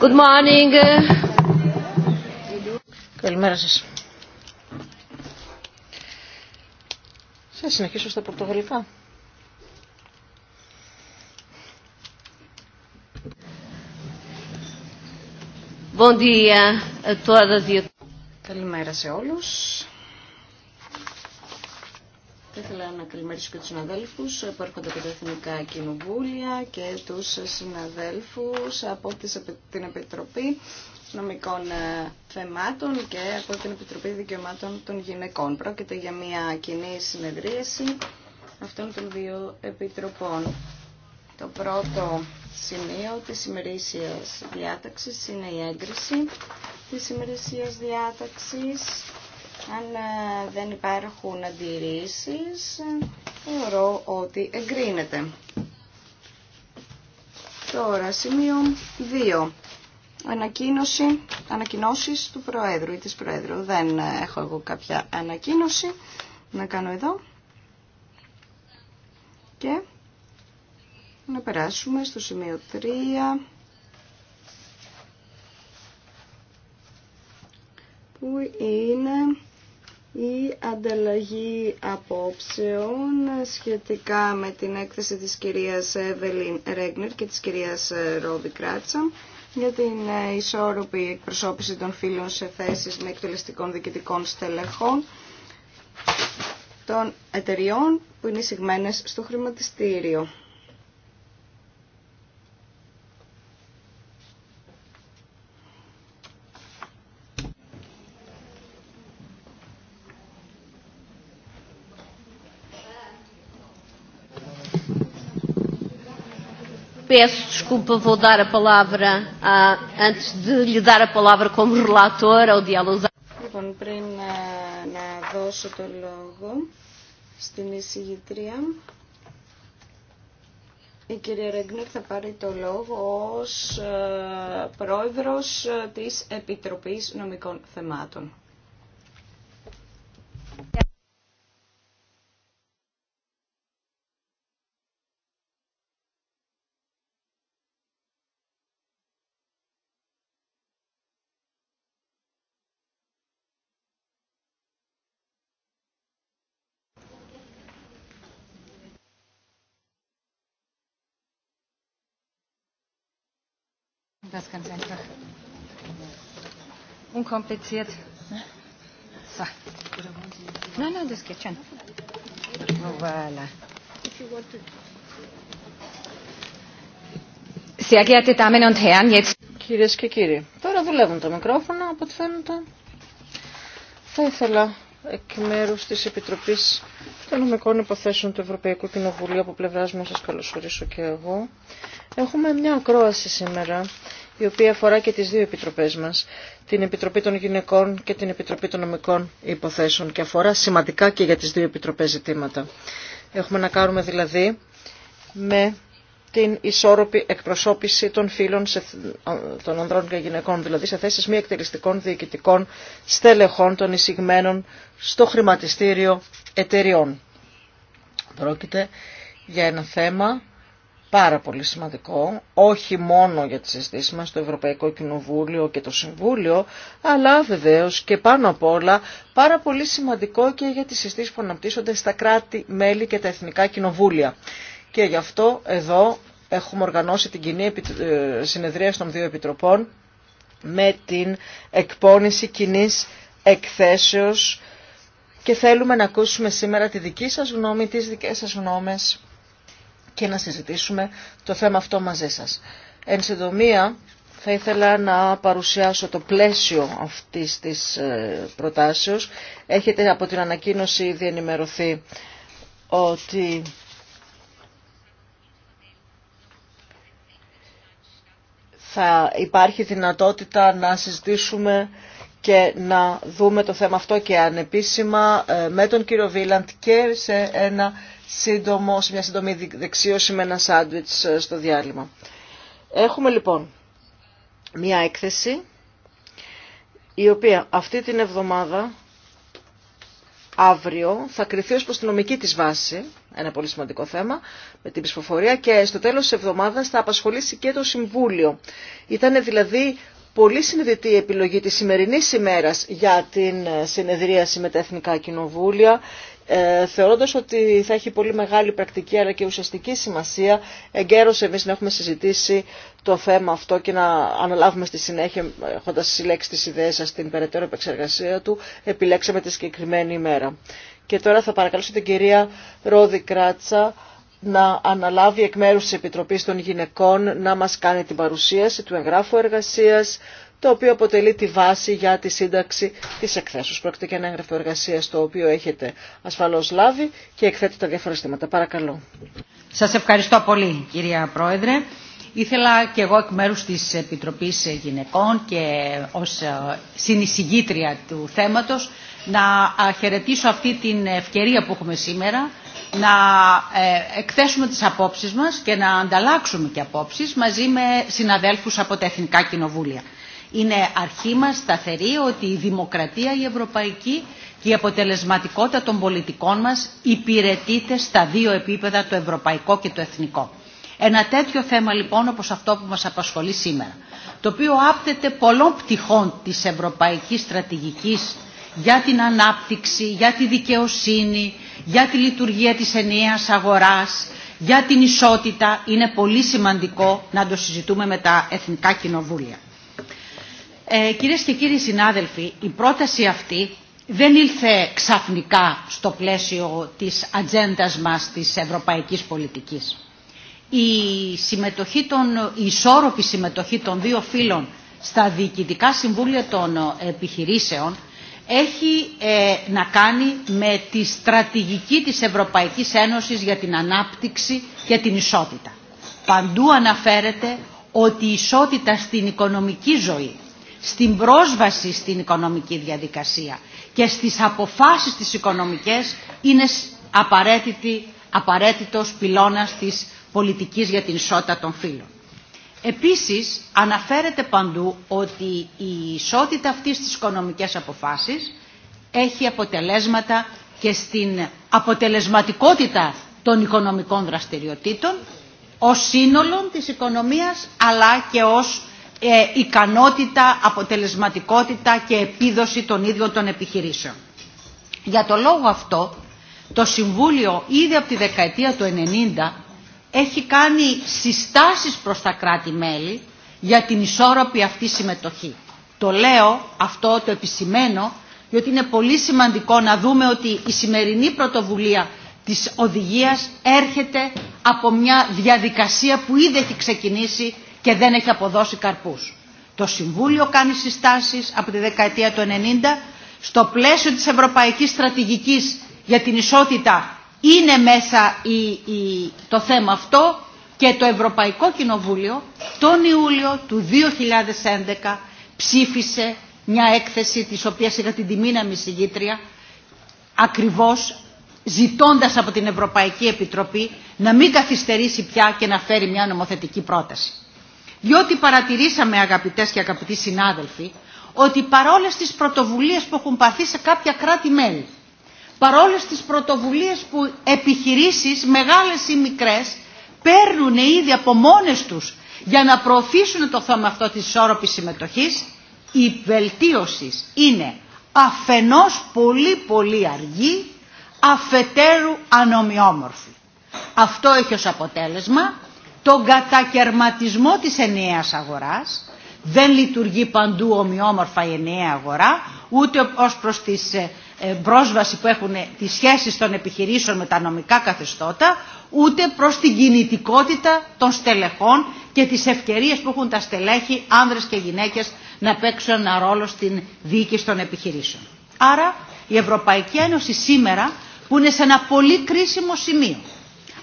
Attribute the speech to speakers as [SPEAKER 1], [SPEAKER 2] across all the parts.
[SPEAKER 1] Good morning. Καλημέρα σας. Σας συνεχίσω στα πορτογαλικά.
[SPEAKER 2] Bon dia a ε, todos. Καλημέρα σε όλους. Θα ήθελα να καλημερίσω και τους συναδέλφους που έρχονται από τα Εθνικά Κοινοβούλια και τους συναδέλφους από την Επιτροπή Νομικών ε, Θεμάτων και από την Επιτροπή Δικαιωμάτων των Γυναικών. Πρόκειται για μια κοινή συνεδρίαση αυτών των δύο επιτροπών. Το πρώτο σημείο της ημερήσία διάταξης είναι η έγκριση της ημερησία διάταξης αν ε, δεν υπάρχουν αντιρρήσεις, θεωρώ ότι εγκρίνεται. Τώρα, σημείο 2. Ανακοίνωση, ανακοινώσεις του Προέδρου ή της Προέδρου. Δεν ε, έχω εγώ κάποια ανακοίνωση να κάνω εδώ. Και να περάσουμε στο σημείο 3. που είναι η ανταλλαγή απόψεων σχετικά με την έκθεση της κυρίας Εβελίν Ρέγνερ και της κυρίας Ρόβι Κράτσα για την ισόρροπη εκπροσώπηση των φίλων σε θέσεις με εκτελεστικών διοικητικών στελεχών των εταιριών που είναι εισηγμένες στο χρηματιστήριο. Peço Λοιπόν, πριν ah, να δώσω το λόγο στην εισηγητρία, η κυρία Ρέγκνερ θα πάρει το λόγο ως ε, πρόεδρος ε, της Επιτροπής Νομικών Θεμάτων.
[SPEAKER 3] das ganz einfach. Unkompliziert. So. Nein, nein, das geht schon. Oh, voilà. Sehr geehrte Damen und
[SPEAKER 1] Herren, jetzt... Κυρίες και κύριοι, τώρα δουλεύουν τα μικρόφωνα, από ό,τι φαίνεται. Θα ήθελα εκ μέρους της Επιτροπής των Νομικών Υποθέσεων του Ευρωπαϊκού Κοινοβουλίου από πλευράς μου να σας καλωσορίσω και εγώ. Έχουμε μια ακρόαση σήμερα η οποία αφορά και τις δύο επιτροπές μας, την Επιτροπή των Γυναικών και την Επιτροπή των Νομικών Υποθέσεων και αφορά σημαντικά και για τις δύο επιτροπές ζητήματα. Έχουμε να κάνουμε δηλαδή με την ισόρροπη εκπροσώπηση των φίλων των ανδρών και γυναικών, δηλαδή σε θέσεις μη εκτελεστικών διοικητικών στελεχών των εισηγμένων στο χρηματιστήριο εταιριών. Πρόκειται για ένα θέμα πάρα πολύ σημαντικό, όχι μόνο για τις συζητήσεις μας στο Ευρωπαϊκό Κοινοβούλιο και το Συμβούλιο, αλλά βεβαίως και πάνω απ' όλα πάρα πολύ σημαντικό και για τις συζητήσεις που αναπτύσσονται στα κράτη-μέλη και τα εθνικά κοινοβούλια. Και γι' αυτό εδώ έχουμε οργανώσει την κοινή ε, συνεδρία των δύο επιτροπών με την εκπόνηση κοινή εκθέσεως και θέλουμε να ακούσουμε σήμερα τη δική σας γνώμη, τις δικές σας γνώμες και να συζητήσουμε το θέμα αυτό μαζί σας. Εν συντομία, θα ήθελα να παρουσιάσω το πλαίσιο αυτής της ε, προτάσεως. Έχετε από την ανακοίνωση ήδη ενημερωθεί ότι θα υπάρχει δυνατότητα να συζητήσουμε και να δούμε το θέμα αυτό και ανεπίσημα ε, με τον κύριο Βίλαντ και σε, ένα σύντομο, μια σύντομη δεξίωση με ένα σάντουιτς ε, στο διάλειμμα. Έχουμε λοιπόν μια έκθεση η οποία αυτή την εβδομάδα αύριο θα κριθεί ως προς τη νομική της βάση, ένα πολύ σημαντικό θέμα, με την ψηφοφορία και στο τέλος της εβδομάδας θα απασχολήσει και το Συμβούλιο. Ήταν δηλαδή πολύ συνειδητή η επιλογή της σημερινής ημέρας για την ε, συνεδρίαση με τα Εθνικά Κοινοβούλια ε, θεωρώντας ότι θα έχει πολύ μεγάλη πρακτική αλλά και ουσιαστική σημασία εγκαίρως εμείς να έχουμε συζητήσει το θέμα αυτό και να αναλάβουμε στη συνέχεια έχοντα συλλέξει τις ιδέες σας στην περαιτέρω επεξεργασία του επιλέξαμε τη συγκεκριμένη ημέρα. Και τώρα θα παρακαλώ την κυρία Ρόδη Κράτσα να αναλάβει εκ μέρους της Επιτροπής των Γυναικών να μας κάνει την παρουσίαση του εγγράφου εργασίας, το οποίο αποτελεί τη βάση για τη σύνταξη της εκθέσεως. Πρόκειται και ένα έγγραφο εργασία το οποίο έχετε ασφαλώς λάβει και εκθέτει τα διάφορα στήματα. Παρακαλώ.
[SPEAKER 3] Σας ευχαριστώ πολύ κυρία Πρόεδρε. Ήθελα και εγώ εκ μέρους της Επιτροπής Γυναικών και ως ε, συνεισηγήτρια του θέματος να χαιρετήσω αυτή την ευκαιρία που έχουμε σήμερα να ε, εκθέσουμε τις απόψεις μας και να ανταλλάξουμε και απόψεις μαζί με συναδέλφους από τα Εθνικά Κοινοβούλια. Είναι αρχή μας σταθερή ότι η δημοκρατία η ευρωπαϊκή και η αποτελεσματικότητα των πολιτικών μας υπηρετείται στα δύο επίπεδα, το ευρωπαϊκό και το εθνικό. Ένα τέτοιο θέμα λοιπόν όπως αυτό που μας απασχολεί σήμερα, το οποίο άπτεται πολλών πτυχών της ευρωπαϊκής στρατηγικής για την ανάπτυξη, για τη δικαιοσύνη, για τη λειτουργία της ενιαίας αγοράς, για την ισότητα, είναι πολύ σημαντικό να το συζητούμε με τα Εθνικά Κοινοβούλια. Ε, κυρίες και κύριοι συνάδελφοι, η πρόταση αυτή δεν ήλθε ξαφνικά στο πλαίσιο της ατζέντα μας της ευρωπαϊκής πολιτικής. Η, συμμετοχή των, η ισόρροπη συμμετοχή των δύο φίλων στα διοικητικά συμβούλια των επιχειρήσεων έχει ε, να κάνει με τη στρατηγική της Ευρωπαϊκής Ένωσης για την ανάπτυξη και την ισότητα. Παντού αναφέρεται ότι η ισότητα στην οικονομική ζωή, στην πρόσβαση στην οικονομική διαδικασία και στις αποφάσεις τις οικονομικές είναι απαραίτητη, απαραίτητος πυλώνας της πολιτικής για την ισότητα των φύλων. Επίσης αναφέρεται παντού ότι η ισότητα αυτής της οικονομικές αποφάσεις έχει αποτελέσματα και στην αποτελεσματικότητα των οικονομικών δραστηριοτήτων ως σύνολο της οικονομίας αλλά και ως ε, ικανότητα, αποτελεσματικότητα και επίδοση των ίδιων των επιχειρήσεων. Για το λόγο αυτό το Συμβούλιο ήδη από τη δεκαετία του 90 έχει κάνει συστάσεις προς τα κράτη-μέλη για την ισόρροπη αυτή συμμετοχή. Το λέω, αυτό το επισημαίνω, διότι είναι πολύ σημαντικό να δούμε ότι η σημερινή πρωτοβουλία της οδηγίας έρχεται από μια διαδικασία που ήδη έχει ξεκινήσει και δεν έχει αποδώσει καρπούς. Το Συμβούλιο κάνει συστάσεις από τη δεκαετία του 90 στο πλαίσιο της Ευρωπαϊκής Στρατηγικής για την Ισότητα είναι μέσα το θέμα αυτό και το Ευρωπαϊκό Κοινοβούλιο τον Ιούλιο του 2011 ψήφισε μια έκθεση της οποίας είχα την τιμή να μισηγήτρια ακριβώς ζητώντας από την Ευρωπαϊκή Επιτροπή να μην καθυστερήσει πια και να φέρει μια νομοθετική πρόταση. Διότι παρατηρήσαμε αγαπητές και αγαπητοί συνάδελφοι ότι παρόλες τις πρωτοβουλίες που έχουν παθεί σε κάποια κράτη-μέλη παρόλες τις πρωτοβουλίες που επιχειρήσεις μεγάλες ή μικρές παίρνουν ήδη από μόνες τους για να προωθήσουν το θέμα αυτό της ισόρροπης συμμετοχής, η βελτίωση είναι αφενός πολύ πολύ αργή, αφετέρου ανομοιόμορφη. Αυτό έχει ως αποτέλεσμα τον κατακαιρματισμό της ενιαίας αγοράς, δεν λειτουργεί παντού ομοιόμορφα η ενιαία αγορά, ούτε ως προς τις ε, ε, πρόσβαση που έχουν ε, τις σχέσεις των επιχειρήσεων με τα νομικά καθεστώτα, ούτε προς την κινητικότητα των στελεχών και τις ευκαιρίες που έχουν τα στελέχη, άνδρες και γυναίκες, να παίξουν ένα ρόλο στην διοίκηση των επιχειρήσεων. Άρα η Ευρωπαϊκή Ένωση σήμερα που είναι σε ένα πολύ κρίσιμο σημείο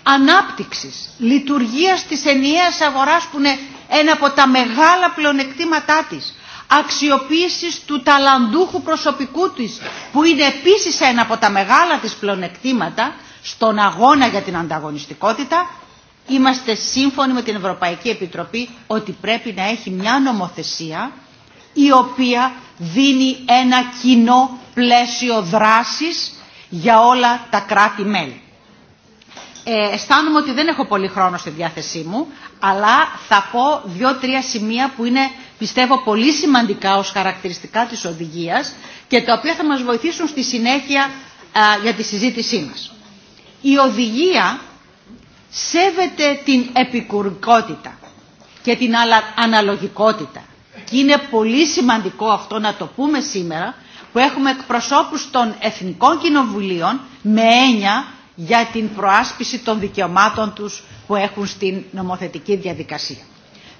[SPEAKER 3] ανάπτυξης, λειτουργίας της ενιαίας αγοράς που είναι ένα από τα μεγάλα πλεονεκτήματά της, αξιοποίησης του ταλαντούχου προσωπικού της, που είναι επίσης ένα από τα μεγάλα της πλονεκτήματα στον αγώνα για την ανταγωνιστικότητα, είμαστε σύμφωνοι με την Ευρωπαϊκή Επιτροπή ότι πρέπει να έχει μια νομοθεσία η οποία δίνει ένα κοινό πλαίσιο δράσης για όλα τα κράτη-μέλη. Ε, αισθάνομαι ότι δεν έχω πολύ χρόνο στη διάθεσή μου, αλλά θα πω δύο-τρία σημεία που είναι πιστεύω πολύ σημαντικά ως χαρακτηριστικά της οδηγίας και τα οποία θα μας βοηθήσουν στη συνέχεια για τη συζήτησή μας. Η οδηγία σέβεται την επικουρικότητα και την αναλογικότητα. Και είναι πολύ σημαντικό αυτό να το πούμε σήμερα που έχουμε εκπροσώπους των Εθνικών Κοινοβουλίων με έννοια για την προάσπιση των δικαιωμάτων τους που έχουν στην νομοθετική διαδικασία.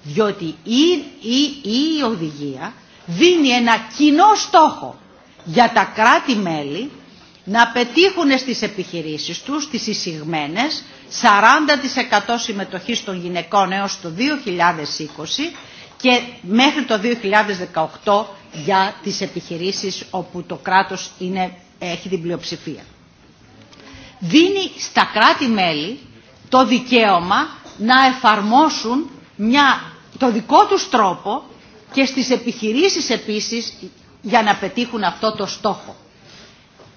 [SPEAKER 3] Διότι η, η, η οδηγία δίνει ένα κοινό στόχο για τα κράτη-μέλη να πετύχουν στις επιχειρήσεις τους, τις εισηγμένες, 40% συμμετοχής των γυναικών έως το 2020 και μέχρι το 2018 για τις επιχειρήσεις όπου το κράτος είναι, έχει την πλειοψηφία. Δίνει στα κράτη-μέλη το δικαίωμα να εφαρμόσουν μια το δικό τους τρόπο και στις επιχειρήσεις επίσης για να πετύχουν αυτό το στόχο.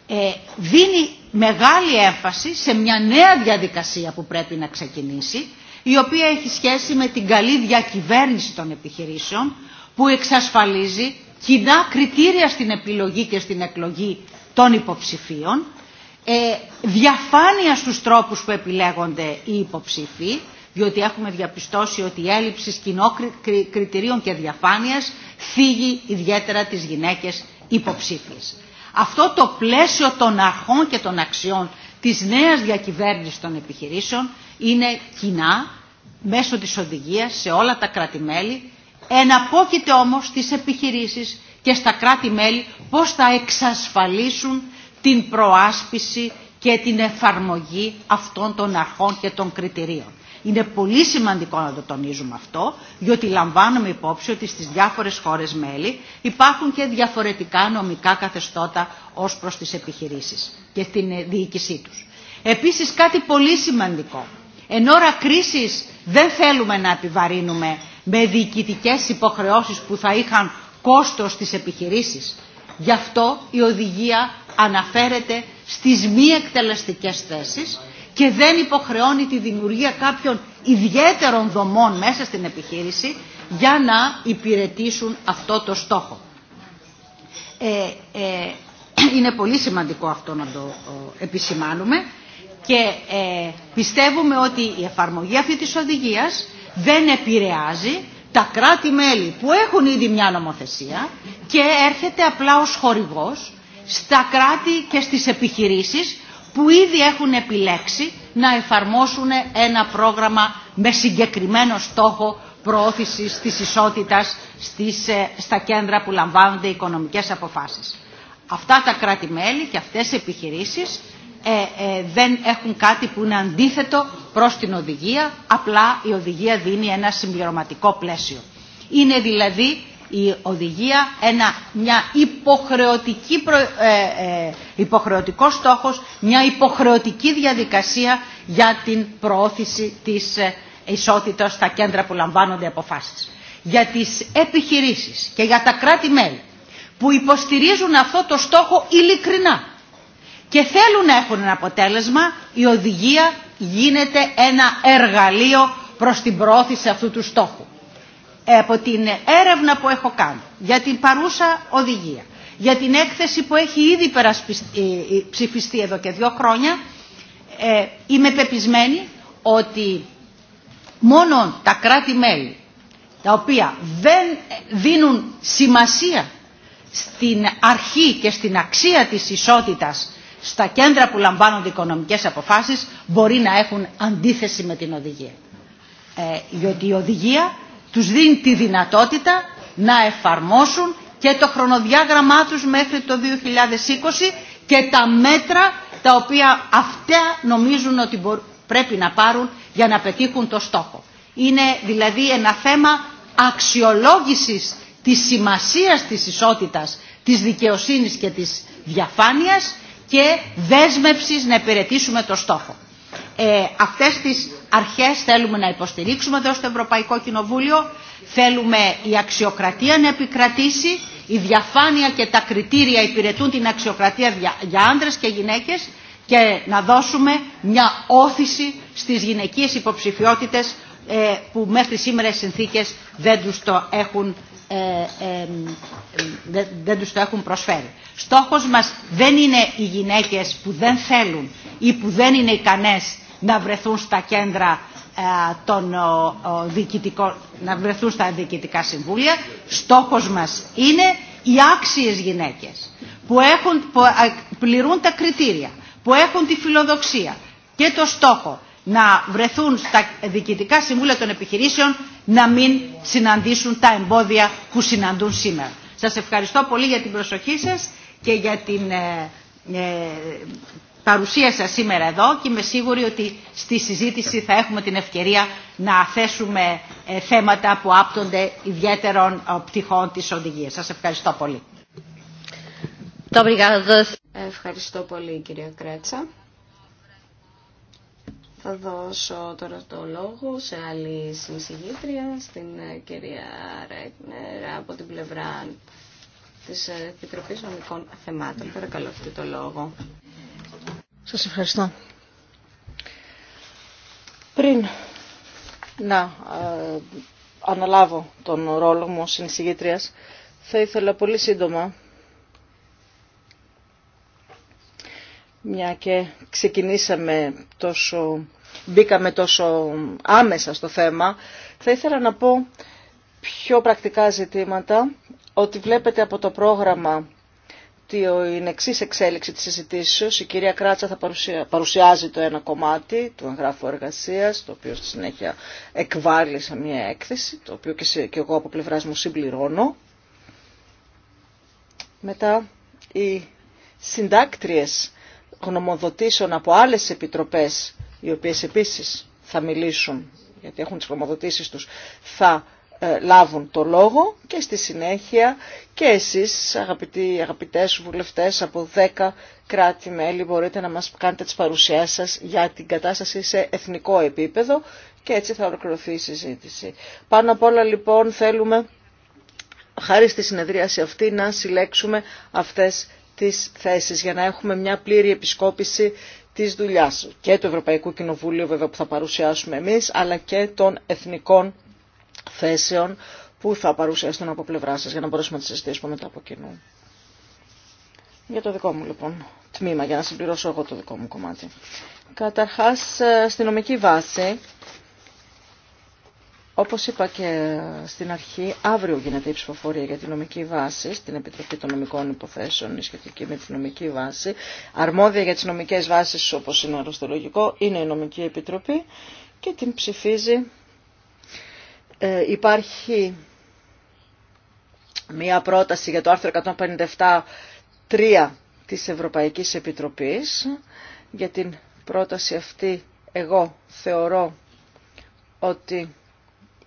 [SPEAKER 3] Ε, δίνει μεγάλη έμφαση σε μια νέα διαδικασία που πρέπει να ξεκινήσει η οποία έχει σχέση με την καλή διακυβέρνηση των επιχειρήσεων που εξασφαλίζει κοινά κριτήρια στην επιλογή και στην εκλογή των υποψηφίων, ε, διαφάνεια στους τρόπους που επιλέγονται οι υποψήφοι, διότι έχουμε διαπιστώσει ότι η έλλειψη κοινών κριτηρίων και διαφάνειας θίγει ιδιαίτερα τις γυναίκες υποψήφιες. Αυτό το πλαίσιο των αρχών και των αξιών της νέας διακυβέρνησης των επιχειρήσεων είναι κοινά μέσω της οδηγίας σε όλα τα κράτη-μέλη, εναπόκειται όμως στις επιχειρήσεις και στα κράτη-μέλη πώς θα εξασφαλίσουν την προάσπιση και την εφαρμογή αυτών των αρχών και των κριτηρίων. Είναι πολύ σημαντικό να το τονίζουμε αυτό, διότι λαμβάνουμε υπόψη ότι στις διάφορες χώρες μέλη υπάρχουν και διαφορετικά νομικά καθεστώτα ως προς τις επιχειρήσεις και την ε, διοίκησή τους. Επίσης κάτι πολύ σημαντικό. Εν ώρα κρίσης δεν θέλουμε να επιβαρύνουμε με διοικητικές υποχρεώσεις που θα είχαν κόστος στις επιχειρήσεις. Γι' αυτό η οδηγία αναφέρεται στις μη εκτελεστικές θέσεις και δεν υποχρεώνει τη δημιουργία κάποιων ιδιαίτερων δομών μέσα στην επιχείρηση για να υπηρετήσουν αυτό το στόχο. Ε, ε, είναι πολύ σημαντικό αυτό να το επισημάνουμε και ε, πιστεύουμε ότι η εφαρμογή αυτή της οδηγίας δεν επηρεάζει τα κράτη-μέλη που έχουν ήδη μια νομοθεσία και έρχεται απλά ως χορηγός στα κράτη και στις επιχειρήσεις που ήδη έχουν επιλέξει να εφαρμόσουν ένα πρόγραμμα με συγκεκριμένο στόχο προώθησης της ισότητας στις, ε, στα κέντρα που λαμβάνονται οικονομικές αποφάσεις. Αυτά τα κράτη-μέλη και αυτές οι επιχειρήσεις ε, ε, δεν έχουν κάτι που είναι αντίθετο προς την οδηγία, απλά η οδηγία δίνει ένα συμπληρωματικό πλαίσιο. Είναι δηλαδή η οδηγία ένα, μια υποχρεωτική ε, ε, υποχρεωτικός στόχος, μια υποχρεωτική διαδικασία για την προώθηση της ε, ισότητας στα κέντρα που λαμβάνονται αποφάσεις. Για τις επιχειρήσεις και για τα κράτη-μέλη που υποστηρίζουν αυτό το στόχο ειλικρινά και θέλουν να έχουν ένα αποτέλεσμα, η οδηγία γίνεται ένα εργαλείο προς την προώθηση αυτού του στόχου. Ε, από την έρευνα που έχω κάνει για την παρούσα οδηγία, για την έκθεση που έχει ήδη ε, ε, ψηφιστεί εδώ και δύο χρόνια, είμαι πεπισμένη ότι μόνο τα κράτη-μέλη τα οποία δεν δίνουν σημασία στην αρχή και στην αξία της ισότητας στα κέντρα που λαμβάνονται οικονομικές αποφάσεις μπορεί να έχουν αντίθεση με την οδηγία. γιατί η οδηγία τους δίνει τη δυνατότητα να εφαρμόσουν και το χρονοδιάγραμμά τους μέχρι το 2020 και τα μέτρα τα οποία αυτά νομίζουν ότι πρέπει να πάρουν για να πετύχουν το στόχο. Είναι δηλαδή ένα θέμα αξιολόγησης της σημασίας της ισότητας, της δικαιοσύνης και της διαφάνειας και δέσμευσης να υπηρετήσουμε το στόχο ε, αυτές τις αρχές θέλουμε να υποστηρίξουμε εδώ στο Ευρωπαϊκό Κοινοβούλιο, θέλουμε η αξιοκρατία να επικρατήσει, η διαφάνεια και τα κριτήρια υπηρετούν την αξιοκρατία για άντρες και γυναίκες και να δώσουμε μια όθηση στις γυναικείες υποψηφιότητες ε, που μέχρι σήμερα οι συνθήκες δεν τους το έχουν ε, δεν, τους το έχουν προσφέρει. Στόχος μας δεν είναι οι γυναίκες που δεν θέλουν ή που δεν είναι ικανές να βρεθούν στα κέντρα ε, των να βρεθούν στα διοικητικά συμβούλια. Στόχος μας είναι οι άξιες γυναίκες που, έχουν, ε, πληρούν τα κριτήρια, που έχουν τη φιλοδοξία και το στόχο να βρεθούν στα διοικητικά συμβούλια των επιχειρήσεων να μην συναντήσουν τα εμπόδια που συναντούν σήμερα. Σας ευχαριστώ πολύ για την προσοχή σας και για την, ε, Παρουσίασα σήμερα εδώ και είμαι σίγουρη ότι στη συζήτηση θα έχουμε την ευκαιρία να θέσουμε ε, θέματα που άπτονται ιδιαίτερων ε, πτυχών της οδηγίας. Σας ευχαριστώ πολύ.
[SPEAKER 2] Ευχαριστώ πολύ κυρία Κρέτσα. Θα δώσω τώρα το λόγο σε άλλη συνεισηγήτρια, στην ε, κυρία Ρέγνερ από την πλευρά της Επιτροπής Νομικών Θεμάτων. Παρακαλώ αυτή το λόγο.
[SPEAKER 1] Σας ευχαριστώ. Πριν να ε, αναλάβω τον ρόλο μου ως συνεισηγήτριας, θα ήθελα πολύ σύντομα, μια και ξεκινήσαμε τόσο, μπήκαμε τόσο άμεσα στο θέμα, θα ήθελα να πω πιο πρακτικά ζητήματα, ότι βλέπετε από το πρόγραμμα είναι εξή εξέλιξη της συζητήσεω. Η κυρία Κράτσα θα παρουσιάζει το ένα κομμάτι του εγγράφου εργασία, το οποίο στη συνέχεια εκβάλλει σε μια έκθεση, το οποίο και, εγώ από πλευράς μου συμπληρώνω. Μετά οι συντάκτριες γνωμοδοτήσεων από άλλες επιτροπές, οι οποίες επίσης θα μιλήσουν, γιατί έχουν τις γνωμοδοτήσεις τους, θα ε, λάβουν το λόγο και στη συνέχεια και εσείς αγαπητοί, αγαπητές βουλευτές από 10 κράτη-μέλη μπορείτε να μας κάνετε τις παρουσιάσεις σας για την κατάσταση σε εθνικό επίπεδο και έτσι θα ολοκληρωθεί η συζήτηση. Πάνω απ' όλα λοιπόν θέλουμε χάρη στη συνεδρίαση αυτή να συλλέξουμε αυτές τις θέσεις για να έχουμε μια πλήρη επισκόπηση της δουλειάς και του Ευρωπαϊκού Κοινοβούλιο βέβαια που θα παρουσιάσουμε εμείς αλλά και των εθνικών θέσεων που θα παρουσιαστούν από πλευρά σα για να μπορέσουμε να τις συζητήσουμε μετά από κοινού. Για το δικό μου λοιπόν τμήμα, για να συμπληρώσω εγώ το δικό μου κομμάτι. Καταρχάς, ε, στη νομική βάση, όπως είπα και στην αρχή, αύριο γίνεται η ψηφοφορία για τη νομική βάση στην Επιτροπή των Νομικών Υποθέσεων, η σχετική με τη νομική βάση. Αρμόδια για τι νομικέ βάσει όπω είναι αρρωστολογικό, είναι η Νομική Επιτροπή και την ψηφίζει ε, υπάρχει μία πρόταση για το άρθρο 157.3 της Ευρωπαϊκής Επιτροπής. Για την πρόταση αυτή εγώ θεωρώ ότι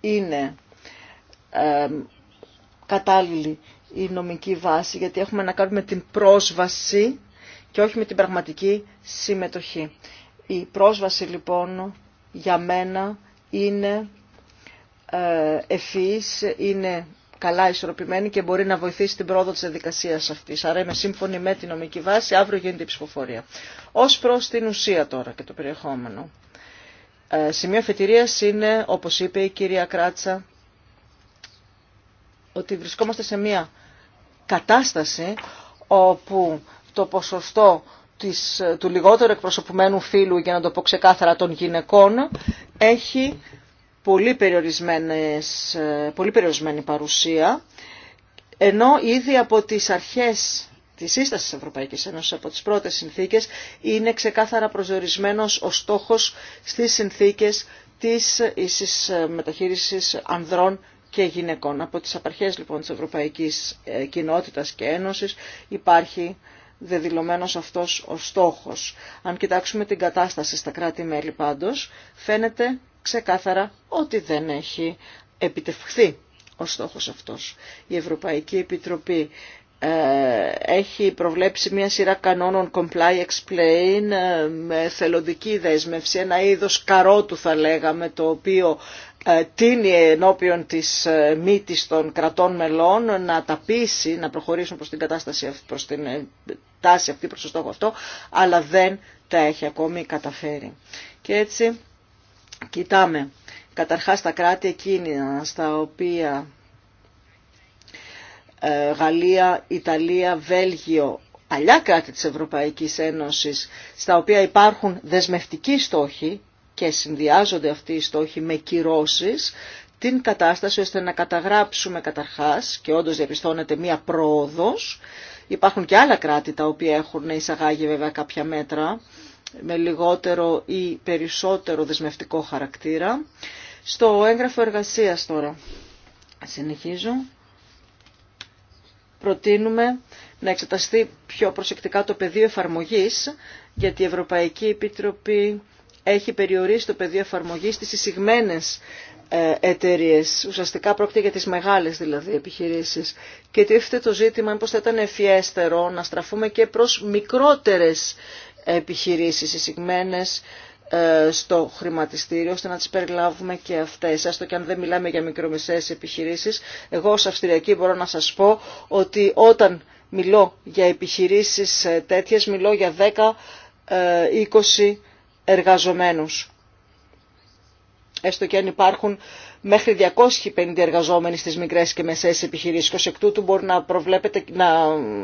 [SPEAKER 1] είναι ε, κατάλληλη η νομική βάση γιατί έχουμε να κάνουμε την πρόσβαση και όχι με την πραγματική συμμετοχή. Η πρόσβαση λοιπόν για μένα είναι ε, ευφυής, είναι καλά ισορροπημένη και μπορεί να βοηθήσει την πρόοδο της διαδικασία αυτής. Άρα είμαι σύμφωνη με την νομική βάση, αύριο γίνεται η ψηφοφορία. Ως προς την ουσία τώρα και το περιεχόμενο. Ε, σημείο φετηρία είναι, όπως είπε η κυρία Κράτσα, ότι βρισκόμαστε σε μια κατάσταση όπου το ποσοστό της, του λιγότερου εκπροσωπουμένου φύλου, για να το πω ξεκάθαρα, των γυναικών, έχει πολύ, ε, πολύ περιορισμένη παρουσία, ενώ ήδη από τις αρχές της σύσταση Ευρωπαϊκής Ευρωπαϊκή Ένωση από τις πρώτες συνθήκες είναι ξεκάθαρα προσδιορισμένος ο στόχος στις συνθήκες της ίσης ε, μεταχείρισης ανδρών και γυναικών. Από τις απαρχές λοιπόν της Ευρωπαϊκής ε, Κοινότητας και Ένωσης υπάρχει δεδηλωμένος αυτός ο στόχος. Αν κοιτάξουμε την κατάσταση στα κράτη-μέλη πάντως, φαίνεται ξεκάθαρα ότι δεν έχει επιτευχθεί ο στόχος αυτός. Η Ευρωπαϊκή Επιτροπή ε, έχει προβλέψει μια σειρά κανόνων comply, explain, ε, με θελοντική δέσμευση, ένα είδος καρότου θα λέγαμε, το οποίο ε, τίνει ενώπιον της μύτης των κρατών μελών να τα πείσει, να προχωρήσουν προς την κατάσταση, προς την τάση αυτή, προς το στόχο αυτό, αλλά δεν τα έχει ακόμη καταφέρει. Και έτσι Κοιτάμε καταρχάς τα κράτη εκείνα στα οποία ε, Γαλλία, Ιταλία, Βέλγιο, παλιά κράτη της Ευρωπαϊκής Ένωσης, στα οποία υπάρχουν δεσμευτικοί στόχοι και συνδυάζονται αυτοί οι στόχοι με κυρώσεις, την κατάσταση ώστε να καταγράψουμε καταρχάς και όντως διαπιστώνεται μία πρόοδος. Υπάρχουν και άλλα κράτη τα οποία έχουν εισαγάγει βέβαια κάποια μέτρα με λιγότερο ή περισσότερο δεσμευτικό χαρακτήρα. Στο έγγραφο εργασίας τώρα, συνεχίζω, προτείνουμε να εξεταστεί πιο προσεκτικά το πεδίο εφαρμογής, γιατί η Ευρωπαϊκή Επιτροπή έχει περιορίσει το πεδίο εφαρμογής στις εισηγμένες ε, εταιρείε. Ουσιαστικά πρόκειται για τις μεγάλες δηλαδή επιχειρήσεις. Και τίφτε το ζήτημα μήπως θα ήταν ευφιέστερο να στραφούμε και προς μικρότερες επιχειρήσεις εισηγμένες ε, στο χρηματιστήριο, ώστε να τις περιλάβουμε και αυτές. Έστω και αν δεν μιλάμε για μικρομεσαίες επιχειρήσεις, εγώ ως Αυστριακή μπορώ να σας πω ότι όταν μιλώ για επιχειρήσεις ε, τέτοιες, μιλώ για 10-20 ε, εργαζομένους. Έστω και αν υπάρχουν μέχρι 250 εργαζόμενοι στις μικρές και μεσαίες επιχειρήσεις. Και ως εκ τούτου μπορεί να, προβλέπετε, να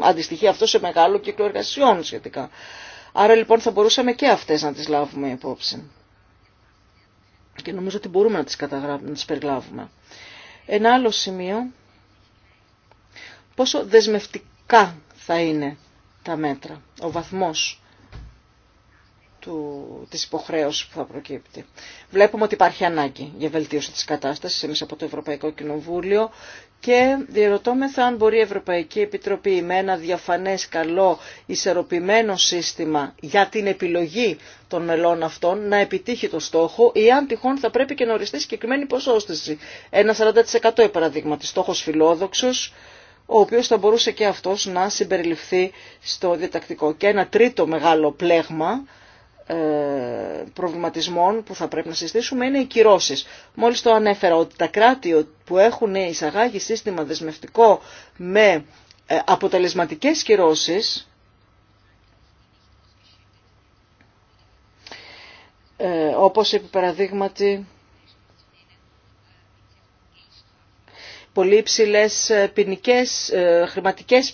[SPEAKER 1] αντιστοιχεί αυτό σε μεγάλο κύκλο εργασιών σχετικά. Άρα λοιπόν θα μπορούσαμε και αυτές να τις λάβουμε υπόψη. Και νομίζω ότι μπορούμε να τις, να τις περιλάβουμε. Ένα άλλο σημείο, πόσο δεσμευτικά θα είναι τα μέτρα, ο βαθμός του, της υποχρέωσης που θα προκύπτει. Βλέπουμε ότι υπάρχει ανάγκη για βελτίωση της κατάστασης εμείς από το Ευρωπαϊκό Κοινοβούλιο και διερωτώμεθα αν μπορεί η Ευρωπαϊκή Επιτροπή με ένα διαφανές, καλό, ισορροπημένο σύστημα για την επιλογή των μελών αυτών να επιτύχει το στόχο ή αν τυχόν θα πρέπει και να οριστεί συγκεκριμένη ποσόστηση. Ένα 40% της στόχος φιλόδοξος, ο οποίος θα μπορούσε και αυτός να συμπεριληφθεί στο διατακτικό Και ένα τρίτο μεγάλο πλέγμα, ε, προβληματισμών που θα πρέπει να συζητήσουμε είναι οι κυρώσεις. Μόλις το ανέφερα ότι τα κράτη που έχουν εισαγάγει σύστημα δεσμευτικό με ε, αποτελεσματικές κυρώσεις ε, όπως επί παραδείγματι πολύ υψηλέ χρηματικέ ε, ε, χρηματικές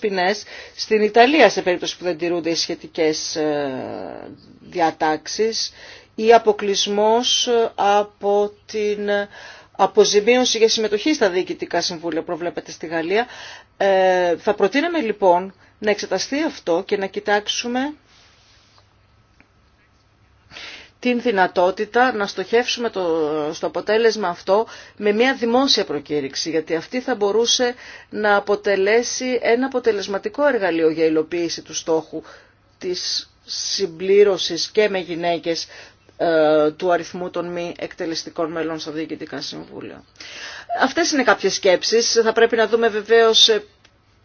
[SPEAKER 1] στην Ιταλία σε περίπτωση που δεν τηρούνται οι σχετικές ε, διατάξεις ή αποκλεισμό από την αποζημίωση για συμμετοχή στα διοικητικά συμβούλια προβλέπεται στη Γαλλία. θα προτείναμε λοιπόν να εξεταστεί αυτό και να κοιτάξουμε την δυνατότητα να στοχεύσουμε το, στο αποτέλεσμα αυτό με μια δημόσια προκήρυξη, γιατί αυτή θα μπορούσε να αποτελέσει ένα αποτελεσματικό εργαλείο για υλοποίηση του στόχου της συμπλήρωσης και με γυναίκες ε, του αριθμού των μη εκτελεστικών μελών στα διοικητικά συμβούλια. Αυτές είναι κάποιες σκέψεις. Θα πρέπει να δούμε βεβαίως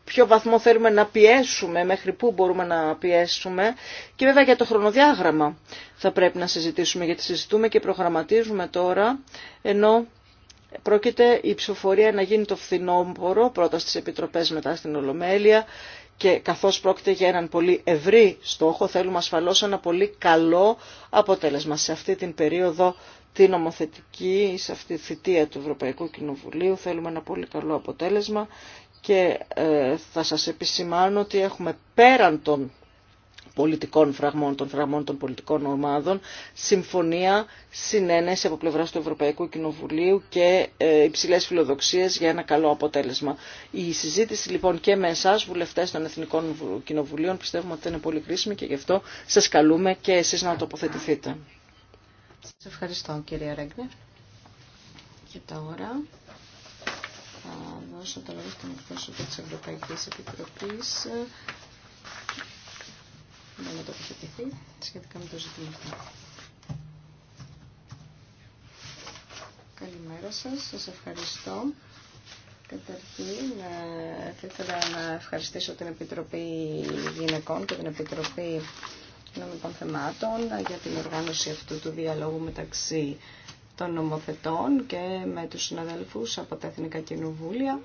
[SPEAKER 1] ποιο βαθμό θέλουμε να πιέσουμε, μέχρι πού μπορούμε να πιέσουμε και βέβαια για το χρονοδιάγραμμα θα πρέπει να συζητήσουμε γιατί συζητούμε και προγραμματίζουμε τώρα ενώ πρόκειται η ψηφοφορία να γίνει το φθινόμπορο πρώτα στις Επιτροπές μετά στην Ολομέλεια και καθώς πρόκειται για έναν πολύ ευρύ στόχο θέλουμε ασφαλώς ένα πολύ καλό αποτέλεσμα σε αυτή την περίοδο την νομοθετική, σε αυτή τη θητεία του Ευρωπαϊκού Κοινοβουλίου θέλουμε ένα πολύ καλό αποτέλεσμα και ε, θα σας επισημάνω ότι έχουμε πέραν των πολιτικών φραγμών, των φραγμών των πολιτικών ομάδων, συμφωνία, συνένεση από πλευρά του Ευρωπαϊκού Κοινοβουλίου και ε, υψηλές φιλοδοξίες για ένα καλό αποτέλεσμα. Η συζήτηση λοιπόν και με εσά, βουλευτές των Εθνικών Κοινοβουλίων, πιστεύουμε ότι είναι πολύ κρίσιμη και γι' αυτό σας καλούμε και εσείς να τοποθετηθείτε.
[SPEAKER 2] Σας ευχαριστώ κύριε Ρέγκνερ. Και τώρα θα δώσω το λόγο στον εκπρόσωπο της Ευρωπαϊκής Επιτροπής για να τοποθετηθεί σχετικά με το ζήτημα αυτό. Καλημέρα σας, σας ευχαριστώ. Καταρχήν, ε, θα ήθελα να ευχαριστήσω την Επιτροπή Γυναικών και την Επιτροπή Νομικών Θεμάτων για την οργάνωση αυτού του διαλόγου μεταξύ των νομοθετών και με τους συναδέλφους από τα Εθνικά Κοινοβούλια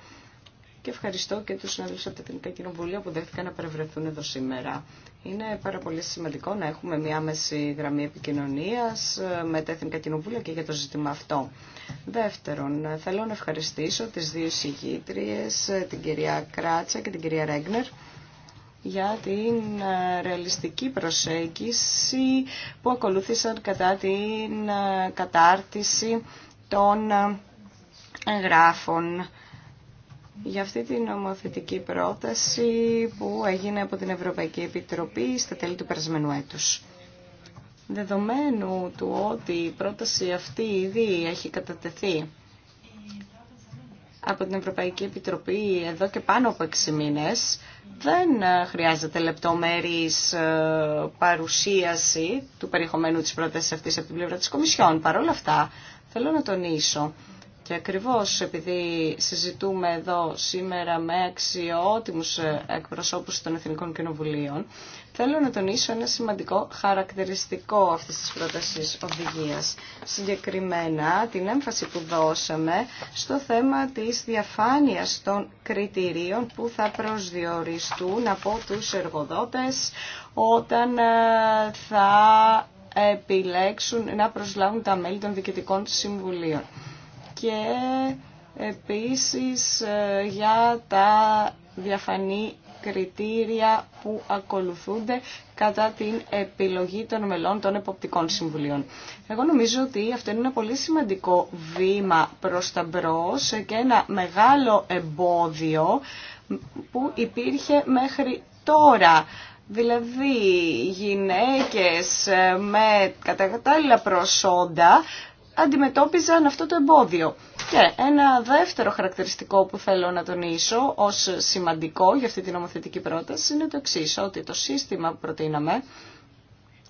[SPEAKER 2] και ευχαριστώ και τους συναδέλφους από τα Εθνικά Κοινοβούλια που δέχτηκαν να παρευρεθούν εδώ σήμερα. Είναι πάρα πολύ σημαντικό να έχουμε μια άμεση γραμμή επικοινωνίας ε, με τα Εθνικά Κοινοβούλια και για το ζήτημα αυτό. Δεύτερον, θέλω να ευχαριστήσω τις δύο συγγήτριες, ε, την κυρία Κράτσα και την κυρία Ρέγνερ, για την ε, ρεαλιστική προσέγγιση που ακολούθησαν κατά την ε, κατάρτιση των ε, γράφων. Για αυτή την νομοθετική πρόταση που έγινε από την Ευρωπαϊκή Επιτροπή στα τέλη του περασμένου έτους. Δεδομένου του ότι η πρόταση αυτή ήδη έχει κατατεθεί από την Ευρωπαϊκή Επιτροπή εδώ και πάνω από 6 μήνες. Δεν ε, χρειάζεται λεπτομέρης ε, παρουσίαση του περιεχομένου της πρότασης αυτής από την πλευρά της Κομισιόν. Παρ' όλα αυτά θέλω να τονίσω και ακριβώς επειδή συζητούμε εδώ σήμερα με αξιότιμους εκπροσώπους των Εθνικών Κοινοβουλίων, θέλω να τονίσω ένα σημαντικό χαρακτηριστικό αυτής της πρότασης οδηγίας. Συγκεκριμένα την έμφαση που δώσαμε στο θέμα της διαφάνειας των κριτηρίων που θα προσδιοριστούν από τους εργοδότες όταν ε, θα επιλέξουν να προσλάβουν τα μέλη των διοικητικών συμβουλίων και επίσης ε, για τα διαφανή κριτήρια που ακολουθούνται κατά την επιλογή των μελών των εποπτικών συμβουλίων. Εγώ νομίζω ότι αυτό είναι ένα πολύ σημαντικό βήμα προς τα μπρος και ένα μεγάλο εμπόδιο που υπήρχε μέχρι τώρα. Δηλαδή γυναίκες με κατάλληλα προσόντα αντιμετώπιζαν αυτό το εμπόδιο. Και ένα δεύτερο χαρακτηριστικό που θέλω να τονίσω ως σημαντικό για αυτή την νομοθετική πρόταση είναι το εξή ότι το σύστημα που προτείναμε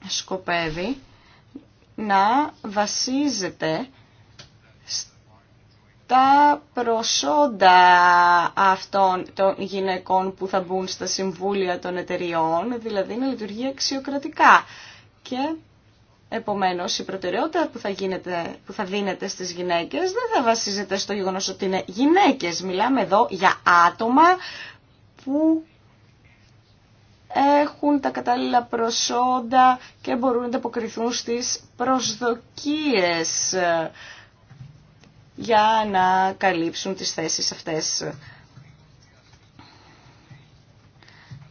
[SPEAKER 2] σκοπεύει να βασίζεται τα προσόντα αυτών των γυναικών που θα μπουν στα συμβούλια των εταιριών, δηλαδή να λειτουργεί αξιοκρατικά. Και Επομένως, η προτεραιότητα που θα, γίνεται, που θα δίνεται στις γυναίκες δεν θα βασίζεται στο γεγονός ότι είναι γυναίκες. Μιλάμε εδώ για άτομα που έχουν τα κατάλληλα προσόντα και μπορούν να ανταποκριθούν στις προσδοκίες για να καλύψουν τις θέσεις αυτές.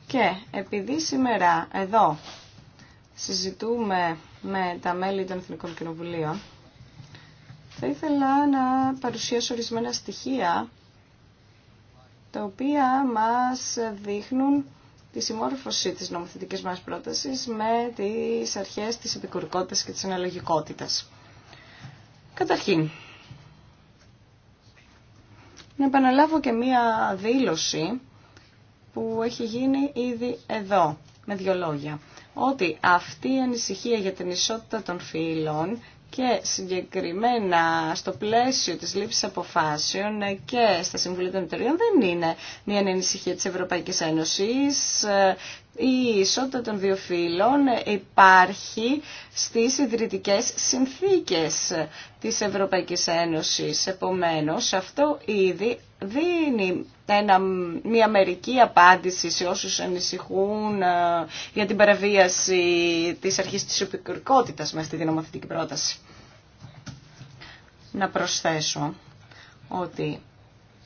[SPEAKER 2] Και επειδή σήμερα εδώ συζητούμε με τα μέλη των Εθνικών Κοινοβουλίων, θα ήθελα να παρουσιάσω ορισμένα στοιχεία τα οποία μας δείχνουν τη συμμόρφωση της νομοθετικής μας πρότασης με τις αρχές της επικουρικότητας και της αναλογικότητας. Καταρχήν, να επαναλάβω και μία δήλωση που έχει γίνει ήδη εδώ, με δύο λόγια ότι αυτή η ανησυχία για την ισότητα των φύλων και συγκεκριμένα στο πλαίσιο της λήψης αποφάσεων και στα Συμβουλία των Εταιριών δεν είναι μια ανησυχία της Ευρωπαϊκής Ένωσης η ισότητα των δύο φύλων υπάρχει στις ιδρυτικές συνθήκες της Ευρωπαϊκής Ένωσης. Επομένως, αυτό ήδη δίνει ένα, μια μερική απάντηση σε όσους ανησυχούν ε, για την παραβίαση της αρχής της με μέσα στη δυναμοθετική πρόταση. Να προσθέσω ότι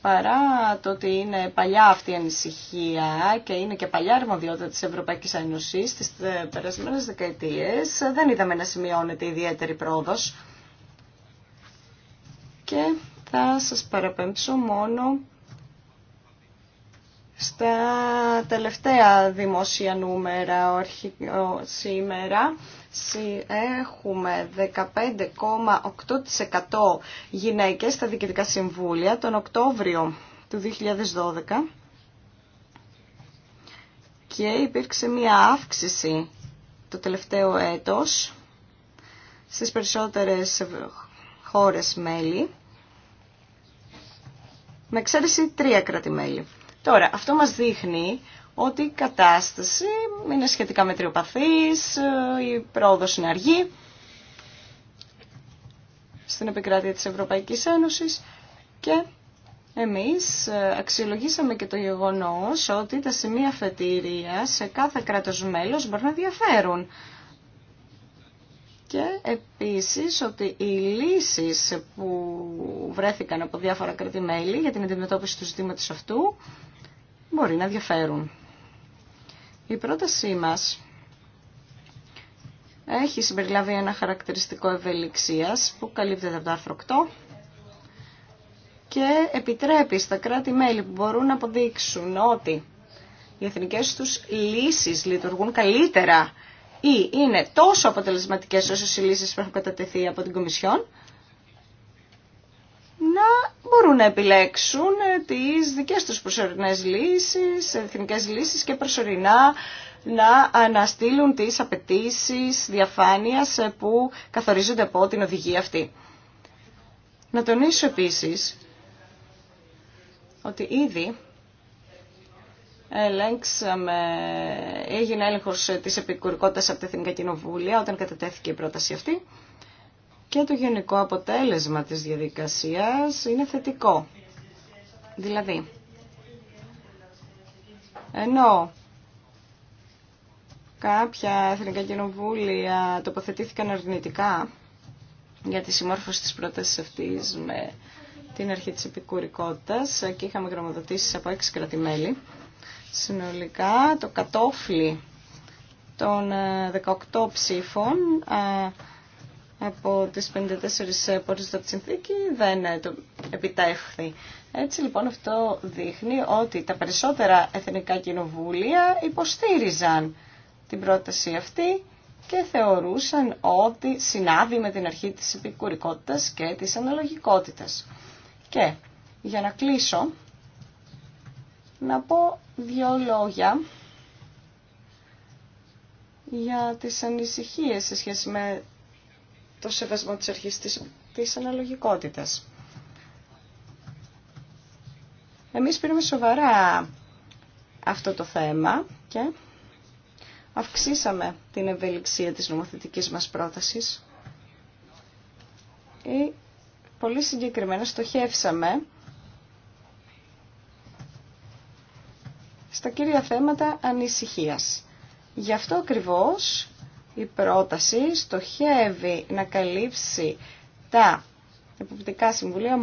[SPEAKER 2] παρά το ότι είναι παλιά αυτή η ανησυχία και είναι και παλιά αρμοδιότητα της Ευρωπαϊκής Ένωσης στις ε, περασμένες δεκαετίες, ε, δεν είδαμε να σημειώνεται ιδιαίτερη πρόοδος. Και θα σας παραπέμψω μόνο στα τελευταία δημόσια νούμερα σήμερα έχουμε 15,8% γυναίκες στα διοικητικά συμβούλια τον Οκτώβριο του 2012 και υπήρξε μια αύξηση το τελευταίο έτος στις περισσότερες χώρες μέλη με εξαίρεση τρία κράτη-μέλη. Τώρα, αυτό μας δείχνει ότι η κατάσταση είναι σχετικά μετριοπαθής, η πρόοδος είναι αργή στην επικράτεια της Ευρωπαϊκής Ένωσης και εμείς αξιολογήσαμε και το γεγονός ότι τα σημεία φετήρια σε κάθε κράτος μέλος μπορεί να διαφέρουν. Και επίσης ότι οι λύσεις που βρέθηκαν από διάφορα κράτη-μέλη για την αντιμετώπιση του ζητήματος αυτού μπορεί να διαφέρουν. Η πρότασή μας έχει συμπεριλάβει ένα χαρακτηριστικό ευελιξίας που καλύπτεται από το άρθρο 8 και επιτρέπει στα κράτη-μέλη που μπορούν να αποδείξουν ότι οι εθνικές τους λύσεις λειτουργούν καλύτερα ή είναι τόσο αποτελεσματικές όσο οι λύσεις που έχουν κατατεθεί από την Κομισιόν, να μπορούν να επιλέξουν τις δικές τους προσωρινές λύσεις, εθνικές λύσεις και προσωρινά να αναστείλουν τις απαιτήσει διαφάνειας που καθορίζονται από την οδηγία αυτή. Να τονίσω επίσης ότι ήδη ελέγξαμε, έγινε έλεγχος της επικουρικότητας από την Εθνικά Κοινοβούλια όταν κατατέθηκε η πρόταση αυτή και το γενικό αποτέλεσμα της διαδικασίας είναι θετικό. Δηλαδή, ενώ κάποια εθνικά κοινοβούλια τοποθετήθηκαν αρνητικά για τη συμμόρφωση της πρότασης αυτής με την αρχή της επικουρικότητας και είχαμε γραμματοτήσεις από έξι κρατημέλη. Συνολικά το κατόφλι των 18 ε, ψήφων ε, από τις 54 πόρες από τη συνθήκη δεν ε, το επιτεύχθη. Έτσι λοιπόν αυτό δείχνει ότι τα περισσότερα εθνικά κοινοβούλια υποστήριζαν την πρόταση αυτή και θεωρούσαν ότι συνάδει με την αρχή της επικουρικότητας και της αναλογικότητας. Και για να κλείσω να πω δύο λόγια για τις ανησυχίες σε σχέση με το σεβασμό της αρχής της, της αναλογικότητας. Εμείς πήραμε σοβαρά αυτό το θέμα και αυξήσαμε την ευελιξία της νομοθετικής μας πρότασης ή πολύ συγκεκριμένα στοχεύσαμε στα κύρια θέματα ανησυχίας. Γι' αυτό ακριβώς η πρόταση στοχεύει να καλύψει τα εποπτικά συμβουλία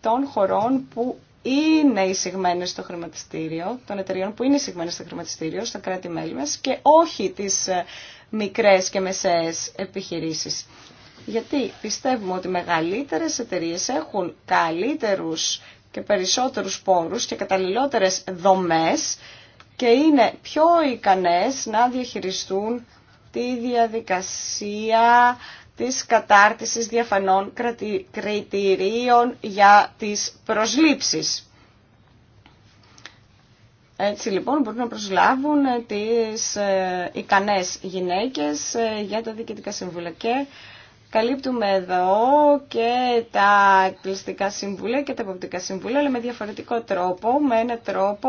[SPEAKER 2] των χωρών που είναι εισηγμένες στο χρηματιστήριο, των εταιριών που είναι εισηγμένες στο χρηματιστήριο, στα κράτη-μέλη μας και όχι τις ε, μικρές και μεσαίες επιχειρήσεις. Γιατί πιστεύουμε ότι μεγαλύτερες εταιρείες έχουν καλύτερους και περισσότερους πόρους και καταλληλότερες δομές και είναι πιο ικανές να διαχειριστούν τη διαδικασία της κατάρτισης διαφανών κριτηρίων για τις προσλήψεις. Έτσι λοιπόν μπορούν να προσλάβουν τις ε, ικανές γυναίκες ε, για τα διοικητικά συμβούλια καλύπτουμε εδώ και τα κλειστικά συμβούλια και τα εποπτικά συμβούλια, αλλά με διαφορετικό τρόπο, με έναν τρόπο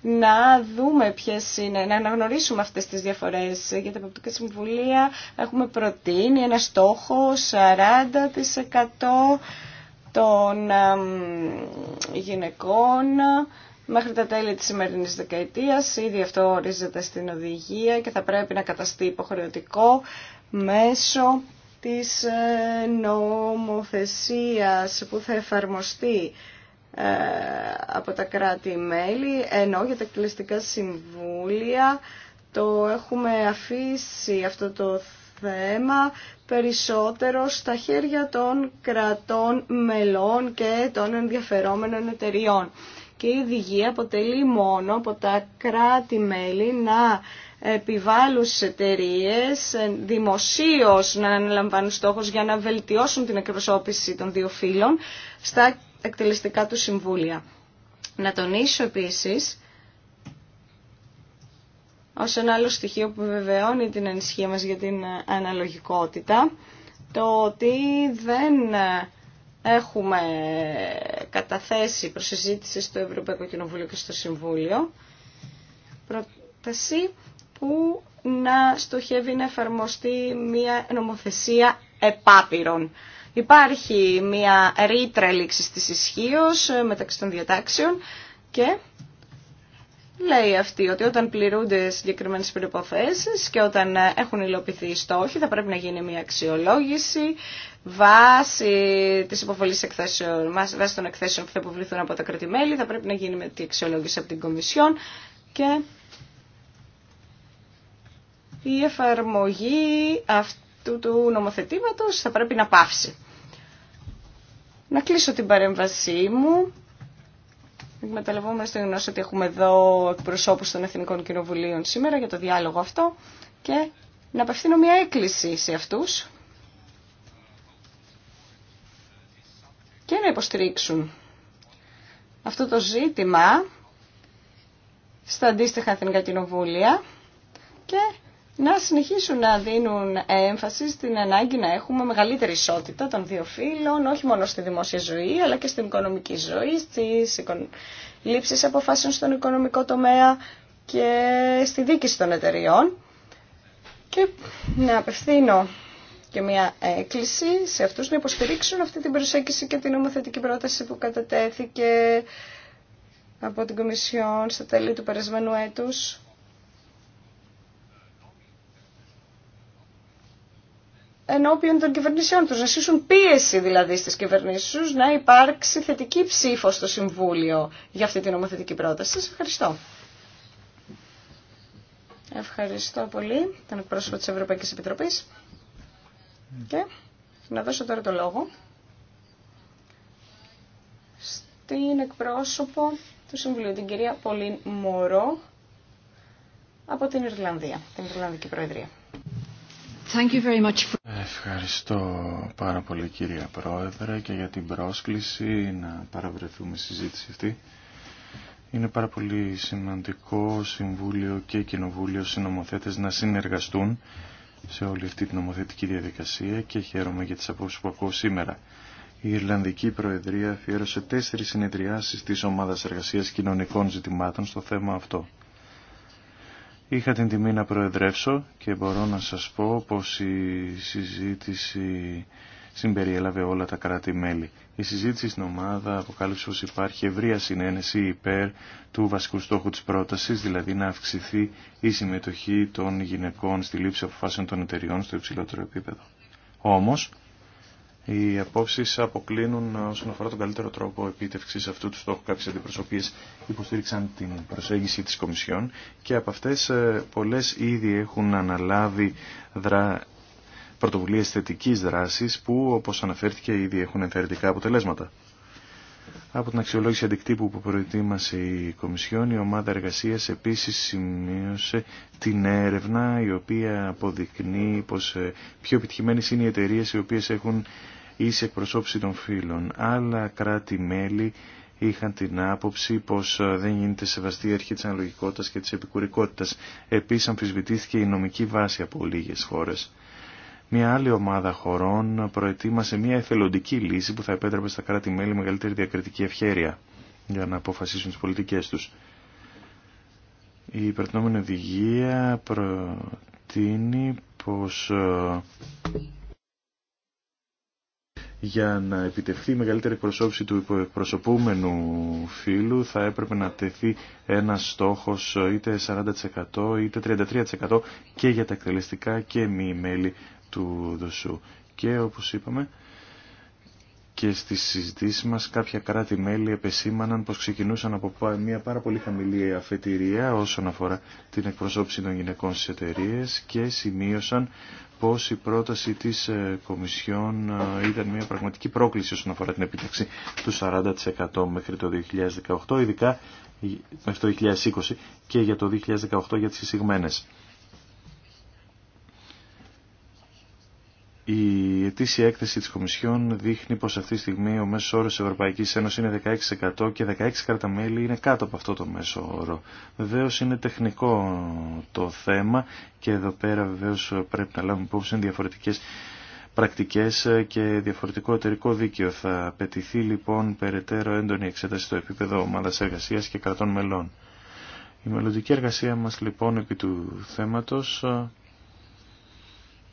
[SPEAKER 2] να δούμε ποιες είναι, να αναγνωρίσουμε αυτές τις διαφορές. Για τα εποπτικά συμβούλια έχουμε προτείνει ένα στόχο 40% των γυναικών μέχρι τα τέλη της σημερινής δεκαετίας. Ήδη αυτό ορίζεται στην οδηγία και θα πρέπει να καταστεί υποχρεωτικό μέσω της ε, νομοθεσίας που θα εφαρμοστεί ε, από τα κράτη-μέλη, ενώ για τα εκτελεστικά συμβούλια το έχουμε αφήσει αυτό το θέμα περισσότερο στα χέρια των κρατών μελών και των ενδιαφερόμενων εταιριών. Και η διγεία αποτελεί μόνο από τα κράτη-μέλη να επιβάλλουν στι εταιρείε δημοσίως να αναλαμβάνουν στόχους για να βελτιώσουν την εκπροσώπηση των δύο φύλων στα εκτελεστικά του συμβούλια. Να τονίσω επίσης ως ένα άλλο στοιχείο που βεβαιώνει την ανησυχία μας για την αναλογικότητα, το ότι δεν έχουμε καταθέσει προς στο Ευρωπαϊκό Κοινοβούλιο και στο Συμβούλιο πρόταση που να στοχεύει να εφαρμοστεί μια νομοθεσία επάπειρων. Υπάρχει μια ρήτρα λήξη της ισχύω ε, μεταξύ των διατάξεων και λέει αυτή ότι όταν πληρούνται συγκεκριμένες προϋποθέσεις και όταν ε, έχουν υλοποιηθεί οι στόχοι θα πρέπει να γίνει μια αξιολόγηση βάσει της υποβολής εκθέσεων, βάσει των εκθέσεων που θα υποβληθούν από τα κρατημέλη θα πρέπει να γίνει με τη αξιολόγηση από την Κομισιόν και η εφαρμογή αυτού του νομοθετήματος θα πρέπει να πάυσει. Να κλείσω την παρέμβασή μου. Εκμεταλλευόμαστε στο γνώση ότι έχουμε εδώ εκπροσώπους των Εθνικών Κοινοβουλίων σήμερα για το διάλογο αυτό και να απευθύνω μια έκκληση σε αυτούς και να υποστηρίξουν αυτό το ζήτημα στα αντίστοιχα Εθνικά Κοινοβούλια και να συνεχίσουν να δίνουν έμφαση στην ανάγκη να έχουμε μεγαλύτερη ισότητα των δύο φύλων, όχι μόνο στη δημόσια ζωή, αλλά και στην οικονομική ζωή, στις λήψεις αποφάσεων στον οικονομικό τομέα και στη δίκηση των εταιριών. Και να απευθύνω και μια έκκληση σε αυτούς να υποστηρίξουν αυτή την προσέγγιση και την νομοθετική πρόταση που κατατέθηκε από την Κομισιόν στα τέλη του περασμένου έτους ενώπιον των κυβερνήσεών τους, να ασκήσουν πίεση δηλαδή στις κυβερνήσεις τους, να υπάρξει θετική ψήφο στο Συμβούλιο για αυτή την νομοθετική πρόταση. Σας ευχαριστώ. Ευχαριστώ πολύ τον εκπρόσωπο της Ευρωπαϊκής Επιτροπής. Και να δώσω τώρα το λόγο στην εκπρόσωπο του Συμβουλίου, την κυρία Πολύν Μωρό από την Ιρλανδία, την Ιρλανδική Προεδρία.
[SPEAKER 1] Thank you very much
[SPEAKER 4] Ευχαριστώ πάρα πολύ κυρία Πρόεδρε και για την πρόσκληση να παραβρεθούμε στη συζήτηση αυτή. Είναι πάρα πολύ σημαντικό Συμβούλιο και Κοινοβούλιο συνομοθέτες να συνεργαστούν σε όλη αυτή την νομοθετική διαδικασία και χαίρομαι για τις απόψεις που ακούω σήμερα. Η Ιρλανδική Προεδρία αφιέρωσε τέσσερις συνεδριάσεις της Ομάδας Εργασίας Κοινωνικών Ζητημάτων στο θέμα αυτό. Είχα την τιμή να προεδρεύσω και μπορώ να σας πω πως η συζήτηση συμπεριέλαβε όλα τα κράτη-μέλη. Η συζήτηση στην ομάδα αποκάλυψε πως υπάρχει ευρεία συνένεση υπέρ του βασικού στόχου της πρότασης, δηλαδή να αυξηθεί η συμμετοχή των γυναικών στη λήψη αποφάσεων των εταιριών στο υψηλότερο επίπεδο. Όμως, οι απόψει αποκλίνουν ε, όσον αφορά τον καλύτερο τρόπο επίτευξη αυτού του στόχου. Κάποιε αντιπροσωπείε υποστήριξαν την προσέγγιση τη Κομισιόν και από αυτέ ε, πολλέ ήδη έχουν αναλάβει δρα... πρωτοβουλίες θετική δράσης που όπω αναφέρθηκε ήδη έχουν ενθαρρυντικά αποτελέσματα. Από την αξιολόγηση αντικτύπου που προετοίμασε η Κομισιόν, η ομάδα εργασία επίση σημείωσε την έρευνα η οποία αποδεικνύει πω ε, πιο επιτυχημένε είναι οι εταιρείε οι οποίε έχουν σε εκπροσώπηση των φίλων, αλλα Άλλα κράτη-μέλη είχαν την άποψη πως ε, δεν γίνεται σεβαστή η αρχή της αναλογικότητας και της επικουρικότητας. Επίσης αμφισβητήθηκε η νομική βάση από λίγες χώρες. Μια άλλη ομάδα χωρών προετοίμασε μια εθελοντική λύση που θα επέτρεπε στα κράτη-μέλη μεγαλύτερη διακριτική ευχέρεια για να αποφασίσουν τις πολιτικές τους. Η υπερτινόμενη οδηγία προτείνει πως ε, για να επιτευχθεί μεγαλύτερη εκπροσώπηση του υποεκπροσωπούμενου φύλου θα έπρεπε να τεθεί ένας στόχος είτε 40% είτε 33% και για τα εκτελεστικά και μη μέλη του ΔΟΣΟΥ. Και όπως είπαμε και στις συζητήσεις μας κάποια κράτη-μέλη επεσήμαναν πως ξεκινούσαν από μια πάρα πολύ χαμηλή αφετηρία όσον αφορά την εκπροσώπηση των γυναικών στις εταιρείε και σημείωσαν πως η πρόταση της ε, Κομισιόν ε, ήταν μια πραγματική πρόκληση όσον αφορά την επίταξη του 40% μέχρι το 2018, ειδικά μέχρι το 2020 και για το 2018 για τις εισηγμένες. Η ετήσια έκθεση της Κομισιόν δείχνει πως αυτή τη στιγμή ο μέσος όρος της Ευρωπαϊκής Ένωσης είναι 16% και 16 κράτα-μέλη είναι κάτω από αυτό το μέσο όρο. Βεβαίω είναι τεχνικό το θέμα και εδώ πέρα βεβαίω πρέπει να λάβουμε υπόψη διαφορετικές πρακτικές και διαφορετικό εταιρικό δίκαιο. Θα απαιτηθεί λοιπόν περαιτέρω έντονη εξέταση στο επίπεδο ομάδα εργασίας και κρατών μελών. Η μελλοντική εργασία μας λοιπόν επί του θέματος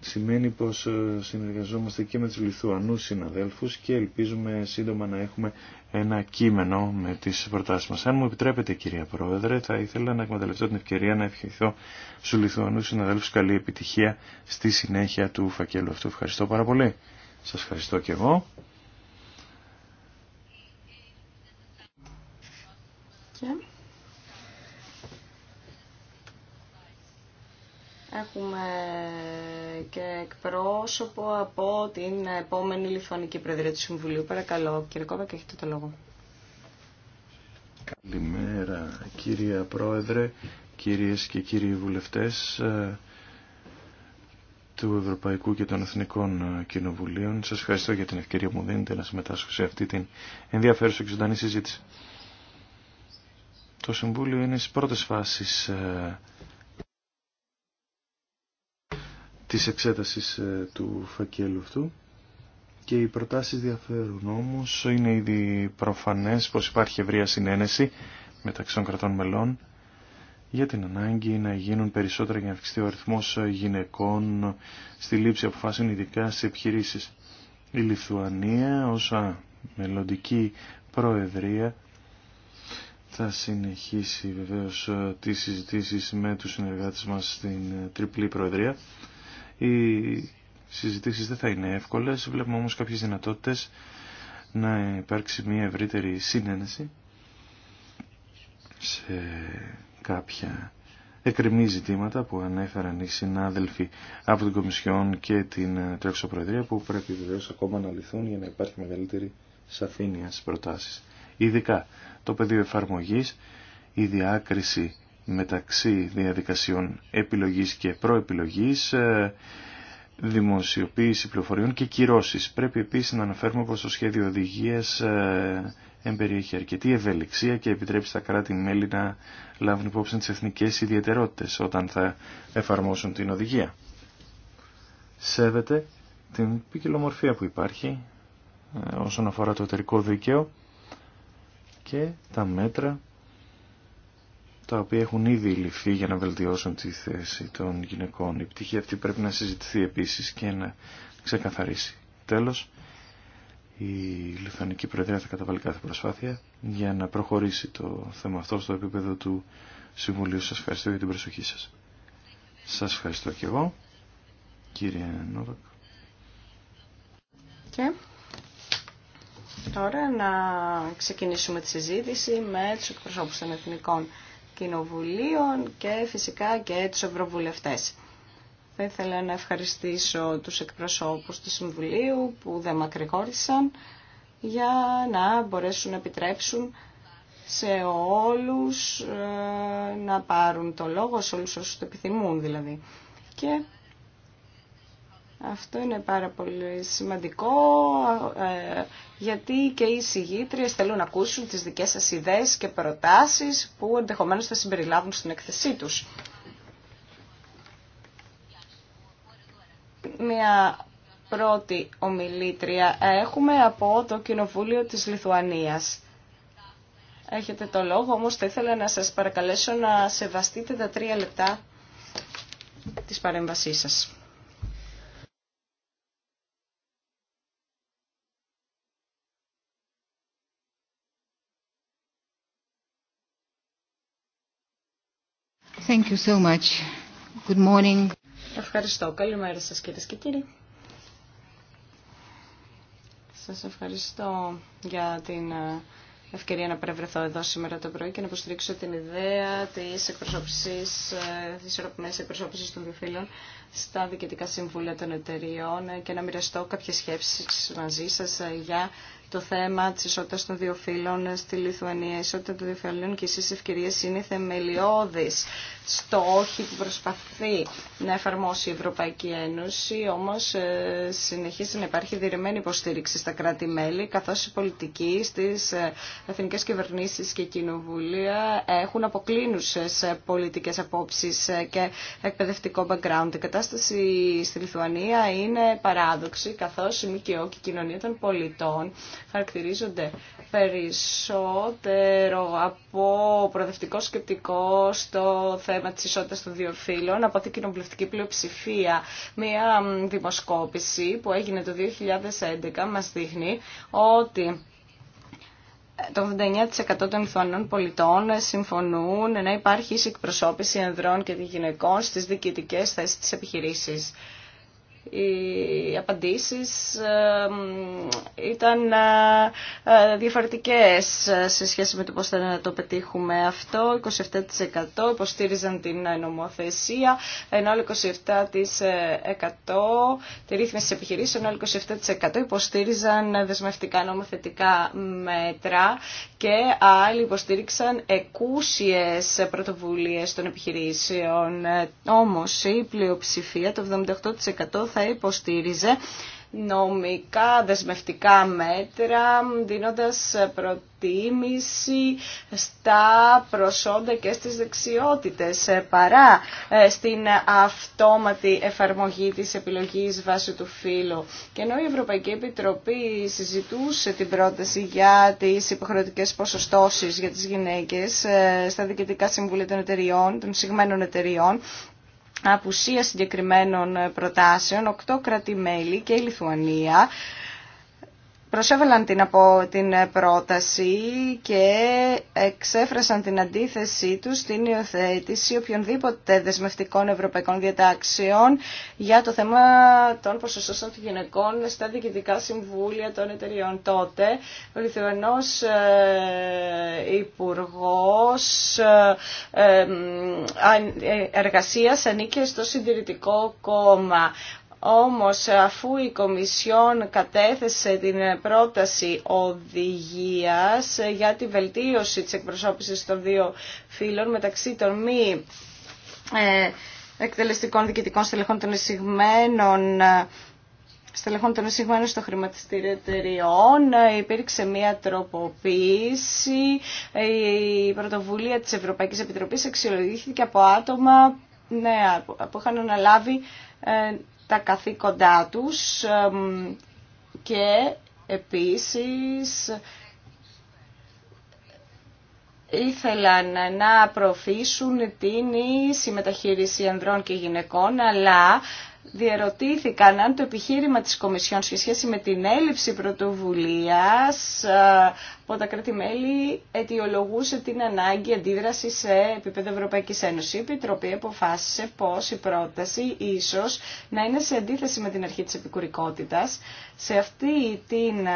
[SPEAKER 4] σημαίνει πως ε, συνεργαζόμαστε και με τους Λιθουανούς συναδέλφους και ελπίζουμε σύντομα να έχουμε ένα κείμενο με τις προτάσεις μας. Αν μου επιτρέπετε κυρία Πρόεδρε, θα ήθελα να εκμεταλλευτώ την ευκαιρία να ευχηθώ στους Λιθουανούς συναδέλφους καλή επιτυχία στη συνέχεια του φακέλου αυτού. Ευχαριστώ πάρα πολύ. Σας ευχαριστώ και εγώ.
[SPEAKER 2] Έχουμε και εκπρόσωπο από την επόμενη Λιθουανική Προεδρία του Συμβουλίου. Παρακαλώ, κύριε Κόβα, και έχετε το λόγο.
[SPEAKER 4] Καλημέρα, κύριε Πρόεδρε, κυρίες και κύριοι βουλευτές ε, του Ευρωπαϊκού και των Εθνικών Κοινοβουλίων. Σας ευχαριστώ για την ευκαιρία που μου δίνετε να συμμετάσχω σε αυτή την ενδιαφέρουσα και ζωντανή συζήτηση. Το Συμβούλιο είναι στις πρώτες φάσεις ε, της εξέτασης ε, του φακέλου αυτού και οι προτάσεις διαφέρουν όμως είναι ήδη προφανές πως υπάρχει ευρεία συνένεση μεταξύ των κρατών μελών για την ανάγκη να γίνουν περισσότερα για να αυξηθεί ο αριθμός γυναικών στη λήψη αποφάσεων ειδικά σε επιχειρήσεις. Η Λιθουανία ως μελλοντική προεδρία θα συνεχίσει βεβαίως ε, τις συζητήσεις με τους συνεργάτες μας στην ε, τριπλή προεδρία οι συζητήσεις δεν θα είναι εύκολες, βλέπουμε όμως κάποιες δυνατότητες να υπάρξει μια ευρύτερη συνένεση σε κάποια εκκρεμή ζητήματα που ανέφεραν οι συνάδελφοι από την Κομισιόν και την Τρέχουσα Προεδρία που πρέπει βεβαίως ακόμα να λυθούν για να υπάρχει μεγαλύτερη σαφήνεια στις προτάσεις. Ειδικά το πεδίο εφαρμογής, η διάκριση μεταξύ διαδικασιών επιλογής και προεπιλογής, ε, δημοσιοποίηση πληροφοριών και κυρώσεις. Πρέπει επίσης να αναφέρουμε πως το σχέδιο οδηγίας ε, εμπεριέχει αρκετή ευελιξία και επιτρέπει στα κράτη-μέλη να λάβουν υπόψη τις εθνικές ιδιαιτερότητες όταν θα εφαρμόσουν την οδηγία. Σέβεται την ποικιλομορφία που υπάρχει ε, όσον αφορά το εταιρικό δίκαιο και τα μέτρα τα οποία έχουν ήδη ληφθεί για να βελτιώσουν τη θέση των γυναικών. Η πτυχή αυτή πρέπει να συζητηθεί επίσης και να ξεκαθαρίσει. Τέλος, η Λιθανική Προεδρία θα καταβάλει κάθε προσπάθεια για να προχωρήσει το θέμα αυτό στο επίπεδο του Συμβουλίου. Σας ευχαριστώ για την προσοχή σας. Σας ευχαριστώ και εγώ, κύριε Νόβακ.
[SPEAKER 2] Και τώρα να ξεκινήσουμε τη συζήτηση με τους εκπροσώπους των εθνικών κοινοβουλίων και φυσικά και τους ευρωβουλευτέ. Θα ήθελα να ευχαριστήσω τους εκπροσώπους του Συμβουλίου που δεν μακρηγόρησαν για να μπορέσουν να επιτρέψουν σε όλους ε, να πάρουν το λόγο, σε όλους όσους το επιθυμούν δηλαδή. Και αυτό είναι πάρα πολύ σημαντικό, ε, γιατί και οι συγγήτριες θέλουν να ακούσουν τις δικές σας ιδέες και προτάσεις που ενδεχομένως θα συμπεριλάβουν στην εκθεσή τους. Μια πρώτη ομιλήτρια έχουμε από το Κοινοβούλιο της Λιθουανίας. Έχετε το λόγο, όμως θα ήθελα να σας παρακαλέσω να σεβαστείτε τα τρία λεπτά της παρέμβασής σας.
[SPEAKER 1] you so much. Good morning.
[SPEAKER 2] Ευχαριστώ. Καλημέρα σας κύριε και κύριοι. Σας ευχαριστώ για την ε, ευκαιρία να παρευρεθώ εδώ σήμερα το πρωί και να υποστηρίξω την ιδέα της εκπροσώπησης, ε, της ισορροπημένης εκπροσώπησης των δύο στα διοικητικά συμβούλια των εταιριών ε, και να μοιραστώ κάποιες σκέψεις μαζί σας για το θέμα τη ισότητα των δύο φύλων στη Λιθουανία. Η ισότητα των δύο φύλων και εσείς ευκαιρίε είναι θεμελιώδη στο όχι που προσπαθεί να εφαρμόσει η Ευρωπαϊκή Ένωση, όμως ε, συνεχίζει να υπάρχει διερημένη υποστήριξη στα κράτη-μέλη, καθώ οι πολιτικοί στις ε, εθνικέ κυβερνήσει και κοινοβουλία έχουν αποκλίνουσες ε, πολιτικές απόψεις και εκπαιδευτικό background. Η κατάσταση στη Λιθουανία είναι παράδοξη, καθώ η ΜΚΟ και η κοινωνία των πολιτών χαρακτηρίζονται περισσότερο από προοδευτικό σκεπτικό στο θέμα της ισότητας των δύο φύλων, από την κοινοβουλευτική πλειοψηφία. Μία δημοσκόπηση που έγινε το 2011 μας δείχνει ότι το 89% των Λιθουανών πολιτών συμφωνούν να υπάρχει ίση εκπροσώπηση ενδρών και γυναικών στις διοικητικές θέσεις της επιχειρήσης οι απαντήσεις ήταν ε, ε, διαφορετικές σε σχέση με το πώς θα το πετύχουμε αυτό. 27% υποστήριζαν την νομοθεσία, ενώ 27% τη ρύθμιση της επιχειρήσης, 27% υποστήριζαν δεσμευτικά νομοθετικά μέτρα και άλλοι υποστήριξαν εκούσιες πρωτοβουλίες των επιχειρήσεων. Όμως η πλειοψηφία, το 78% θα υποστήριζε νομικά δεσμευτικά μέτρα, δίνοντας προτίμηση στα προσόντα και στις δεξιότητες, ε, παρά ε, στην αυτόματη εφαρμογή της επιλογής βάσει του φύλου. Και ενώ η Ευρωπαϊκή Επιτροπή συζητούσε την πρόταση για τις υποχρεωτικές ποσοστώσεις για τις γυναίκες ε, στα διοικητικά συμβούλια των εταιριών, των συγμένων εταιριών, απουσία συγκεκριμένων ε, προτάσεων, οκτώ κράτη-μέλη και η Λιθουανία προσέβαλαν την, από, την ε, πρόταση και εξέφρασαν την αντίθεσή τους στην υιοθέτηση οποιονδήποτε δεσμευτικών ευρωπαϊκών διατάξεων για το θέμα των ποσοστών των γυναικών στα διοικητικά συμβούλια των εταιριών. Τότε ο Λιθουανός ε, Υπουργός ε, ε, Εργασίας ανήκε στο Συντηρητικό Κόμμα. Όμως αφού η Κομισιόν κατέθεσε την πρόταση οδηγίας για τη βελτίωση της εκπροσώπησης των δύο φύλων μεταξύ των μη ε, εκτελεστικών διοικητικών στελεχών των εισηγμένων ε, στελεχών των εισηγμένων στο χρηματιστήριο εταιριών. Ε, υπήρξε μια τροποποίηση. Η πρωτοβουλία της Ευρωπαϊκής Επιτροπής αξιολογήθηκε από άτομα ναι, που είχαν αναλάβει τα καθήκοντά τους και επίσης ήθελαν να προωθήσουν την συμμεταχείριση ανδρών και γυναικών, αλλά διερωτήθηκαν αν το επιχείρημα της Κομισιόν σε σχέση με την έλλειψη πρωτοβουλίας ε, από τα κράτη-μέλη αιτιολογούσε την ανάγκη αντίδραση σε επίπεδο Ευρωπαϊκής Ένωσης. Η Επιτροπή αποφάσισε πως η πρόταση ίσως να είναι σε αντίθεση με την αρχή της επικουρικότητας. Σε αυτή την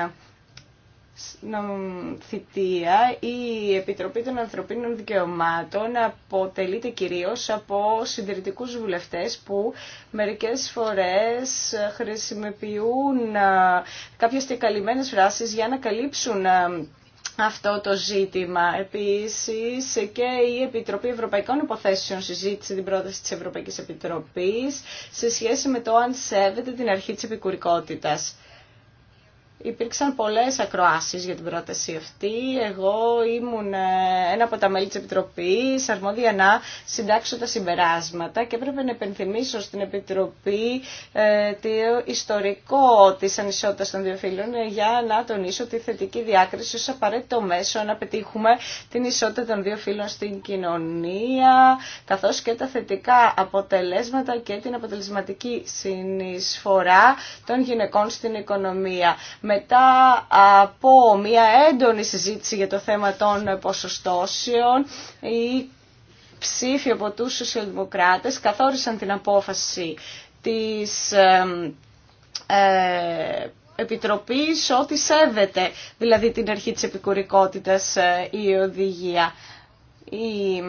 [SPEAKER 2] θητεία η Επιτροπή των Ανθρωπίνων Δικαιωμάτων αποτελείται κυρίως από συντηρητικούς βουλευτές που μερικές φορές χρησιμοποιούν ε, κάποιες τεκαλυμμένες φράσεις για να καλύψουν ε, αυτό το ζήτημα. Επίσης και η Επιτροπή Ευρωπαϊκών Υποθέσεων συζήτησε την πρόταση της Ευρωπαϊκής Επιτροπής σε σχέση με το αν σέβεται την αρχή της επικουρικότητας. Υπήρξαν πολλές ακροάσεις για την πρόταση αυτή. Εγώ ήμουν ε, ένα από τα μέλη της Επιτροπής, αρμόδια να συντάξω τα συμπεράσματα και έπρεπε να επενθυμίσω στην Επιτροπή ε, το ιστορικό της ανισότητας των δύο φύλων ε, για να τονίσω τη θετική διάκριση ως απαραίτητο μέσο να πετύχουμε την ισότητα των δύο φύλων στην κοινωνία, καθώς και τα θετικά αποτελέσματα και την αποτελεσματική συνεισφορά των γυναικών στην οικονομία. Με μετά από μια έντονη συζήτηση για το θέμα των ποσοστώσεων, οι ψήφοι από τους σοσιαλδημοκράτες καθόρισαν την απόφαση της ε, Επιτροπής ότι σέβεται, δηλαδή την αρχή της επικουρικότητας ε, η οδηγία. Η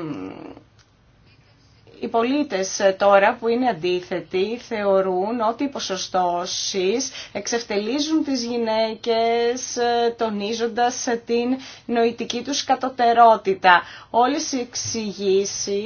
[SPEAKER 2] οι πολίτες ε, τώρα που είναι αντίθετοι θεωρούν ότι οι ποσοστώσεις εξευτελίζουν τις γυναίκες ε, τονίζοντας ε, την νοητική τους κατωτερότητα. Όλες οι εξηγήσει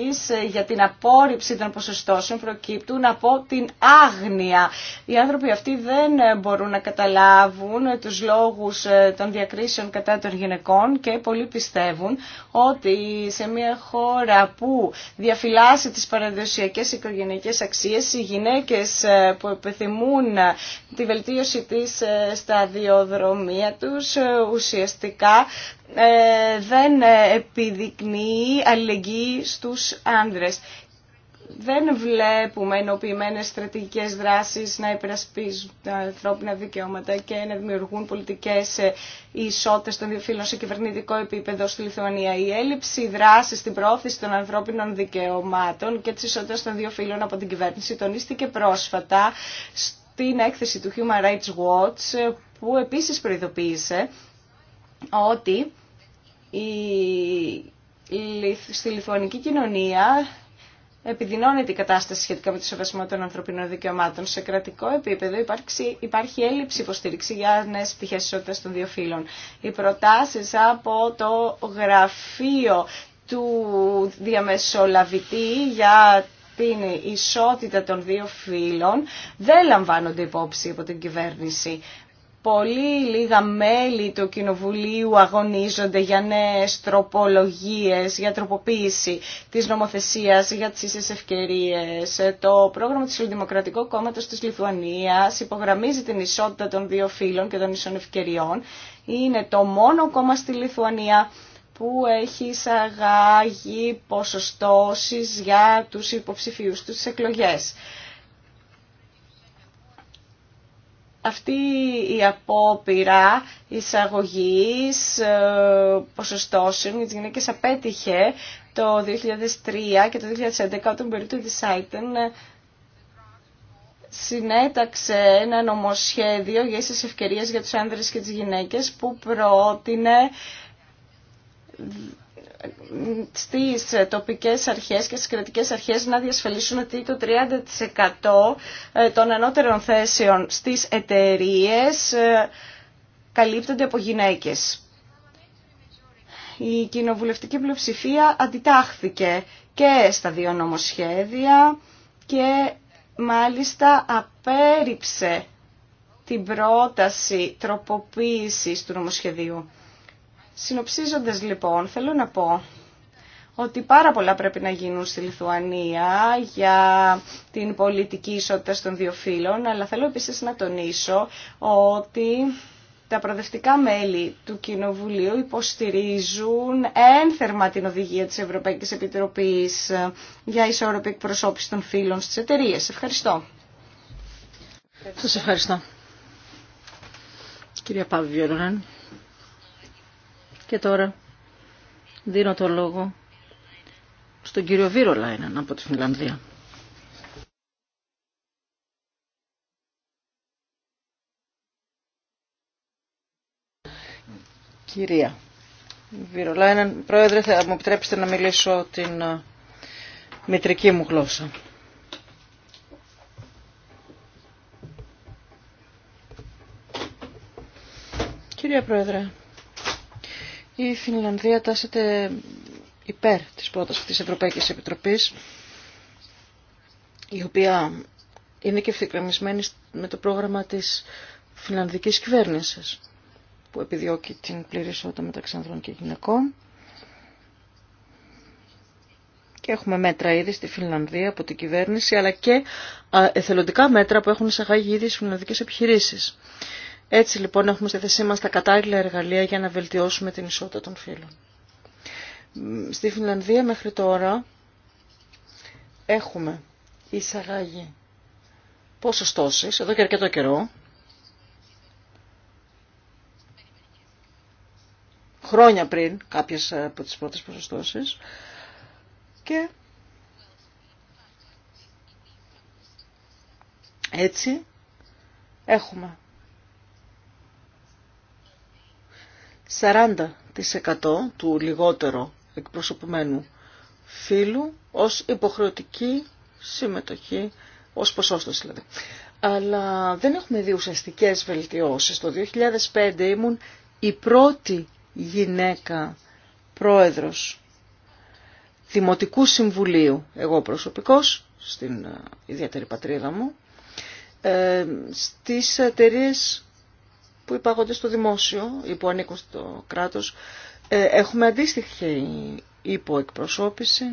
[SPEAKER 2] για την απόρριψη των ποσοστώσεων προκύπτουν από την άγνοια. Οι άνθρωποι αυτοί δεν μπορούν να καταλάβουν τους λόγους των διακρίσεων κατά των γυναικών και πολλοί πιστεύουν ότι σε μια χώρα που διαφυλάσσει τις παραδοσιακές οικογενειακές αξίες, οι γυναίκες ε, που επιθυμούν ε, τη βελτίωση της ε, σταδιοδρομία τους ουσιαστικά δεν επιδεικνύει αλληλεγγύη στους άνδρες δεν βλέπουμε ενοποιημένες στρατηγικές δράσεις να υπερασπίζουν τα ανθρώπινα δικαιώματα και να δημιουργούν πολιτικές ισότητες των δύο φύλων σε κυβερνητικό επίπεδο στη Λιθουανία. Η έλλειψη δράση στην πρόθεση των ανθρώπινων δικαιωμάτων και της ισότητας των δύο φύλων από την κυβέρνηση τονίστηκε πρόσφατα στην έκθεση του Human Rights Watch που επίσης προειδοποίησε ότι η... στη λιθουανική κοινωνία επιδεινώνεται η κατάσταση σχετικά με το σεβασμό των ανθρωπίνων δικαιωμάτων. Σε κρατικό επίπεδο υπάρξει, υπάρχει έλλειψη υποστήριξη για νέε πτυχέ ισότητα των δύο φύλων. Οι προτάσει από το γραφείο του διαμεσολαβητή για την ισότητα των δύο φύλων δεν λαμβάνονται υπόψη από την κυβέρνηση πολύ λίγα μέλη του Κοινοβουλίου αγωνίζονται για νέες τροπολογίες, για τροποποίηση της νομοθεσίας, για τις ίσες ευκαιρίες. Το πρόγραμμα του Συλλοδημοκρατικού Κόμματος της Λιθουανίας υπογραμμίζει την ισότητα των δύο φύλων και των ίσων ευκαιριών. Είναι το μόνο κόμμα στη Λιθουανία που έχει εισαγάγει ποσοστώσεις για τους υποψηφίους τους εκλογές. αυτή η απόπειρα εισαγωγής ε, ποσοστώσεων για τις γυναίκες απέτυχε το 2003 και το 2011 όταν περίπτω τη δισάιτεν ε, συνέταξε ένα νομοσχέδιο για ίσες ευκαιρίες για τους άνδρες και τις γυναίκες που πρότεινε στις τοπικές αρχές και στις κρατικές αρχές να διασφαλίσουν ότι το 30% ε, των ανώτερων θέσεων στις εταιρείες ε, καλύπτονται από γυναίκες. Η κοινοβουλευτική πλειοψηφία αντιτάχθηκε και στα δύο νομοσχέδια και μάλιστα απέριψε την πρόταση τροποποίησης του νομοσχεδίου. Συνοψίζοντας λοιπόν, θέλω να πω ότι πάρα πολλά πρέπει να γίνουν στη Λιθουανία για την πολιτική ισότητα των δύο φύλων, αλλά θέλω επίσης να τονίσω ότι τα προοδευτικά μέλη του Κοινοβουλίου υποστηρίζουν ένθερμα την οδηγία της Ευρωπαϊκής Επιτροπής για ισορροπή εκπροσώπηση των φύλων στις εταιρείε. Ευχαριστώ. Σας ευχαριστώ. Κυρία Παύλη
[SPEAKER 3] και τώρα δίνω το λόγο
[SPEAKER 1] στον κύριο Βίρο Λάιναν από τη Φινλανδία. Κυρία Λάιναν, πρόεδρε, θα μου επιτρέψετε να μιλήσω την ε, μητρική μου γλώσσα.
[SPEAKER 2] Κυρία Πρόεδρε,
[SPEAKER 1] η Φινλανδία τάσεται υπέρ της πρότασης της Ευρωπαϊκής Επιτροπής, η οποία είναι και ευθυγραμμισμένη με το πρόγραμμα της Φινλανδικής κυβέρνησης, που επιδιώκει την πλήρη ισότητα μεταξύ ανδρών και γυναικών. Και έχουμε μέτρα ήδη στη Φινλανδία από την κυβέρνηση, αλλά και εθελοντικά μέτρα που έχουν εισαγάγει ήδη στις φιλανδικές επιχειρήσεις. Έτσι λοιπόν έχουμε στη θέση μας τα κατάλληλα εργαλεία για να βελτιώσουμε την ισότητα των φύλων. Στη Φινλανδία μέχρι τώρα έχουμε εισαγάγει ποσοστώσεις εδώ και αρκετό καιρό. Χρόνια πριν κάποιες από τις πρώτες ποσοστώσεις και έτσι έχουμε 40% του λιγότερο εκπροσωπημένου φύλου ως υποχρεωτική συμμετοχή, ως ποσόστος δηλαδή. Αλλά δεν έχουμε δει ουσιαστικέ βελτιώσεις. Το 2005 ήμουν η πρώτη γυναίκα πρόεδρος Δημοτικού Συμβουλίου, εγώ προσωπικός, στην ε, ιδιαίτερη πατρίδα μου, ε, στις εταιρείε που υπάγονται στο δημόσιο ή που ανήκουν στο κράτος. Ε, έχουμε αντίστοιχη υποεκπροσώπηση.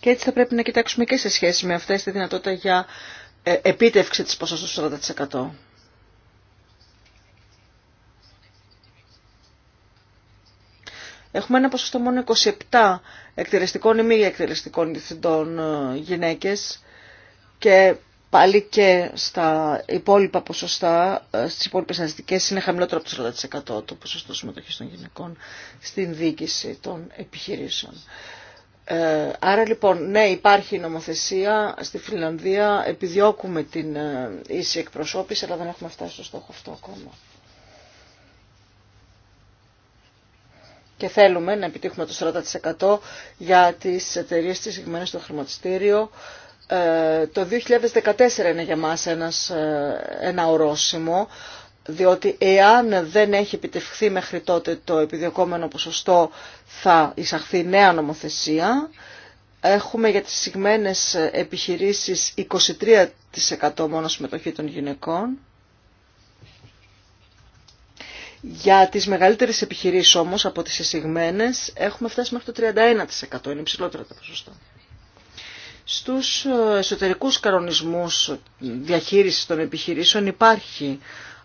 [SPEAKER 1] Και έτσι θα πρέπει να κοιτάξουμε και σε σχέση με αυτές τη δυνατότητα για ε, επίτευξη της ποσότητας του 40%. Έχουμε ένα ποσοστό μόνο 27 εκτελεστικών ή μη εκτελεστικών διευθυντών ε, γυναίκες και πάλι και στα υπόλοιπα ποσοστά, ε, στις υπόλοιπες αστικές είναι χαμηλότερο από το 40% το ποσοστό συμμετοχής των γυναικών στην διοίκηση των επιχειρήσεων. Ε, άρα λοιπόν, ναι, υπάρχει νομοθεσία στη Φιλανδία, επιδιώκουμε την ε, ίση εκπροσώπηση, αλλά δεν έχουμε φτάσει στο στόχο αυτό ακόμα. Και θέλουμε να επιτύχουμε το 40% για τις εταιρείες της συγκεκριμένες στο χρηματιστήριο, ε, το 2014 είναι για μας ένας, ε, ένα ορόσημο, διότι εάν δεν έχει επιτευχθεί μέχρι τότε το επιδιωκόμενο ποσοστό θα εισαχθεί νέα νομοθεσία. Έχουμε για τις συγμένες επιχειρήσεις 23% μόνο συμμετοχή των γυναικών. Για τις μεγαλύτερες επιχειρήσεις όμως από τις εισηγμένες έχουμε φτάσει μέχρι το 31%. Είναι υψηλότερο το ποσοστό. Στους ε, εσωτερικούς κανονισμούς διαχείρισης των επιχειρήσεων υπάρχει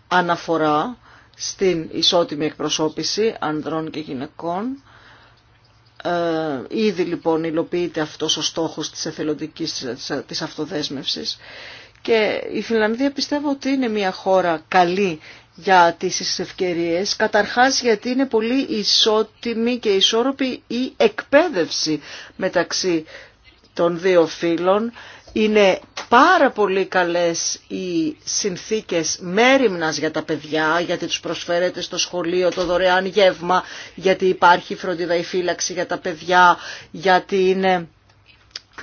[SPEAKER 1] αναφορά στην ισότιμη εκπροσώπηση ανδρών και γυναικών. Ε, ήδη λοιπόν υλοποιείται αυτός ο στόχος της εθελοντικής της αυτοδέσμευσης και η Φιλανδία πιστεύω ότι είναι μια χώρα καλή για τις ευκαιρίες, καταρχάς γιατί είναι πολύ ισότιμη και ισόρροπη η εκπαίδευση μεταξύ των δύο φίλων Είναι πάρα πολύ καλές οι συνθήκες μέρημνας για τα παιδιά, γιατί τους προσφέρεται στο σχολείο το δωρεάν γεύμα, γιατί υπάρχει φροντίδα ή φύλαξη για τα παιδιά, γιατί είναι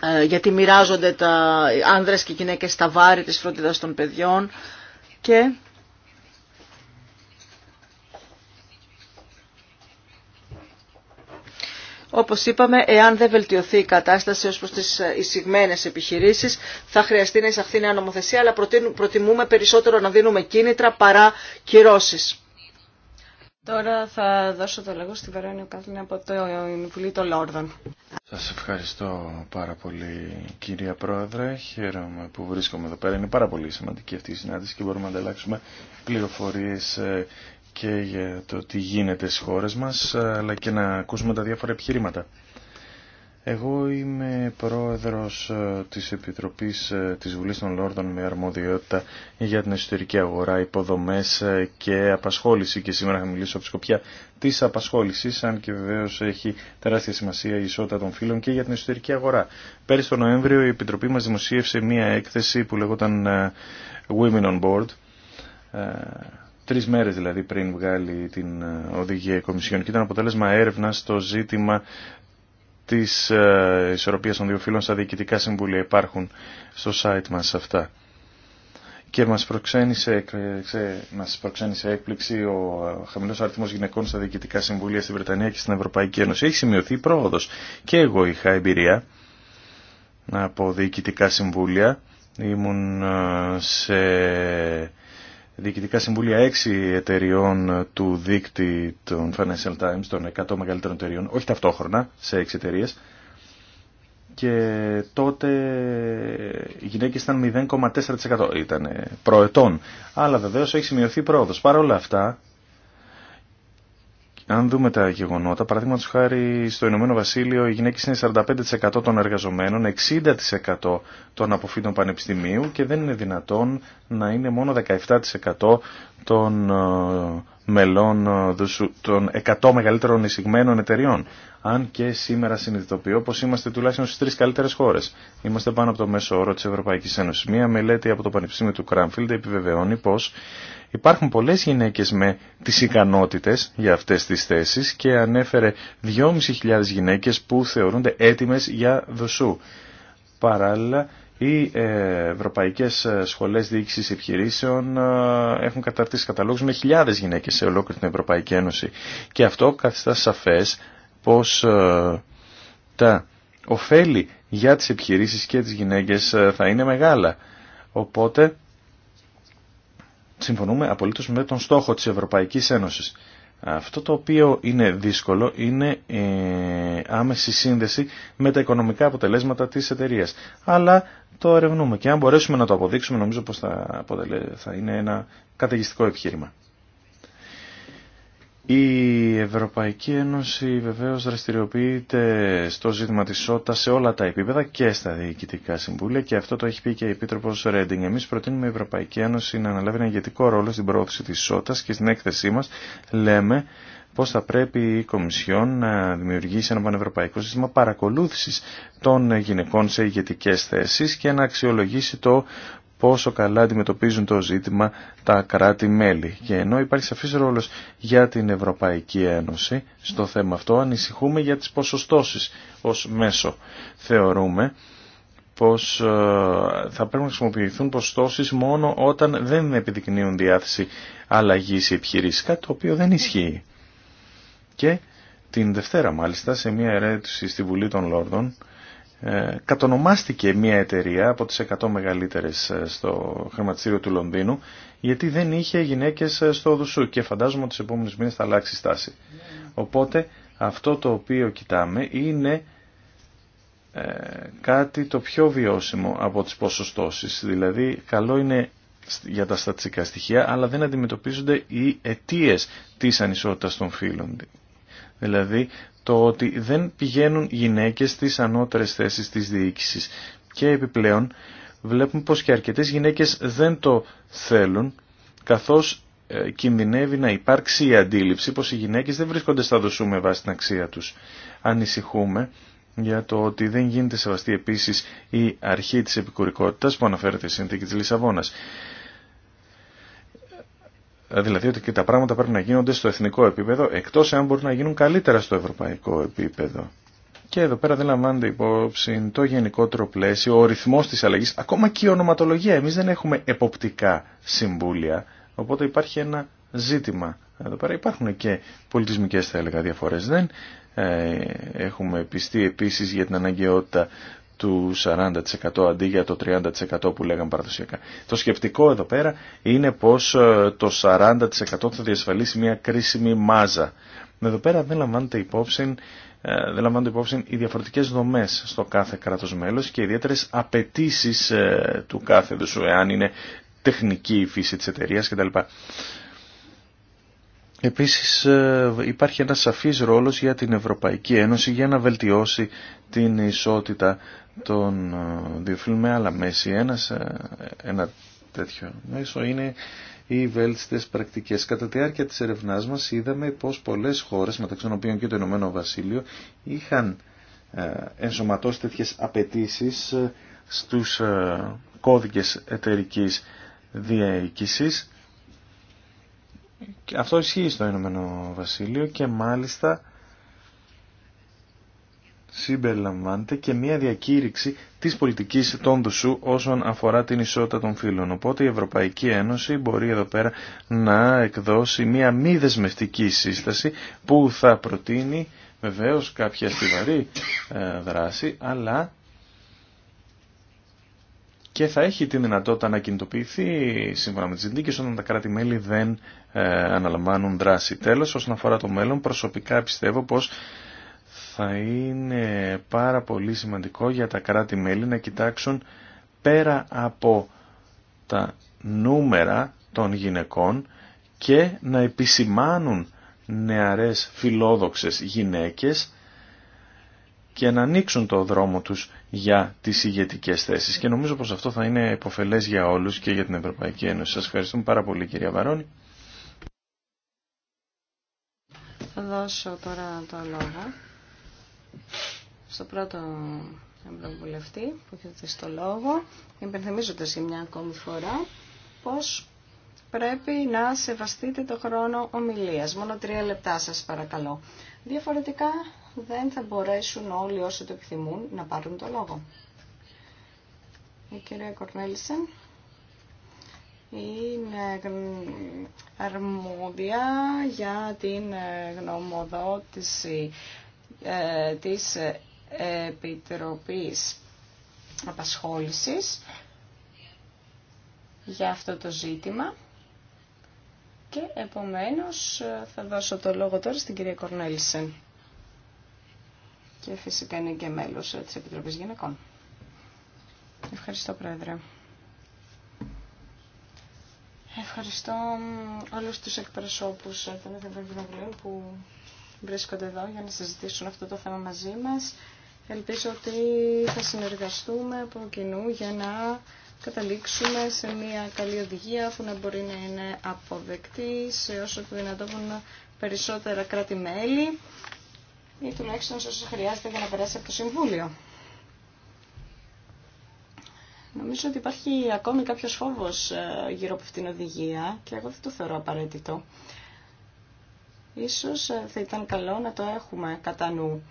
[SPEAKER 1] ε, γιατί μοιράζονται τα άνδρες και γυναίκες τα βάρη της φροντίδας των παιδιών και Όπως είπαμε, εάν δεν βελτιωθεί η κατάσταση ως προς τις ε, εισηγμένες επιχειρήσεις, θα χρειαστεί να εισαχθεί νέα νομοθεσία, αλλά προτιμούμε περισσότερο να
[SPEAKER 2] δίνουμε κίνητρα παρά
[SPEAKER 1] κυρώσεις.
[SPEAKER 2] Τώρα θα δώσω το λόγο στην Βερόνια Κάθλιν από το Βουλή των Λόρδων.
[SPEAKER 4] Σας ευχαριστώ πάρα πολύ κυρία Πρόεδρε. Χαίρομαι που βρίσκομαι εδώ πέρα. Είναι πάρα πολύ σημαντική αυτή η συνάντηση και μπορούμε να ανταλλάξουμε πληροφορίες ε, και για το τι γίνεται στις χώρες μας, αλλά και να ακούσουμε τα διάφορα επιχειρήματα. Εγώ είμαι πρόεδρος ε, της Επιτροπής ε, της Βουλής των Λόρδων με αρμοδιότητα για την εσωτερική αγορά, υποδομές ε, και απασχόληση και σήμερα θα μιλήσω από σκοπιά της απασχόλησης, αν και βεβαίως έχει τεράστια σημασία η ισότητα των φύλων και για την εσωτερική αγορά. Πέρυσι τον Νοέμβριο η Επιτροπή μας δημοσίευσε μία έκθεση που λεγόταν Women on Board, τρεις μέρες δηλαδή πριν βγάλει την ε, οδηγία η Κομισιόν και ήταν αποτέλεσμα έρευνα στο ζήτημα της ε, ισορροπίας των δύο φύλων στα διοικητικά συμβούλια υπάρχουν στο site μας αυτά. Και μας προξένησε, μας προξένησε έκπληξη ο ε, χαμηλός αριθμός γυναικών στα διοικητικά συμβούλια στην Βρετανία και στην Ευρωπαϊκή Ένωση. Έχει σημειωθεί πρόοδος. Και εγώ είχα εμπειρία από διοικητικά συμβούλια. Ήμουν σε διοικητικά συμβούλια 6 εταιριών του δίκτυ των Financial Times, των 100 μεγαλύτερων εταιριών, όχι ταυτόχρονα, σε 6 εταιρείε. Και τότε οι γυναίκε ήταν 0,4% ήταν προετών. Αλλά βεβαίω έχει σημειωθεί πρόοδο. Παρ' όλα αυτά, αν δούμε τα γεγονότα, παραδείγματος χάρη στο Ηνωμένο Βασίλειο οι γυναίκε είναι 45% των εργαζομένων, 60% των αποφύτων πανεπιστημίου και δεν είναι δυνατόν να είναι μόνο 17% των ε, μελών ε, των 100 μεγαλύτερων εισηγμένων εταιριών. Αν και σήμερα συνειδητοποιώ πως είμαστε τουλάχιστον στις τρει καλύτερε χώρε. Είμαστε πάνω από το μέσο όρο τη Ευρωπαϊκή Ένωση. Μία μελέτη από το Πανεπιστήμιο του Κράμφιλντ επιβεβαιώνει πω. Υπάρχουν πολλές γυναίκες με τις ικανότητες για αυτές τις θέσεις και ανέφερε 2.500 γυναίκες που θεωρούνται έτοιμες για δοσού. Παράλληλα, οι ε, ευρωπαϊκές ε, σχολές διοίκησης επιχειρήσεων ε, έχουν καταρτήσει καταλόγους με χιλιάδες γυναίκες σε ολόκληρη την Ευρωπαϊκή Ένωση. Και αυτό καθιστά σαφές πως τα ωφέλη για τις επιχειρήσεις και τις γυναίκες θα είναι μεγάλα. Οπότε συμφωνούμε απολύτως με τον στόχο της Ευρωπαϊκής Ένωσης. Αυτό το οποίο είναι δύσκολο είναι ε, άμεση σύνδεση με τα οικονομικά αποτελέσματα της εταιρείας. Αλλά το ερευνούμε και αν μπορέσουμε να το αποδείξουμε νομίζω πως θα, θα είναι ένα καταιγιστικό επιχείρημα. Η Ευρωπαϊκή Ένωση βεβαίως δραστηριοποιείται στο ζήτημα της σότα σε όλα τα επίπεδα και στα διοικητικά συμβούλια και αυτό το έχει πει και η Επίτροπος Ρέντινγκ. Εμείς προτείνουμε η Ευρωπαϊκή Ένωση να αναλάβει ένα ηγετικό ρόλο στην προώθηση της ισότητας και στην έκθεσή μας λέμε πώς θα πρέπει η Κομισιόν να δημιουργήσει ένα πανευρωπαϊκό σύστημα παρακολούθησης των γυναικών σε ηγετικές θέσεις και να αξιολογήσει το πόσο καλά αντιμετωπίζουν το ζήτημα τα κράτη-μέλη. Και ενώ υπάρχει σαφής ρόλος για την Ευρωπαϊκή Ένωση στο θέμα αυτό, ανησυχούμε για τις ποσοστώσεις ως μέσο. Θεωρούμε πως ε, θα πρέπει να χρησιμοποιηθούν ποσοστώσεις μόνο όταν δεν επιδεικνύουν διάθεση αλλαγή ή κάτι το οποίο δεν ισχύει. Και την Δευτέρα μάλιστα, σε μια ερέτηση στη Βουλή των Λόρδων, ε, κατονομάστηκε μια εταιρεία από τις 100 μεγαλύτερες ε, στο χρηματιστήριο του Λονδίνου γιατί δεν είχε γυναίκες ε, στο δουσού και φαντάζομαι ότι τις επόμενες μήνες θα αλλάξει στάση. Οπότε αυτό το οποίο κοιτάμε είναι κάτι το πιο βιώσιμο από τις ποσοστώσεις. Δηλαδή καλό είναι για τα στατιστικά στοιχεία αλλά δεν αντιμετωπίζονται οι αιτίε της ανισότητας των φύλων. Δηλαδή το ότι δεν πηγαίνουν γυναίκες στις ανώτερες θέσεις της διοίκησης. Και επιπλέον βλέπουμε πως και αρκετές γυναίκες δεν το θέλουν καθώς ε, κινδυνεύει να υπάρξει η αντίληψη πως οι γυναίκες δεν βρίσκονται στα δοσούμε βάση την αξία τους. Ανησυχούμε για το ότι δεν γίνεται σεβαστή επίσης η αρχή της επικουρικότητας που αναφέρεται στη συνθήκη της Λισαβόνας. Ε, δηλαδή ότι και τα πράγματα πρέπει να γίνονται στο εθνικό επίπεδο, εκτός εάν μπορούν να γίνουν καλύτερα στο ευρωπαϊκό επίπεδο. Και εδώ πέρα δεν λαμβάνεται υπόψη το γενικότερο πλαίσιο, ο ρυθμός της αλλαγής, ακόμα και η ονοματολογία. Εμείς δεν έχουμε εποπτικά συμβούλια, οπότε υπάρχει ένα ζήτημα. Εδώ πέρα υπάρχουν και πολιτισμικές θα διαφορές. Δεν ε, έχουμε πιστεί επίσης για την αναγκαιότητα του 40% αντί για το 30% που λέγαμε παραδοσιακά. Το σκεπτικό εδώ πέρα είναι πως ε, το 40% θα διασφαλίσει μια κρίσιμη μάζα. Εδώ πέρα δεν λαμβάνεται υπόψη ε, δεν λαμβάνονται υπόψη οι διαφορετικές δομές στο κάθε κράτος μέλος και ιδιαίτερες απαιτήσει ε, του κάθε δουσου, εάν είναι τεχνική η φύση της εταιρείας κτλ. Επίσης ε, υπάρχει ένας σαφής ρόλος για την Ευρωπαϊκή Ένωση για να βελτιώσει την ισότητα των ε, δύο με άλλα μέση. Ένας, ε, ένα τέτοιο μέσο είναι οι βέλτιστες πρακτικές. Κατά τη διάρκεια της ερευνάς μας είδαμε πως πολλές χώρες, μεταξύ των οποίων και το Ηνωμένο Βασίλειο, είχαν ενσωματώσει τέτοιες απαιτήσει στους κώδικες εταιρικής διαίκησης και αυτό ισχύει στο Ηνωμένο Βασίλειο και μάλιστα συμπεριλαμβάνεται και μια διακήρυξη της πολιτικής των δουσού όσον αφορά την ισότητα των φύλων. Οπότε η Ευρωπαϊκή Ένωση μπορεί εδώ πέρα να εκδώσει μια μη δεσμευτική σύσταση που θα προτείνει βεβαίως κάποια στιβαρή ε, δράση αλλά και θα έχει τη δυνατότητα να κινητοποιηθεί σύμφωνα με τις συνθήκες όταν τα κράτη-μέλη δεν ε, αναλαμβάνουν δράση. Τέλος, όσον αφορά το μέλλον, προσωπικά πιστεύω πως θα είναι πάρα πολύ σημαντικό για τα κράτη-μέλη να κοιτάξουν πέρα από τα νούμερα των γυναικών και να επισημάνουν νεαρές φιλόδοξες γυναίκες και να ανοίξουν το δρόμο τους για τις ηγετικέ θέσεις και νομίζω πως αυτό θα είναι υποφελές για όλους και για την Ευρωπαϊκή Ένωση. Σας ευχαριστούμε πάρα πολύ κυρία Βαρόνη.
[SPEAKER 2] Θα δώσω τώρα το λόγο στο πρώτο ευρωβουλευτή που έχει δει το λόγο, υπενθυμίζοντας για μια ακόμη φορά πως πρέπει να σεβαστείτε το χρόνο ομιλίας. Μόνο τρία λεπτά σας παρακαλώ. Διαφορετικά δεν θα μπορέσουν όλοι όσοι το επιθυμούν να πάρουν το λόγο. Η κυρία Κορνέλισεν είναι αρμόδια για την γνωμοδότηση ε, της Επιτροπής Απασχόλησης για αυτό το ζήτημα και επομένως ε, θα δώσω το λόγο τώρα στην κυρία Κορνέλισεν και φυσικά είναι και μέλος ε, της Επιτροπής Γυναικών. Ευχαριστώ, Πρόεδρε. Ευχαριστώ όλους τους εκπροσώπους ε, των Εθνικών που βρίσκονται εδώ για να συζητήσουν αυτό το θέμα μαζί μας. Ελπίζω ότι θα συνεργαστούμε από κοινού για να καταλήξουμε σε μια καλή οδηγία που να μπορεί να είναι αποδεκτή σε όσο το δυνατόν περισσότερα κράτη-μέλη ή τουλάχιστον όσο χρειάζεται για να περάσει από το Συμβούλιο. Νομίζω ότι υπάρχει ακόμη κάποιος φόβος ε, γύρω από αυτήν την οδηγία και εγώ δεν το θεωρώ απαραίτητο. Ίσως ε, θα ήταν καλό να το έχουμε κατά νου.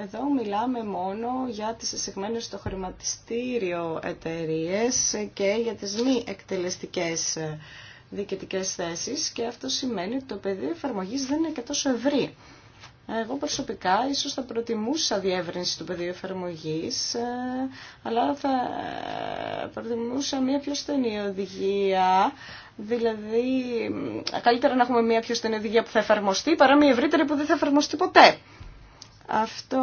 [SPEAKER 2] Εδώ μιλάμε μόνο για τις εισηγμένες στο χρηματιστήριο εταιρείες και για τις μη εκτελεστικές εταιρείες διοικητικές θέσεις και αυτό σημαίνει ότι το πεδίο εφαρμογής δεν είναι και τόσο ευρύ. Εγώ προσωπικά ίσως θα προτιμούσα διεύρυνση του πεδίου εφαρμογής, ε, αλλά θα ε, προτιμούσα μια πιο στενή οδηγία, δηλαδή καλύτερα να έχουμε μια πιο στενή οδηγία που θα εφαρμοστεί παρά μια ευρύτερη που δεν θα εφαρμοστεί ποτέ. Αυτό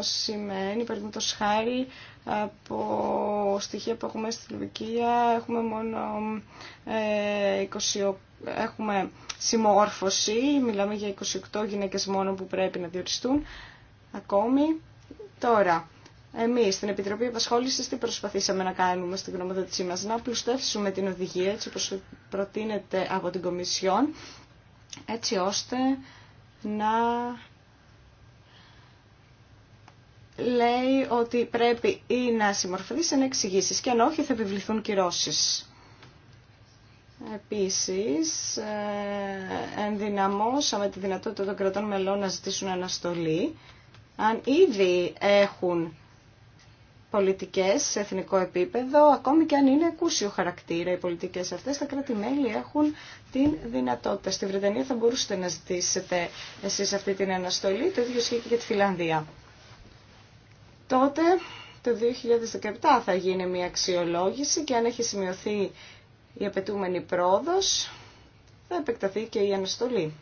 [SPEAKER 2] σημαίνει, παραδείγματο χάρη, από στοιχεία που έχουμε στη Λουβικία, έχουμε μόνο ε, έχουμε συμμόρφωση, μιλάμε για 28 γυναίκες μόνο που πρέπει να διοριστούν ακόμη. Τώρα, εμείς στην Επιτροπή Επασχόλησης τι προσπαθήσαμε να κάνουμε στην γνωμοδότησή μας, να πλουστεύσουμε την οδηγία έτσι όπως προτείνεται από την Κομισιόν, έτσι ώστε να λέει ότι πρέπει ή να συμμορφωθεί σε να εξηγήσει και αν όχι θα επιβληθούν κυρώσει. Επίση, ε, ενδυναμώσαμε τη δυνατότητα των κρατών μελών να ζητήσουν αναστολή αν ήδη έχουν πολιτικές σε εθνικό επίπεδο, ακόμη και αν είναι εκούσιο χαρακτήρα οι πολιτικές αυτές, τα κράτη-μέλη έχουν την δυνατότητα. Στη Βρετανία θα μπορούσατε να ζητήσετε εσείς αυτή την αναστολή, το ίδιο ισχύει και για τη Φιλανδία τότε το 2017 θα γίνει μια αξιολόγηση και αν έχει σημειωθεί η απαιτούμενη πρόοδος, θα επεκταθεί και η αναστολή.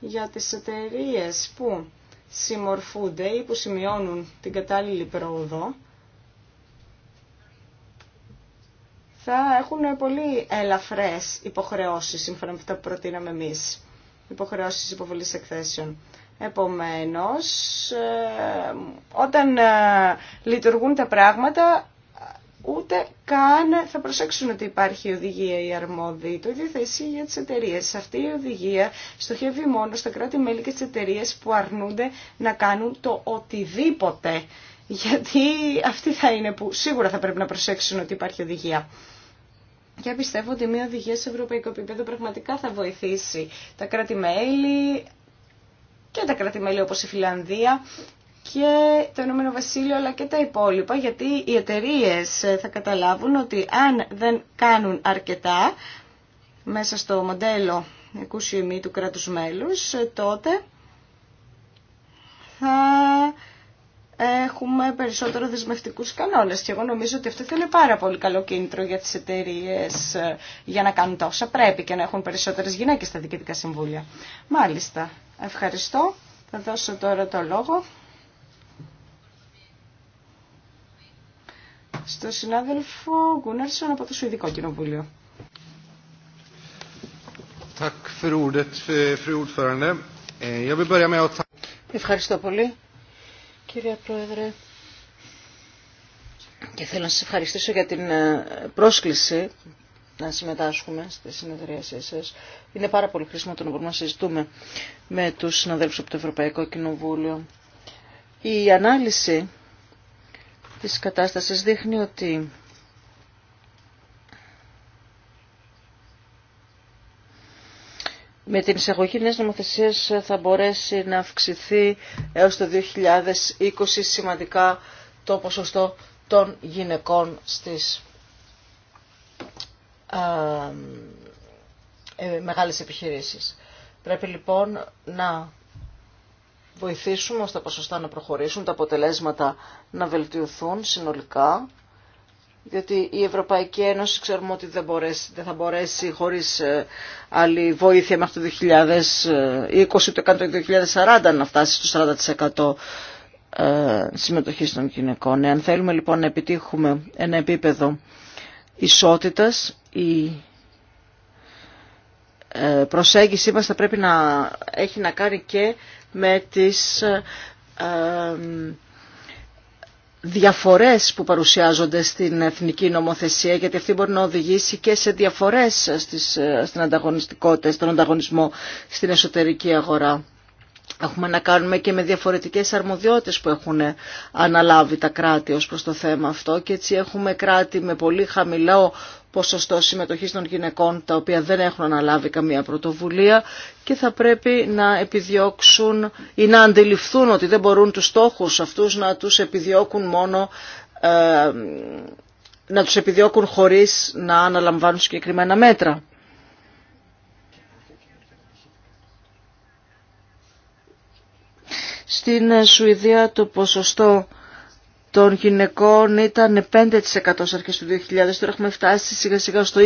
[SPEAKER 2] Για τις εταιρείε που συμμορφούνται ή που σημειώνουν την κατάλληλη πρόοδο, θα έχουν πολύ ελαφρές υποχρεώσεις, σύμφωνα με αυτά που προτείναμε εμείς, υποχρεώσεις υποβολής εκθέσεων. Επομένως, ε, όταν ε, λειτουργούν τα πράγματα, ούτε καν θα προσέξουν ότι υπάρχει οδηγία ή αρμόδιοι. Το ίδιο θα ισχύει για τις εταιρείες. Αυτή η οδηγία στοχεύει μόνο στα κράτη-μέλη και τις εταιρείες που αρνούνται να κάνουν το οτιδήποτε. Γιατί αυτή θα είναι που σίγουρα θα πρέπει να προσέξουν ότι υπάρχει οδηγία. Και πιστεύω ότι μια οδηγία σε ευρωπαϊκό επίπεδο πραγματικά θα βοηθήσει τα κράτη-μέλη, και τα κράτη-μέλη όπως η Φιλανδία και το Ηνωμένο Βασίλειο αλλά και τα υπόλοιπα γιατί οι εταιρείε ε, θα καταλάβουν ότι αν δεν κάνουν αρκετά μέσα στο μοντέλο εκούσιου του κράτους μέλους ε, τότε θα έχουμε περισσότερο δεσμευτικούς κανόνες και εγώ νομίζω ότι αυτό θα είναι πάρα πολύ καλό κίνητρο για τις εταιρείε ε, για να κάνουν τα όσα πρέπει και να έχουν περισσότερες γυναίκες στα διοικητικά συμβούλια. Μάλιστα, ευχαριστώ. Θα δώσω τώρα το λόγο στο συνάδελφο Γκούναρσον από το Σουηδικό Κοινοβούλιο.
[SPEAKER 4] Eh,
[SPEAKER 2] ευχαριστώ πολύ
[SPEAKER 1] κύριε Πρόεδρε. Και θέλω να σας ευχαριστήσω για την ε, πρόσκληση να συμμετάσχουμε στη συνεδρίασή σας. Είναι πάρα πολύ χρήσιμο το να μπορούμε να συζητούμε με τους συναδέλφους από το Ευρωπαϊκό Κοινοβούλιο. Η ανάλυση της κατάστασης δείχνει ότι Με την εισαγωγή νέας νομοθεσία θα μπορέσει να αυξηθεί έως το 2020 σημαντικά το ποσοστό των γυναικών στις ε, μεγάλες επιχειρήσεις. Πρέπει λοιπόν να βοηθήσουμε ώστε τα ποσοστά να προχωρήσουν, τα αποτελέσματα να βελτιωθούν συνολικά διότι η Ευρωπαϊκή Ένωση ξέρουμε ότι δεν, μπορέσει, θα μπορέσει χωρίς ε, άλλη βοήθεια μέχρι το 2020, ή το 2040 να φτάσει στο 40% ε, συμμετοχή των γυναικών. Αν θέλουμε λοιπόν να επιτύχουμε ένα επίπεδο ισότητας, η ε, προσέγγιση μας θα πρέπει να έχει να κάνει και με τις διαφορές που παρουσιάζονται στην εθνική νομοθεσία, γιατί αυτή μπορεί να οδηγήσει και σε διαφορές στις, στην ανταγωνιστικότητα, στον ανταγωνισμό στην εσωτερική αγορά. Έχουμε να κάνουμε και με διαφορετικές αρμοδιότητες που έχουν αναλάβει τα κράτη ως προς το θέμα αυτό και έτσι έχουμε κράτη με πολύ χαμηλό ποσοστό συμμετοχής των γυναικών τα οποία δεν έχουν αναλάβει καμία πρωτοβουλία και θα πρέπει να επιδιώξουν ή να αντιληφθούν ότι δεν μπορούν τους στόχους αυτούς να τους επιδιώκουν μόνο ε, να τους επιδιώκουν χωρίς να αναλαμβάνουν συγκεκριμένα μέτρα. Στην Σουηδία το ποσοστό των γυναικών ήταν 5% στις αρχές του 2000, τώρα έχουμε φτάσει σιγά σιγά στο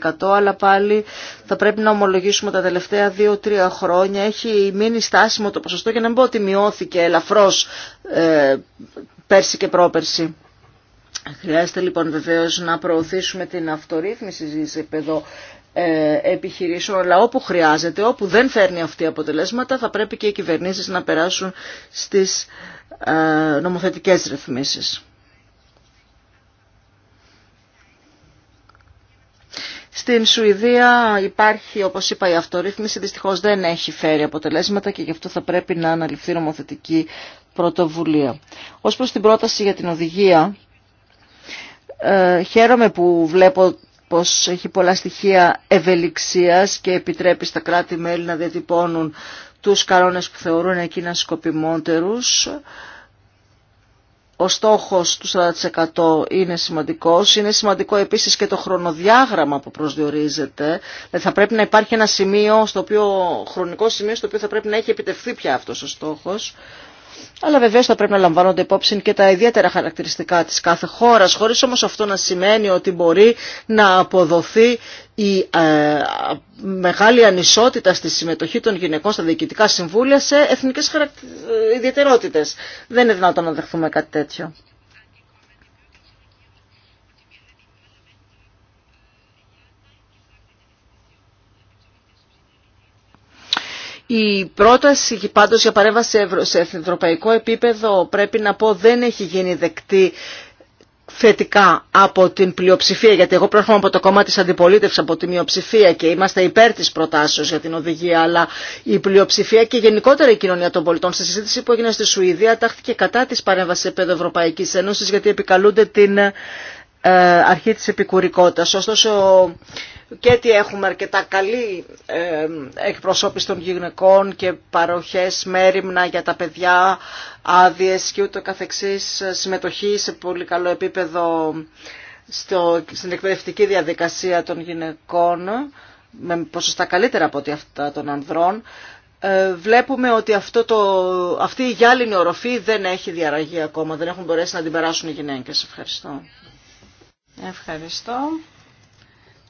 [SPEAKER 1] 20% αλλά πάλι θα πρέπει να ομολογήσουμε τα τελευταία 2-3 χρόνια έχει μείνει στάσιμο το ποσοστό για να μην πω ότι μειώθηκε ελαφρώς ε, πέρσι και πρόπερσι. Χρειάζεται λοιπόν βεβαίως να προωθήσουμε την αυτορύθμιση σε επίπεδο ε, επιχειρήσω, αλλά όπου χρειάζεται, όπου δεν φέρνει αυτή αποτελέσματα, θα πρέπει και οι κυβερνήσεις να περάσουν στις ε, νομοθετικές ρυθμίσεις. Στην Σουηδία υπάρχει, όπως είπα, η αυτορύθμιση. Δυστυχώς δεν έχει φέρει αποτελέσματα και γι' αυτό θα πρέπει να αναλυφθεί νομοθετική πρωτοβουλία. Ως προς την πρόταση για την οδηγία, ε, χαίρομαι που βλέπω πως έχει πολλά στοιχεία ευελιξίας και επιτρέπει στα κράτη-μέλη να διατυπώνουν τους καρόνες που θεωρούν εκείνα σκοπιμότερους. Ο στόχος του 40% είναι σημαντικός. Είναι σημαντικό επίσης και το χρονοδιάγραμμα που προσδιορίζεται. Δηλαδή θα πρέπει να υπάρχει ένα σημείο στο οποίο, χρονικό σημείο στο οποίο θα πρέπει να έχει επιτευχθεί πια αυτός ο στόχος. Αλλά βεβαίω θα πρέπει να λαμβάνονται υπόψη και τα ιδιαίτερα χαρακτηριστικά τη κάθε χώρα, χωρί όμω αυτό να σημαίνει ότι μπορεί να αποδοθεί η ε, μεγάλη ανισότητα στη συμμετοχή των γυναικών στα διοικητικά συμβούλια σε εθνικέ ε, ιδιαιτερότητε. Δεν είναι δυνατόν να δεχθούμε κάτι τέτοιο. Η πρόταση πάντως για παρέμβαση σε ευρωπαϊκό επίπεδο πρέπει να πω δεν έχει γίνει δεκτή θετικά από την πλειοψηφία, γιατί εγώ προέρχομαι από το κόμμα της αντιπολίτευσης, από τη μειοψηφία και είμαστε υπέρ της προτάσεως για την οδηγία, αλλά η πλειοψηφία και γενικότερα η κοινωνία των πολιτών στη συζήτηση που έγινε στη Σουηδία τάχθηκε κατά της παρέμβασης επίπεδο Ευρωπαϊκής Ένωσης, γιατί επικαλούνται την ε, αρχή της επικουρικότητας. Ωστόσο, και ότι έχουμε αρκετά καλή ε, εκπροσώπηση των γυναικών και παροχές μέρημνα για τα παιδιά, άδειε και ούτω καθεξής, συμμετοχή σε πολύ καλό επίπεδο στο, στην εκπαιδευτική διαδικασία των γυναικών, με ποσοστά καλύτερα από ό,τι αυτά των ανδρών, ε, βλέπουμε ότι αυτό το, αυτή η γυάλινη οροφή δεν έχει διαραγεί ακόμα, δεν έχουν μπορέσει να την περάσουν οι γυναίκες. Ευχαριστώ.
[SPEAKER 2] Ευχαριστώ.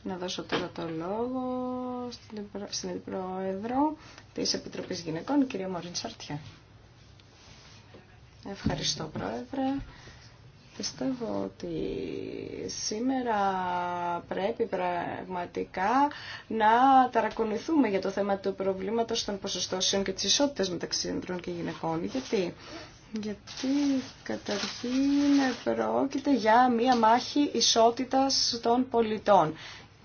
[SPEAKER 2] Να δώσω τώρα το λόγο στην Πρόεδρο της Επιτροπής Γυναικών, κυρία Μωρίν Σαρτιά. Ευχαριστώ, Πρόεδρε. Πιστεύω ότι σήμερα πρέπει πραγματικά να ταρακονηθούμε για το θέμα του προβλήματος των ποσοστώσεων και της ισότητας μεταξύ ανδρών και γυναικών. Γιατί γιατί καταρχήν πρόκειται για μία μάχη ισότητας των πολιτών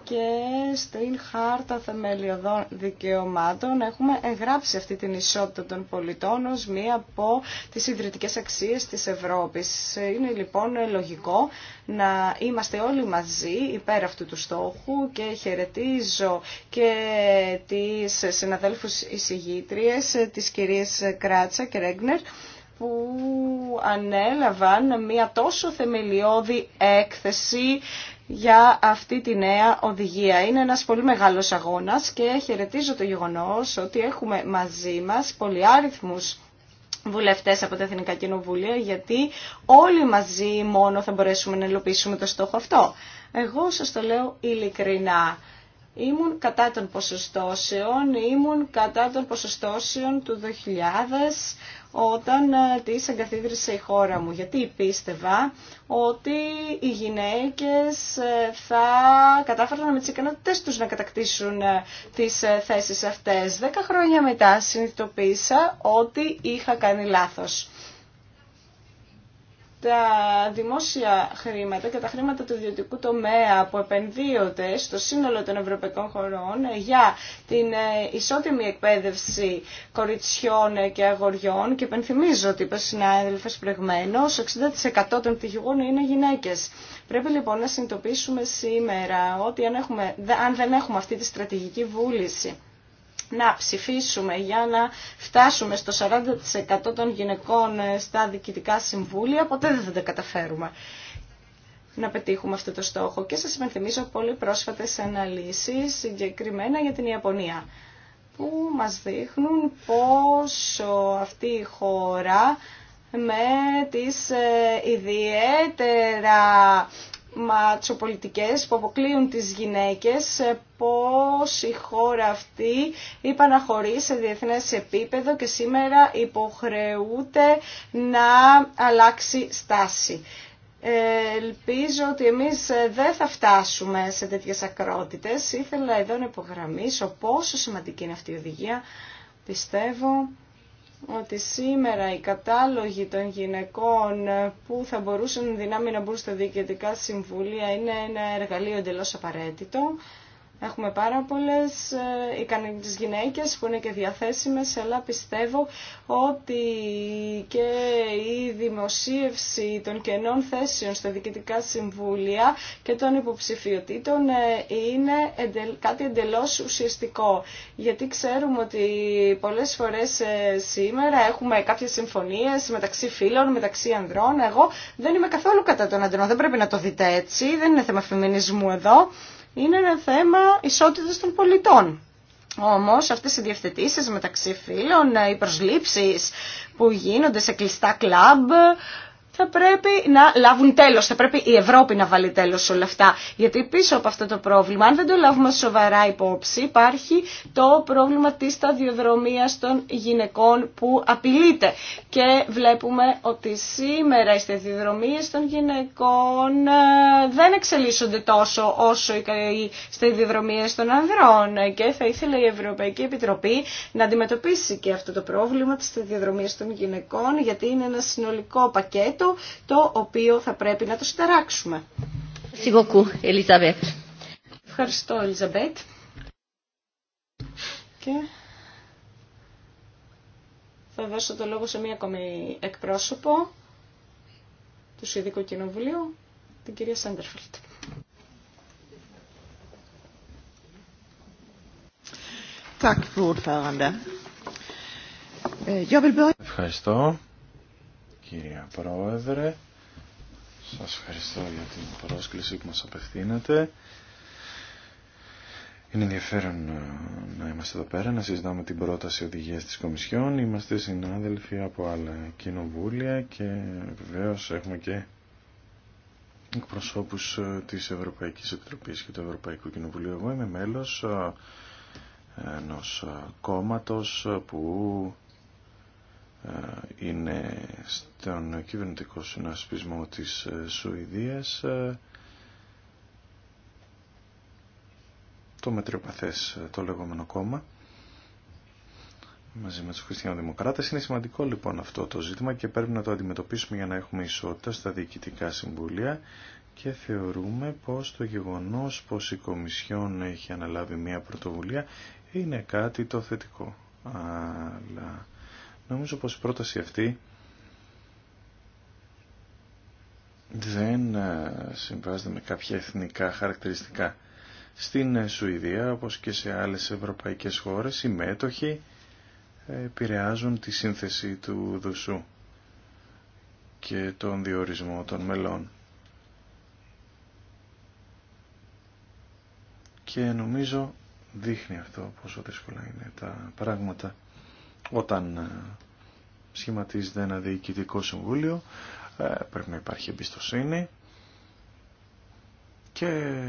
[SPEAKER 2] και στην χάρτα θεμελιωδών δικαιωμάτων έχουμε εγγράψει αυτή την ισότητα των πολιτών ως μία από τις ιδρυτικές αξίες της Ευρώπης. Είναι λοιπόν λογικό να είμαστε όλοι μαζί υπέρ αυτού του στόχου και χαιρετίζω και τις συναδέλφους εισηγήτριες, τις κυρίες Κράτσα και Ρέγνερ, που ανέλαβαν μια τόσο θεμελιώδη έκθεση για αυτή τη νέα οδηγία. Είναι ένας πολύ μεγάλος αγώνας και χαιρετίζω το γεγονός ότι έχουμε μαζί μας πολυάριθμους βουλευτές από τα Εθνικά Κοινοβούλια γιατί όλοι μαζί μόνο θα μπορέσουμε να ελοπίσουμε το στόχο αυτό. Εγώ σας το λέω ειλικρινά. Ήμουν κατά των ποσοστώσεων, ήμουν κατά των ποσοστώσεων του 2000 όταν ε, τις εγκαθίδρυσε η χώρα μου. Γιατί πίστευα ότι οι γυναίκες ε, θα κατάφεραν με τις ικανότητες τους να κατακτήσουν ε, τις θέσεις αυτές. Δέκα χρόνια μετά συνειδητοποίησα ότι είχα κάνει λάθος τα δημόσια χρήματα και τα χρήματα του ιδιωτικού τομέα που επενδύονται στο σύνολο των ευρωπαϊκών χωρών για την ε, ισότιμη εκπαίδευση κοριτσιών και αγοριών και επενθυμίζω ότι είπε συνάδελφε προηγουμένω, 60% των πτυχηγών είναι γυναίκες. Πρέπει λοιπόν να συνειδητοποιήσουμε σήμερα ότι αν, έχουμε, αν δεν έχουμε αυτή τη στρατηγική βούληση να ψηφίσουμε για να φτάσουμε στο 40% των γυναικών ε, στα διοικητικά συμβούλια, ποτέ δεν θα τα καταφέρουμε να πετύχουμε αυτό το στόχο. Και σας υπενθυμίζω πολύ πρόσφατες αναλύσεις, συγκεκριμένα για την Ιαπωνία, που μας δείχνουν πόσο αυτή η χώρα με τις ε, ιδιαίτερα ματσοπολιτικές που αποκλείουν τις γυναίκες ε, πώς η χώρα αυτή είπα να χωρεί σε διεθνές επίπεδο και σήμερα υποχρεούται να αλλάξει στάση. Ε, ελπίζω ότι εμείς ε, δεν θα φτάσουμε σε τέτοιες ακρότητες. Ήθελα εδώ να υπογραμμίσω πόσο σημαντική είναι αυτή η οδηγία. Πιστεύω ότι σήμερα οι κατάλογοι των γυναικών που θα μπορούσαν δυνάμει να μπουν στα διοικητικά συμβούλια είναι ένα εργαλείο εντελώς απαραίτητο, Έχουμε πάρα πολλέ ε, γυναίκες που είναι και διαθέσιμε, αλλά πιστεύω ότι και η δημοσίευση των κενών θέσεων στα διοικητικά συμβούλια και των υποψηφιωτήτων ε, είναι κάτι εντελώς ουσιαστικό. Γιατί ξέρουμε ότι πολλές φορές ε, σήμερα έχουμε κάποιες συμφωνίες μεταξύ φίλων, μεταξύ ανδρών. Εγώ δεν είμαι καθόλου κατά των ανδρών, δεν πρέπει να το δείτε έτσι, δεν είναι θέμα φεμινισμού εδώ είναι ένα θέμα ισότητας των πολιτών. Όμως αυτές οι διευθετήσεις μεταξύ φίλων, ε, οι προσλήψεις που γίνονται σε κλειστά κλαμπ, θα πρέπει να λάβουν τέλο. Θα πρέπει η Ευρώπη να βάλει τέλο σε όλα αυτά. Γιατί πίσω από αυτό το πρόβλημα, αν δεν το λάβουμε σοβαρά υπόψη, υπάρχει το πρόβλημα τη σταδιοδρομία των γυναικών που απειλείται. Και βλέπουμε ότι σήμερα οι σταδιοδρομίε των γυναικών ε, δεν εξελίσσονται τόσο όσο οι σταδιοδρομίε των ανδρών. Και θα ήθελε η Ευρωπαϊκή Επιτροπή να αντιμετωπίσει και αυτό το πρόβλημα τη σταδιοδρομία των γυναικών, γιατί είναι ένα συνολικό πακέτο το οποίο θα πρέπει να το συνταράξουμε. Ευχαριστώ, Ελιζαμπέτ. Και θα δώσω το λόγο σε μία ακόμη εκπρόσωπο του Συνδικού Κοινοβουλίου, την κυρία Σέντερφελτ.
[SPEAKER 3] Eh,
[SPEAKER 4] Ευχαριστώ κυρία Πρόεδρε. Σας ευχαριστώ για την πρόσκληση που μας απευθύνατε. Είναι ενδιαφέρον ε, να είμαστε εδώ πέρα, να συζητάμε την πρόταση οδηγίας της Κομισιόν. Είμαστε συνάδελφοι από άλλα κοινοβούλια και βεβαίω έχουμε και εκπροσώπους ε, της Ευρωπαϊκής Επιτροπής και του Ευρωπαϊκού Κοινοβουλίου. Εγώ είμαι μέλος ε, ενός κόμματος που ε, είναι στον κυβερνητικό συνασπισμό της ε, Σουηδίας ε, το μετριοπαθές το λεγόμενο κόμμα μαζί με τους χριστιανοδημοκράτες. Είναι σημαντικό λοιπόν αυτό το ζήτημα και πρέπει να το αντιμετωπίσουμε για να έχουμε ισότητα στα διοικητικά συμβούλια και θεωρούμε πως το γεγονός πως η Κομισιόν έχει αναλάβει μια πρωτοβουλία είναι κάτι το θετικό. Αλλά Νομίζω πως η πρόταση αυτή δεν ε, συμβάζεται με κάποια εθνικά χαρακτηριστικά. Στην ε, Σουηδία, όπως και σε άλλες ευρωπαϊκές χώρες, οι μέτοχοι ε, επηρεάζουν τη σύνθεση του δουσού και τον διορισμό των μελών. Και νομίζω δείχνει αυτό πόσο δύσκολα είναι τα πράγματα όταν σχηματίζεται ένα διοικητικό συμβούλιο, ε, πρέπει να υπάρχει εμπιστοσύνη και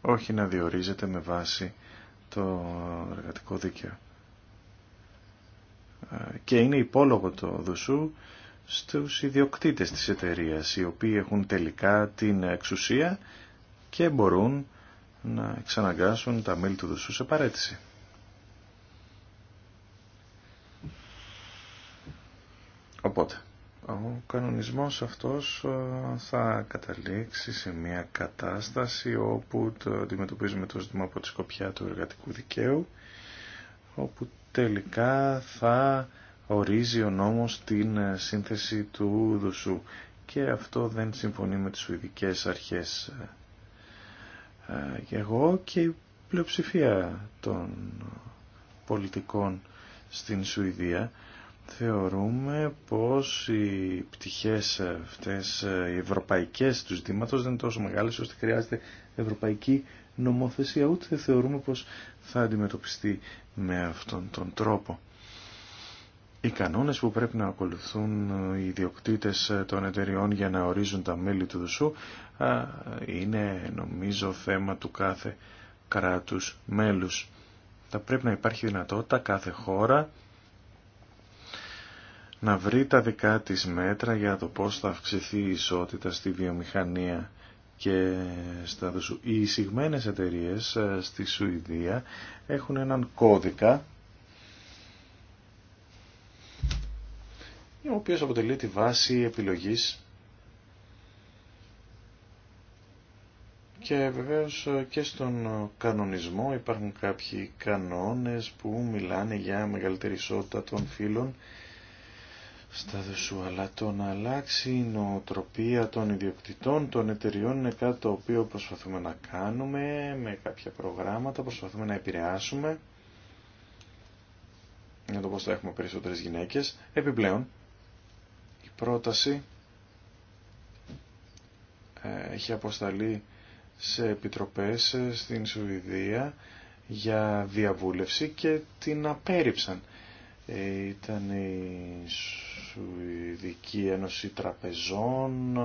[SPEAKER 4] όχι να διορίζεται με βάση το εργατικό δίκαιο. Ε, και είναι υπόλογο το δουσού στους ιδιοκτήτες της εταιρείας, οι οποίοι έχουν τελικά την εξουσία και μπορούν να εξαναγκάσουν τα μέλη του δουσού σε παρέτηση. Οπότε, ο κανονισμός αυτός ε, θα καταλήξει σε μια κατάσταση όπου το αντιμετωπίζουμε το ζήτημα από τη σκοπιά του εργατικού δικαίου, όπου τελικά θα ορίζει ο νόμος την ε, σύνθεση του δουσού και αυτό δεν συμφωνεί με τις Σουηδικές αρχές. Και ε, εγώ και η πλειοψηφία των πολιτικών στην Σουηδία Θεωρούμε πως οι πτυχές αυτές, οι ευρωπαϊκές του ζητήματος δεν είναι τόσο μεγάλες ώστε χρειάζεται ευρωπαϊκή νομοθεσία ούτε θεωρούμε πως θα αντιμετωπιστεί με αυτόν τον τρόπο. Οι κανόνες που πρέπει να ακολουθούν οι ιδιοκτήτες των εταιριών για να ορίζουν τα μέλη του ΔΣΟΥ είναι νομίζω θέμα του κάθε κράτους μέλους. Θα πρέπει να υπάρχει δυνατότητα κάθε χώρα να βρει τα δικά της μέτρα για το πώς θα αυξηθεί η ισότητα στη βιομηχανία και στα δουσου... Οι εισηγμένες εταιρείε ε, στη Σουηδία έχουν έναν κώδικα ο οποίος αποτελεί τη βάση επιλογής και βεβαίως ε, και στον κανονισμό υπάρχουν κάποιοι κανόνες που μιλάνε για μεγαλύτερη ισότητα των φύλων στα δεσού, αλλά το να αλλάξει η νοοτροπία των ιδιοκτητών των εταιριών είναι κάτι το οποίο προσπαθούμε να κάνουμε με κάποια προγράμματα, προσπαθούμε να επηρεάσουμε για το πώς θα έχουμε περισσότερες γυναίκες. Επιπλέον, η πρόταση ε, έχει αποσταλεί σε επιτροπές ε, στην Σουηδία για διαβούλευση και την απέρριψαν. Ε, ήταν η Σουηδική Ένωση Τραπεζών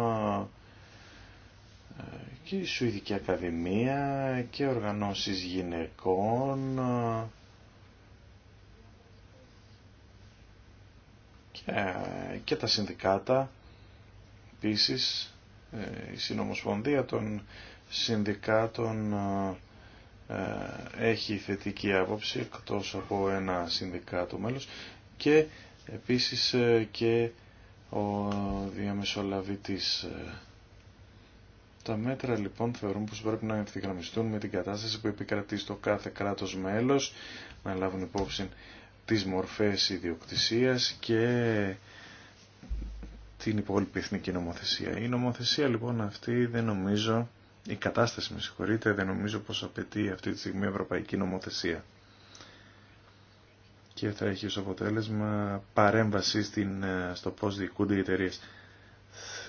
[SPEAKER 4] ε, και η Σουηδική Ακαδημία και οργανώσεις γυναικών και, και τα συνδικάτα επίσης ε, η Συνομοσπονδία των Συνδικάτων ε, έχει θετική άποψη εκτός από ένα συνδικάτο μέλος και επίσης ε, και ο διαμεσολαβητής. Ε, τα μέτρα λοιπόν θεωρούν πως πρέπει να ευθυγραμμιστούν με την κατάσταση που επικρατεί στο κάθε κράτος μέλος, να λάβουν υπόψη της μορφές ιδιοκτησίας και την υπόλοιπη εθνική νομοθεσία. Η νομοθεσία λοιπόν αυτή δεν νομίζω η κατάσταση, με συγχωρείτε, δεν νομίζω πως απαιτεί αυτή τη στιγμή ευρωπαϊκή νομοθεσία. Και θα έχει ως αποτέλεσμα παρέμβαση στην, ε, στο πώς διοικούνται οι εταιρείε.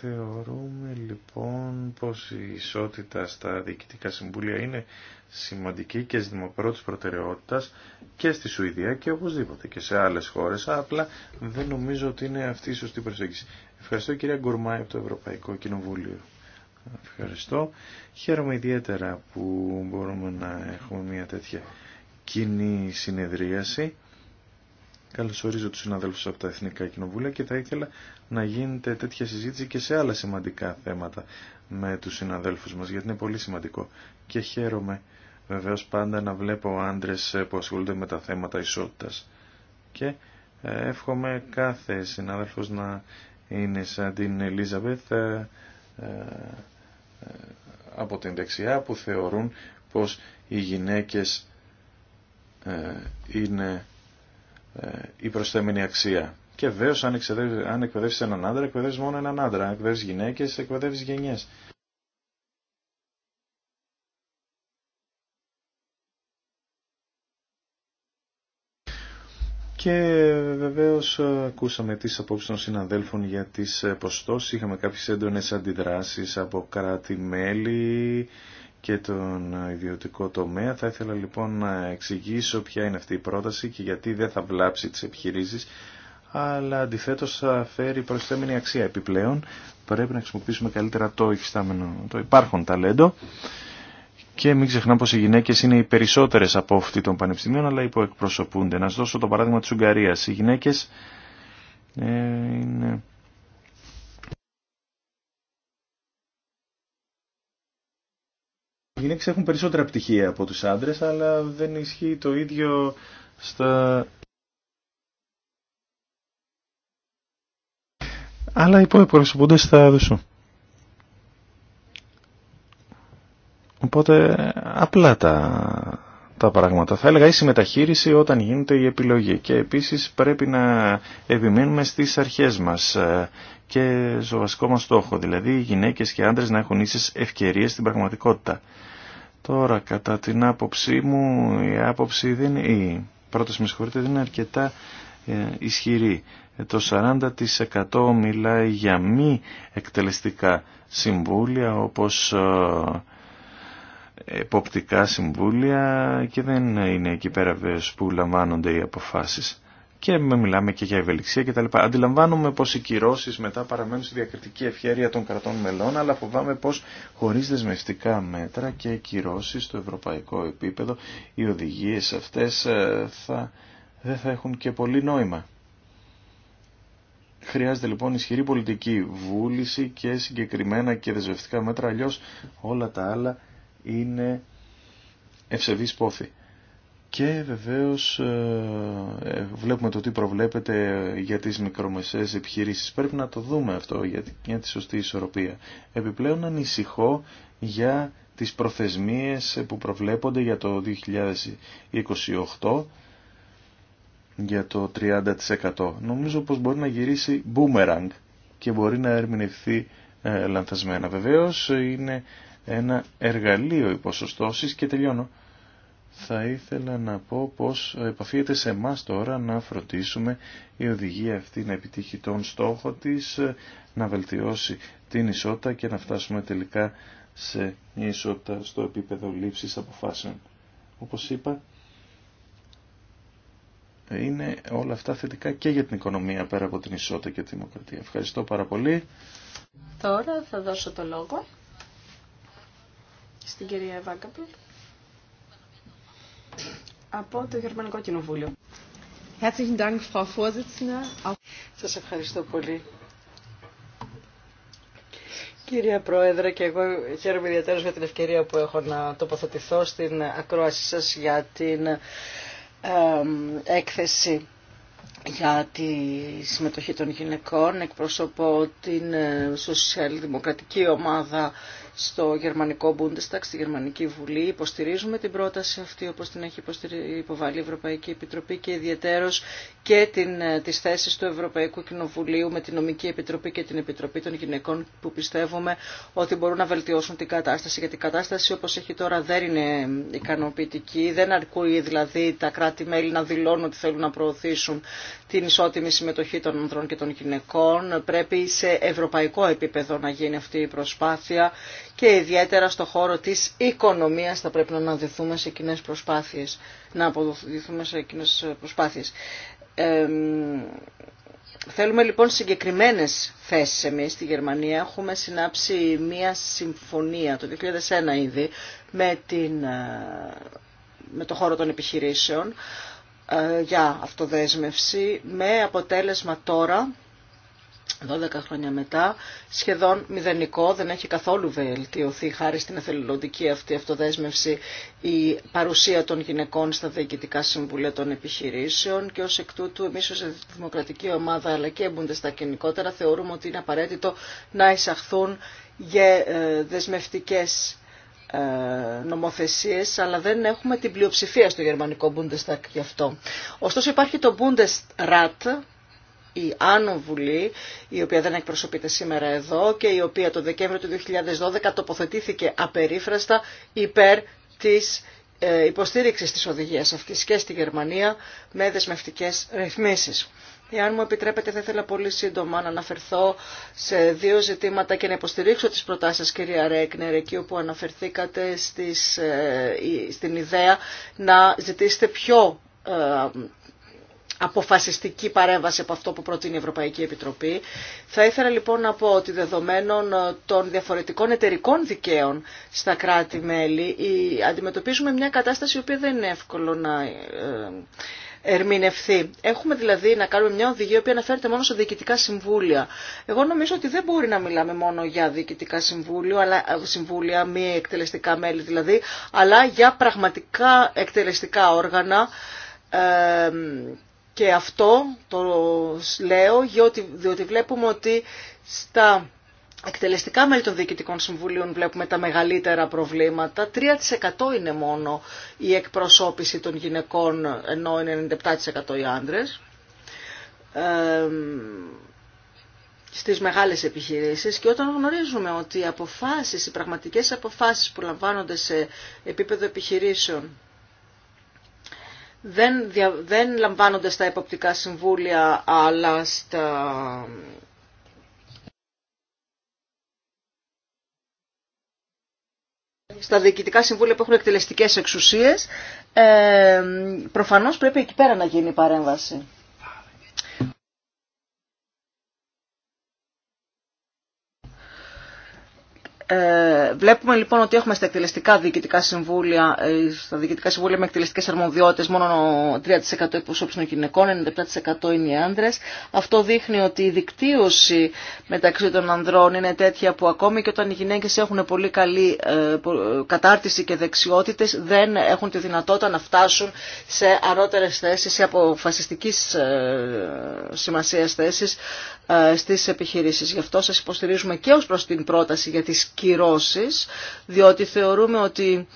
[SPEAKER 4] Θεωρούμε λοιπόν πως η ισότητα στα διοικητικά συμβούλια είναι σημαντική και στις προτεραιότητας και στη Σουηδία και οπωσδήποτε και σε άλλες χώρες, απλά δεν νομίζω ότι είναι αυτή η σωστή προσέγγιση. Ευχαριστώ κυρία Γκουρμάη από το Ευρωπαϊκό Κοινοβούλιο. Ευχαριστώ. Χαίρομαι ιδιαίτερα που μπορούμε να έχουμε μια τέτοια κοινή συνεδρίαση. ορίζω τους συναδέλφους από τα Εθνικά Κοινοβούλια και θα ήθελα να γίνεται τέτοια συζήτηση και σε άλλα σημαντικά θέματα με τους συναδέλφους μας, γιατί είναι πολύ σημαντικό. Και χαίρομαι βεβαίως πάντα να βλέπω άντρες που ασχολούνται με τα θέματα ισότητας. Και ε, εύχομαι κάθε συνάδελφος να είναι σαν την Ελίζαβεθ ε, ε, από την δεξιά που θεωρούν πως οι γυναίκες ε, είναι ε, η προσθέμενη αξία. Και βέβαια αν, αν έναν άντρα, εκπαιδεύεις μόνο έναν άντρα. Αν εκπαιδεύεις γυναίκες, εκπαιδεύεις γενιές. Και Βεβαίως ε, ακούσαμε τις απόψεις των συναδέλφων για τις ε, ποστός. Είχαμε κάποιες έντονες αντιδράσεις από κράτη-μέλη και τον ε, ιδιωτικό τομέα. Θα ήθελα λοιπόν να εξηγήσω ποια είναι αυτή η πρόταση και γιατί δεν θα βλάψει τις επιχειρήσεις αλλά αντιθέτως θα φέρει προσθέμενη αξία επιπλέον. Πρέπει να χρησιμοποιήσουμε καλύτερα το, το υπάρχον ταλέντο και μην ξεχνάμε πω οι γυναίκες είναι οι περισσότερε από αυτή των πανεπιστημίων, αλλά υποεκπροσωπούνται. Να σα δώσω το παράδειγμα της Ουγγαρία. Οι γυναίκες ε, είναι... Οι γυναίκες έχουν περισσότερα πτυχία από τους άντρες, αλλά δεν ισχύει το ίδιο στα... Αλλά υποεκπροσωπούνται στα δουσού. Οπότε απλά τα, τα πράγματα. Θα έλεγα η συμμεταχείριση όταν γίνεται η επιλογή. Και επίσης πρέπει να επιμείνουμε στις αρχές μας ε, και στο βασικό μας στόχο. Δηλαδή οι γυναίκες και άντρες να έχουν ίσες ευκαιρίες στην πραγματικότητα. Τώρα κατά την άποψή μου η άποψη δεν η πρόταση με συγχωρείτε δεν είναι αρκετά ε, ισχυρή. Ε, το 40% μιλάει για μη εκτελεστικά συμβούλια όπως εποπτικά συμβούλια και δεν είναι εκεί πέρα που λαμβάνονται οι αποφάσεις. Και μιλάμε και για ευελιξία κτλ. Αντιλαμβάνομαι πως οι κυρώσεις μετά παραμένουν στη διακριτική ευχέρεια των κρατών μελών, αλλά φοβάμαι πως χωρίς δεσμευτικά μέτρα και κυρώσεις στο ευρωπαϊκό επίπεδο οι οδηγίες αυτές ε, θα, δεν θα έχουν και πολύ νόημα. Χρειάζεται λοιπόν ισχυρή πολιτική βούληση και συγκεκριμένα και δεσμευτικά μέτρα, αλλιώς όλα τα άλλα είναι ευσεβής πόθη. Και βεβαίως ε, ε, βλέπουμε το τι προβλέπεται για τις μικρομεσαίες επιχειρήσεις. Πρέπει να το δούμε αυτό για τη σωστή ισορροπία. Επιπλέον ανησυχώ για τις προθεσμίες που προβλέπονται για το 2028 για το 30%. Νομίζω πως μπορεί να γυρίσει boomerang και μπορεί να ερμηνευθεί ε, λανθασμένα. Βεβαίως είναι ένα εργαλείο υποσωστώσεις και τελειώνω. Θα ήθελα να πω πως επαφείται σε εμά τώρα να φροντίσουμε η οδηγία αυτή να επιτύχει τον στόχο της, να βελτιώσει την ισότητα και να φτάσουμε τελικά σε ισότητα στο επίπεδο λήψης αποφάσεων. Όπως είπα, είναι όλα αυτά θετικά και για την οικονομία πέρα από την ισότητα και τη δημοκρατία. Ευχαριστώ πάρα πολύ.
[SPEAKER 2] Τώρα θα δώσω το λόγο στην κυρία Βάγκαπλ από το Γερμανικό
[SPEAKER 1] Κοινοβούλιο. Σα ευχαριστώ πολύ. Κυρία Πρόεδρε, και εγώ χαίρομαι ιδιαίτερα για την ευκαιρία που έχω να τοποθετηθώ στην ακρόαση σα για την έκθεση για τη συμμετοχή των γυναικών. Εκπροσωπώ την ε, σοσιαλδημοκρατική ομάδα στο γερμανικό Bundestag, στη Γερμανική Βουλή. Υποστηρίζουμε την πρόταση αυτή όπως την έχει υποβάλει η Ευρωπαϊκή Επιτροπή και ιδιαίτερος και την, ε, τις θέσεις του Ευρωπαϊκού Κοινοβουλίου με την Νομική Επιτροπή και την Επιτροπή των Γυναικών που πιστεύουμε ότι μπορούν να βελτιώσουν την κατάσταση γιατί η κατάσταση όπως έχει τώρα δεν είναι ικανοποιητική, δεν αρκούει δηλαδή τα κράτη-μέλη να δηλώνουν ότι θέλουν να προωθήσουν την ισότιμη συμμετοχή των ανδρών και των γυναικών. Πρέπει σε ευρωπαϊκό επίπεδο να γίνει αυτή η προσπάθεια και ιδιαίτερα στο χώρο της οικονομίας θα πρέπει να αναδεθούμε σε κοινέ προσπάθειες, να αποδοθούμε σε κοινέ προσπάθειες. θέλουμε λοιπόν συγκεκριμένες θέσεις εμείς στη Γερμανία. Έχουμε συνάψει μία συμφωνία το 2001 ήδη με, την, ε, με το χώρο των επιχειρήσεων ε, για αυτοδέσμευση με αποτέλεσμα τώρα 12 χρόνια μετά, σχεδόν μηδενικό, δεν έχει καθόλου βελτιωθεί χάρη στην εθελοντική αυτή αυτοδέσμευση η παρουσία των γυναικών στα διοικητικά συμβούλια των επιχειρήσεων και ως εκ τούτου εμείς ως δημοκρατική ομάδα αλλά και η στα κοινικότερα θεωρούμε ότι είναι απαραίτητο να εισαχθούν για ε, δεσμευτικές ε, νομοθεσίες, αλλά δεν έχουμε την πλειοψηφία στο γερμανικό Bundestag γι' αυτό. Ωστόσο υπάρχει το Bundesrat, η Άνω Βουλή, η οποία δεν εκπροσωπείται σήμερα εδώ και η οποία το Δεκέμβριο του 2012 τοποθετήθηκε απερίφραστα υπέρ της ε, υποστήριξης της οδηγίας αυτής και στη Γερμανία με δεσμευτικές ρυθμίσεις. Εάν μου επιτρέπετε θα ήθελα πολύ σύντομα να αναφερθώ σε δύο ζητήματα και να υποστηρίξω τις προτάσεις κυρία Ρέκνερ εκεί όπου αναφερθήκατε στις, ε, στην ιδέα να ζητήσετε πιο ε, αποφασιστική παρέμβαση από αυτό που προτείνει η Ευρωπαϊκή Επιτροπή. Θα ήθελα λοιπόν να πω ότι δεδομένων ε, των διαφορετικών εταιρικών δικαίων στα κράτη-μέλη αντιμετωπίζουμε μια κατάσταση η οποία δεν είναι εύκολο να ε, ε, ερμηνευθεί. Έχουμε δηλαδή να κάνουμε μια οδηγία που αναφέρεται μόνο σε διοικητικά συμβούλια. Εγώ νομίζω ότι δεν μπορεί να μιλάμε μόνο για διοικητικά συμβούλια, αλλά, συμβούλια μη εκτελεστικά μέλη δηλαδή, αλλά για πραγματικά εκτελεστικά όργανα, και αυτό το λέω διότι βλέπουμε ότι στα εκτελεστικά μέλη των διοικητικών συμβουλίων βλέπουμε τα μεγαλύτερα προβλήματα. 3% είναι μόνο η εκπροσώπηση των γυναικών ενώ είναι 97% οι άντρες. Ε, στις μεγάλες επιχειρήσεις και όταν γνωρίζουμε ότι οι αποφάσεις, οι πραγματικές αποφάσεις που λαμβάνονται σε επίπεδο επιχειρήσεων δεν, δεν λαμβάνονται στα εποπτικά συμβούλια αλλά στα... Στα διοικητικά συμβούλια που έχουν εκτελεστικές εξουσίες, ε, προφανώς πρέπει εκεί πέρα να γίνει η παρέμβαση. Ε, βλέπουμε λοιπόν ότι έχουμε στα εκτελεστικά διοικητικά συμβούλια, ε, στα διοικητικά συμβούλια με εκτελεστικέ αρμοδιότητε, μόνο 3% εκπροσώπηση των γυναικών, 97% είναι οι άντρε. Αυτό δείχνει ότι η δικτύωση μεταξύ των ανδρών είναι τέτοια που ακόμη και όταν οι γυναίκε έχουν πολύ καλή ε, κατάρτιση και δεξιότητε, δεν έχουν τη δυνατότητα να φτάσουν σε αρότερε θέσει, σε αποφασιστική σημασία θέσει ε, στις επιχειρήσεις. Γι' αυτό σας υποστηρίζουμε και ως προς την πρόταση για τις κυρώσεις, διότι θεωρούμε ότι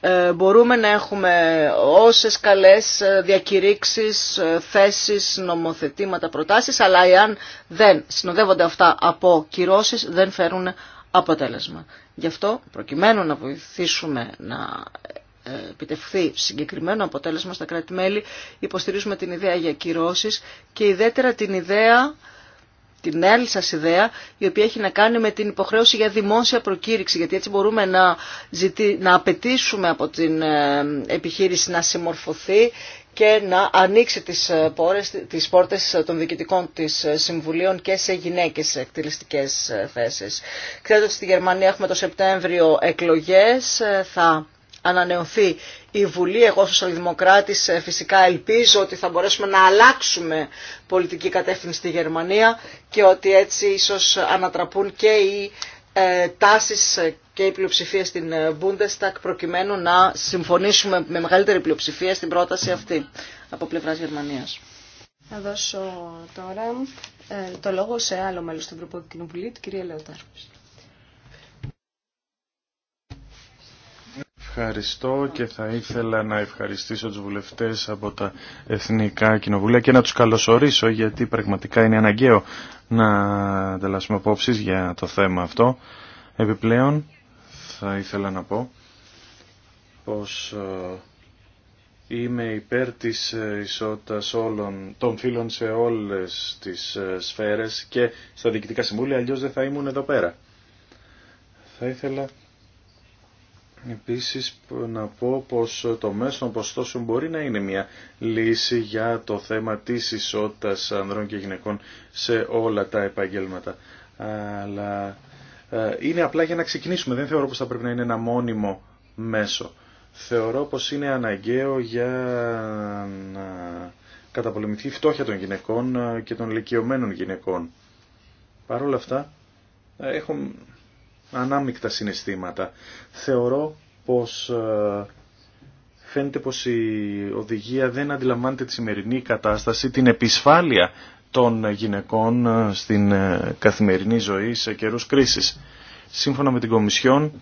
[SPEAKER 1] ε, μπορούμε να έχουμε όσες καλές ε, διακηρύξεις, θέσεις, νομοθετήματα, προτάσεις, αλλά εάν δεν συνοδεύονται αυτά από κυρώσεις δεν φέρουν αποτέλεσμα. Γι' αυτό προκειμένου να βοηθήσουμε να επιτευχθεί συγκεκριμένο αποτέλεσμα στα κράτη-μέλη υποστηρίζουμε την ιδέα για κυρώσεις και ιδιαίτερα την ιδέα την άλλη σας ιδέα, η οποία έχει να κάνει με την υποχρέωση για δημόσια προκήρυξη, γιατί έτσι μπορούμε να, ζητή, να απαιτήσουμε από την ε, επιχείρηση να συμμορφωθεί και να ανοίξει τις, ε, πόρες, τις πόρτες των διοικητικών της ε, συμβουλίων και σε γυναίκες σε εκτελεστικές θέσεις. Ξέρετε ότι στη Γερμανία έχουμε το Σεπτέμβριο εκλογές, θα ανανεωθεί η Βουλή, εγώ ως Δημοκράτης ε, φυσικά ελπίζω ότι θα μπορέσουμε να αλλάξουμε πολιτική κατεύθυνση στη Γερμανία και ότι έτσι ίσως ανατραπούν και οι ε, τάσεις ε, και οι πλειοψηφίες στην ε, Bundestag προκειμένου να συμφωνήσουμε με μεγαλύτερη πλειοψηφία στην πρόταση αυτή από πλευράς Γερμανίας.
[SPEAKER 2] Θα δώσω τώρα το λόγο σε άλλο μέλος του Ευρωπαϊκού Κοινοβουλίου, την κυρία Λεωτάρ.
[SPEAKER 4] Ευχαριστώ και θα ήθελα να ευχαριστήσω τους βουλευτές από τα Εθνικά Κοινοβουλία και να τους καλωσορίσω γιατί πραγματικά είναι αναγκαίο να ανταλλάσσουμε απόψεις για το θέμα αυτό. Επιπλέον θα ήθελα να πω πως ε, είμαι υπέρ της ε, ισότητας όλων των φίλων σε όλες τις ε, σφαίρες και στα διοικητικά συμβούλια, αλλιώς δεν θα ήμουν εδώ πέρα. Θα ήθελα Επίσης να πω πως το μέσο των ποστώσεων μπορεί να είναι μια λύση για το θέμα της ισότητας ανδρών και γυναικών σε όλα τα επαγγέλματα. Αλλά ε, είναι απλά για να ξεκινήσουμε. Δεν θεωρώ πως θα πρέπει να είναι ένα μόνιμο μέσο. Θεωρώ πως είναι αναγκαίο για να καταπολεμηθεί φτώχεια των γυναικών ε, και των ηλικιωμένων γυναικών. Παρ' όλα αυτά, ε, έχω ανάμεικτα συναισθήματα. Θεωρώ πως ε, φαίνεται πως η οδηγία δεν αντιλαμβάνεται τη σημερινή κατάσταση, την επισφάλεια των γυναικών ε, στην ε, καθημερινή ζωή σε καιρούς κρίσης. Σύμφωνα με την Κομισιόν,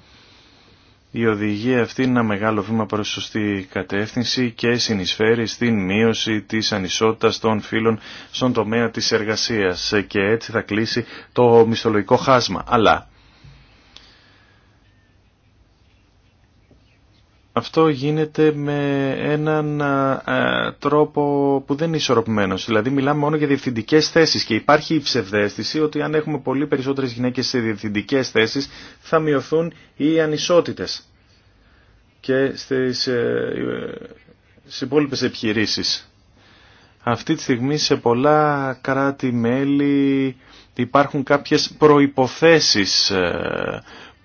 [SPEAKER 4] η οδηγία αυτή είναι ένα μεγάλο βήμα προς σωστή κατεύθυνση και συνεισφέρει στην μείωση της ανισότητας των φύλων στον τομέα της εργασίας και έτσι θα κλείσει το μισθολογικό χάσμα. Αλλά αυτό γίνεται με έναν τρόπο που δεν είναι ισορροπημένος. Δηλαδή μιλάμε μόνο για διευθυντικές θέσεις και υπάρχει η ψευδέστηση ότι αν έχουμε πολύ περισσότερες γυναίκες σε διευθυντικές θέσεις θα μειωθούν οι ανισότητες και στις, ε, ε, στις υπόλοιπες επιχειρήσεις. Αυτή τη στιγμή σε πολλά κράτη-μέλη υπάρχουν κάποιες προϋποθέσεις ε,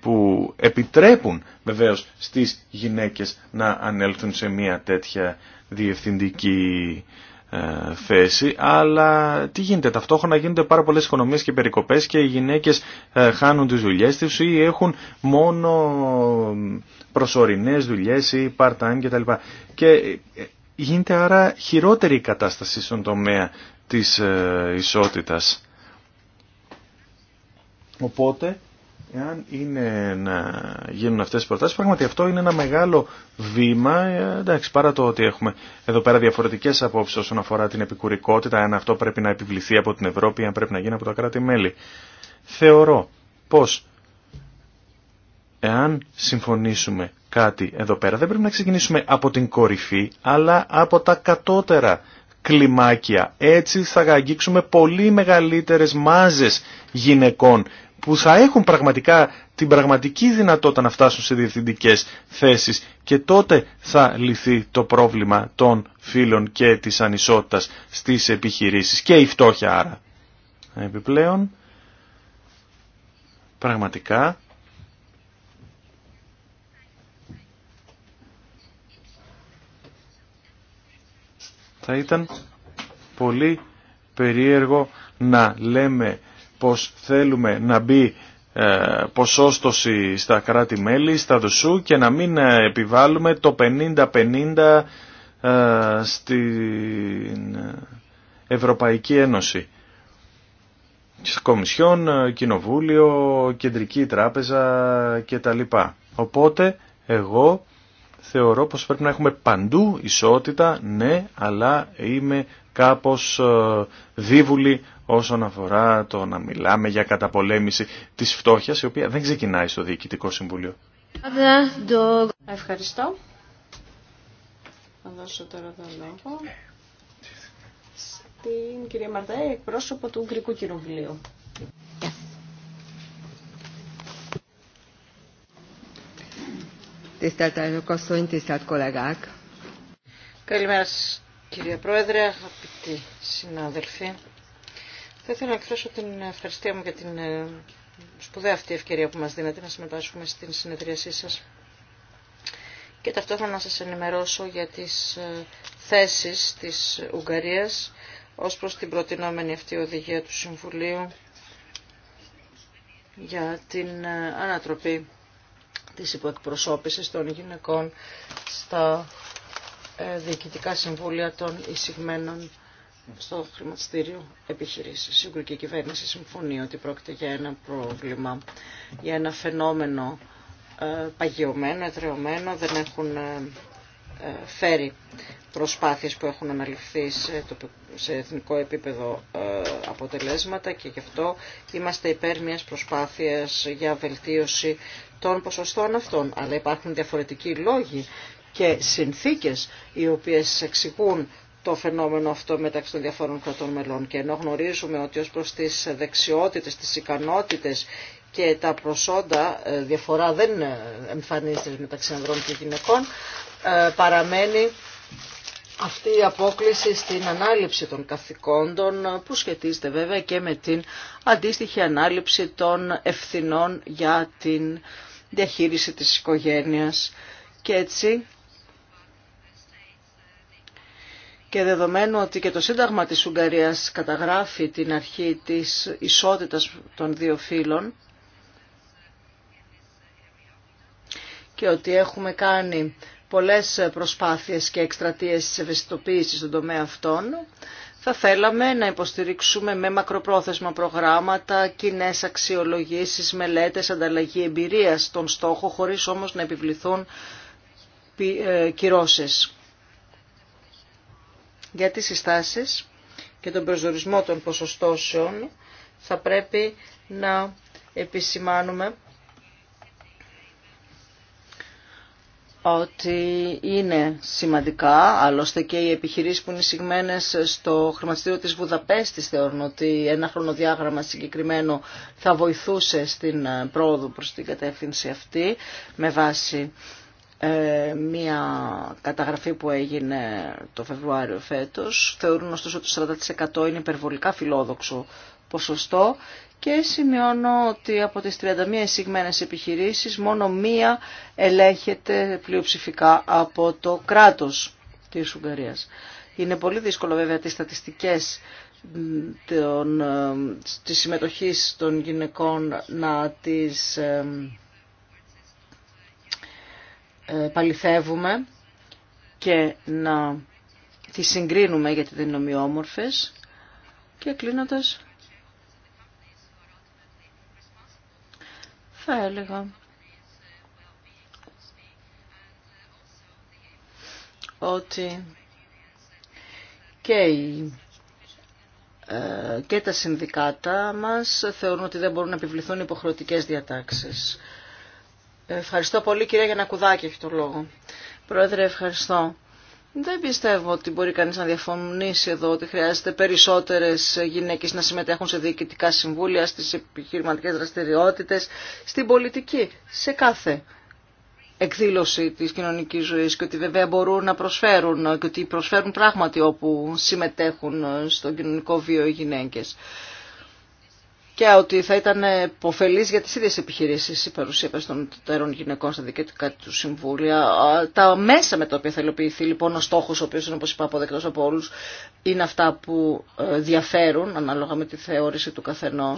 [SPEAKER 4] που επιτρέπουν βεβαίως στις γυναίκες να ανέλθουν σε μια τέτοια διευθυντική ε, θέση, αλλά τι γίνεται ταυτόχρονα γίνονται πάρα πολλές οικονομίες και περικοπές και οι γυναίκες ε, χάνουν τις δουλειές τους ή έχουν μόνο προσωρινές δουλειές ή part-time κτλ. Και ε, γίνεται άρα χειρότερη η κατάσταση στον τομέα της ε, ισότητας. Οπότε εάν είναι να γίνουν αυτές οι προτάσεις, πράγματι αυτό είναι ένα μεγάλο βήμα, ε, εντάξει, παρά το ότι έχουμε εδώ πέρα διαφορετικές απόψεις όσον αφορά την επικουρικότητα, αν αυτό πρέπει να επιβληθεί από την Ευρώπη, αν πρέπει να γίνει από τα κράτη-μέλη. Θεωρώ πως εάν συμφωνήσουμε κάτι εδώ πέρα, δεν πρέπει να ξεκινήσουμε από την κορυφή, αλλά από τα κατώτερα κλιμάκια. Έτσι θα αγγίξουμε πολύ μεγαλύτερες μάζες γυναικών που θα έχουν πραγματικά την πραγματική δυνατότητα να φτάσουν σε διευθυντικές θέσεις και τότε θα λυθεί το πρόβλημα των φύλων και της ανισότητας στις επιχειρήσεις και η φτώχεια άρα. Επιπλέον, πραγματικά θα ήταν πολύ περίεργο να λέμε πως θέλουμε να μπει ε, ποσόστοση στα κράτη-μέλη, στα δουσού και να μην ε, επιβάλλουμε το 50-50 ε, στην Ευρωπαϊκή Ένωση. Κομισιόν, Κοινοβούλιο, Κεντρική Τράπεζα κτλ. Οπότε εγώ θεωρώ πως πρέπει να έχουμε παντού ισότητα, ναι, αλλά είμαι κάπως δίβουλη όσον αφορά το να μιλάμε για καταπολέμηση της φτώχειας, η οποία δεν ξεκινάει στο Διοικητικό Συμβούλιο.
[SPEAKER 2] Ευχαριστώ. Θα δώσω τώρα το λόγο στην κυρία Μαρτέ, εκπρόσωπο του Ουγγρικού Κοινοβουλίου.
[SPEAKER 1] Καλημέρα σας, κυρία Πρόεδρε, αγαπητοί συνάδελφοι. Θα ήθελα να εκφράσω την ευχαριστία μου για την ε, σπουδαία αυτή ευκαιρία που μας δίνετε να συμμετάσχουμε στην συνεδρίασή σας και ταυτόχρονα να σας ενημερώσω για τις ε, θέσεις της Ουγγαρίας ως προς την προτινόμενη αυτή οδηγία του Συμβουλίου για την ε, ανατροπή της υποεκπροσώπησης των γυναικών στα ε, διοικητικά συμβούλια των εισηγμένων στο χρηματιστήριο επιχειρήσει. Σίγουρα και η κυβέρνηση συμφωνεί ότι πρόκειται για ένα πρόβλημα, για ένα φαινόμενο ε, παγιωμένο, εδρεωμένο, δεν έχουν ε, ε, φέρει προσπάθειες που έχουν αναλυφθεί σε, εθνικό επίπεδο ε, αποτελέσματα και γι' αυτό είμαστε υπέρ μιας προσπάθειας για βελτίωση των ποσοστών αυτών. Αλλά υπάρχουν διαφορετικοί λόγοι και συνθήκες οι οποίες εξηγούν το φαινόμενο αυτό μεταξύ των διαφόρων κρατών μελών. Και ενώ γνωρίζουμε ότι ως προς τις δεξιότητες, τις ικανότητες και τα προσόντα ε, διαφορά δεν εμφανίζεται μεταξύ ανδρών και γυναικών, ε, παραμένει αυτή η απόκληση στην ανάληψη των καθηκόντων που σχετίζεται βέβαια και με την αντίστοιχη ανάληψη των ευθυνών για την διαχείριση της οικογένειας. Και έτσι και δεδομένου ότι και το Σύνταγμα της Ουγγαρίας καταγράφει την αρχή της ισότητας των δύο φύλων και ότι έχουμε κάνει πολλές προσπάθειες και εκστρατείες της ευαισθητοποίησης στον τομέα αυτών. Θα θέλαμε να υποστηρίξουμε με μακροπρόθεσμα προγράμματα, κοινέ αξιολογήσεις, μελέτες, ανταλλαγή εμπειρίας των στόχων χωρίς όμως να επιβληθούν ε, κυρώσεις. Για τις συστάσεις και τον προσδορισμό των ποσοστώσεων θα πρέπει να επισημάνουμε ότι είναι σημαντικά, άλλωστε και οι επιχειρήσεις που είναι συγμένες στο χρηματιστήριο της Βουδαπέστης θεωρούν ότι ένα χρονοδιάγραμμα συγκεκριμένο θα βοηθούσε στην ε, πρόοδο προς την κατεύθυνση αυτή με βάση ε, μια καταγραφή που έγινε το Φεβρουάριο φέτος. Θεωρούν ωστόσο ότι το 40% είναι υπερβολικά φιλόδοξο ποσοστό και σημειώνω ότι από τις 31 εισηγμένες επιχειρήσεις μόνο μία ελέγχεται πλειοψηφικά από το κράτος της Ουγγαρίας. Είναι πολύ δύσκολο βέβαια τις στατιστικές των, ε, της συμμετοχής των γυναικών να τις ε, ε, παληθεύουμε και να τις συγκρίνουμε γιατί δεν είναι ομοιόμορφες και κλείνοντας θα έλεγα. Ότι ε, και τα συνδικάτα μας θεωρούν ότι δεν μπορούν να επιβληθούν υποχρεωτικές διατάξεις. Ευχαριστώ πολύ κυρία Γιανακουδάκη, έχει το λόγο. Πρόεδρε, ευχαριστώ. Δεν πιστεύω ότι μπορεί κανείς να διαφωνήσει εδώ ότι χρειάζεται περισσότερες γυναίκες να συμμετέχουν σε διοικητικά συμβούλια, στις επιχειρηματικές δραστηριότητες, στην πολιτική, σε κάθε εκδήλωση της κοινωνικής ζωής και ότι βέβαια μπορούν να προσφέρουν και ότι προσφέρουν πράγματι όπου συμμετέχουν στο κοινωνικό βίο οι γυναίκες και ότι θα ήταν υποφελή για τι ίδιε επιχειρήσει η παρουσία των τέρων γυναικών στα δικαιωτικά του συμβούλια. Τα μέσα με τα οποία θα υλοποιηθεί λοιπόν ο στόχο, ο οποίο είναι όπω είπα αποδεκτό από όλου, είναι αυτά που ε, διαφέρουν ανάλογα με τη θεώρηση του καθενό.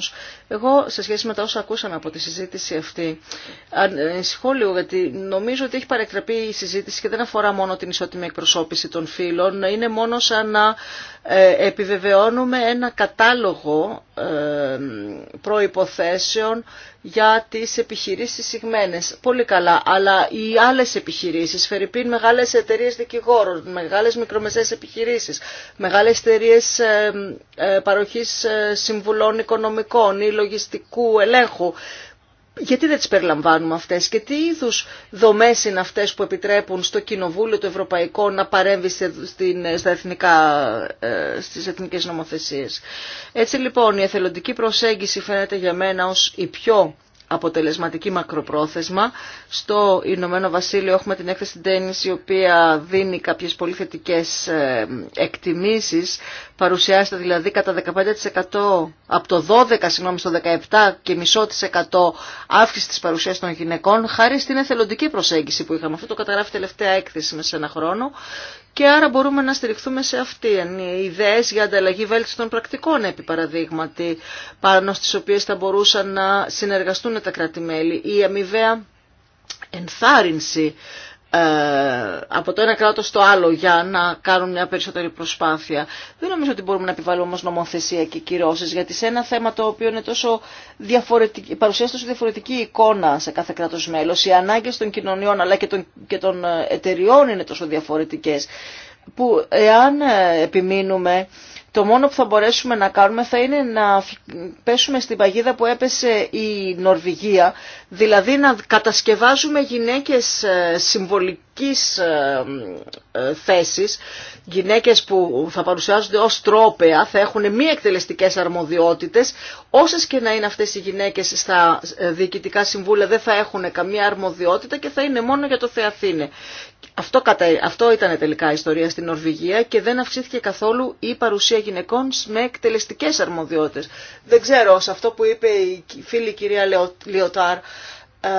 [SPEAKER 1] Εγώ σε σχέση με τα όσα ακούσαμε από τη συζήτηση αυτή, ε, ανησυχώ λίγο γιατί νομίζω ότι έχει παρεκτραπεί η συζήτηση και δεν αφορά μόνο την ισότιμη εκπροσώπηση των φύλων, είναι μόνο σαν να ε, επιβεβαιώνουμε ένα κατάλογο προϋποθέσεων για τις επιχειρήσεις συγμένες. Πολύ καλά, αλλά οι άλλες επιχειρήσεις, φερειπίν μεγάλες εταιρείες δικηγόρων, μεγάλες μικρομεσαίες επιχειρήσεις, μεγάλες εταιρείε ε, παροχής ε, συμβουλών οικονομικών ή λογιστικού ελέγχου, γιατί δεν τις περιλαμβάνουμε αυτές και τι είδους δομές είναι αυτές που επιτρέπουν στο Κοινοβούλιο το Ευρωπαϊκό να παρέμβει στι εθνικέ εθνικά, ε, στις εθνικές νομοθεσίες. Έτσι λοιπόν η εθελοντική προσέγγιση φαίνεται για μένα ως η πιο αποτελεσματική μακροπρόθεσμα. Στο Ηνωμένο Βασίλειο έχουμε την έκθεση Ντένις η οποία δίνει κάποιες πολύ θετικέ ε, εκτιμήσεις. Παρουσιάζεται δηλαδή κατά 15% από το 12% συγγνώμη, στο 17% και μισό της εκατό αύξηση της παρουσίας των γυναικών χάρη στην εθελοντική προσέγγιση που είχαμε. Αυτό το καταγράφει τελευταία έκθεση μέσα σε ένα χρόνο και άρα μπορούμε να στηριχθούμε σε αυτήν. Οι ιδέες για ανταλλαγή βέλτιστων πρακτικών, επί παραδείγματι, πάνω στις οποίες θα μπορούσαν να συνεργαστούν τα κράτη-μέλη, η αμοιβαία ενθάρρυνση ε, από το ένα κράτος στο άλλο για να κάνουν μια περισσότερη προσπάθεια. Δεν νομίζω ότι μπορούμε να επιβάλλουμε όμως νομοθεσία και κυρώσεις, γιατί σε ένα θέμα το οποίο είναι τόσο διαφορετική, παρουσιάζει τόσο διαφορετική εικόνα σε κάθε κράτος μέλος, οι ανάγκες των κοινωνιών αλλά και των, και των εταιριών είναι τόσο διαφορετικές, που εάν ε, επιμείνουμε το μόνο που θα μπορέσουμε να κάνουμε θα είναι να πέσουμε στην παγίδα που έπεσε η Νορβηγία, δηλαδή να κατασκευάζουμε γυναίκες ε, συμβολικής ε, ε, θέσης, γυναίκες που θα παρουσιάζονται ως τρόπεα, θα έχουν μη εκτελεστικές αρμοδιότητες, όσες και να είναι αυτές οι γυναίκες στα διοικητικά συμβούλια δεν θα έχουν καμία αρμοδιότητα και θα είναι μόνο για το Θεαθήνε. Αυτό, αυτό ήταν τελικά η ιστορία στην Νορβηγία και δεν αυξήθηκε καθόλου η παρουσία γυναικών με εκτελεστικές αρμοδιότητες. Δεν ξέρω, σε αυτό που είπε η φίλη κυρία Λεωτάρ, ε,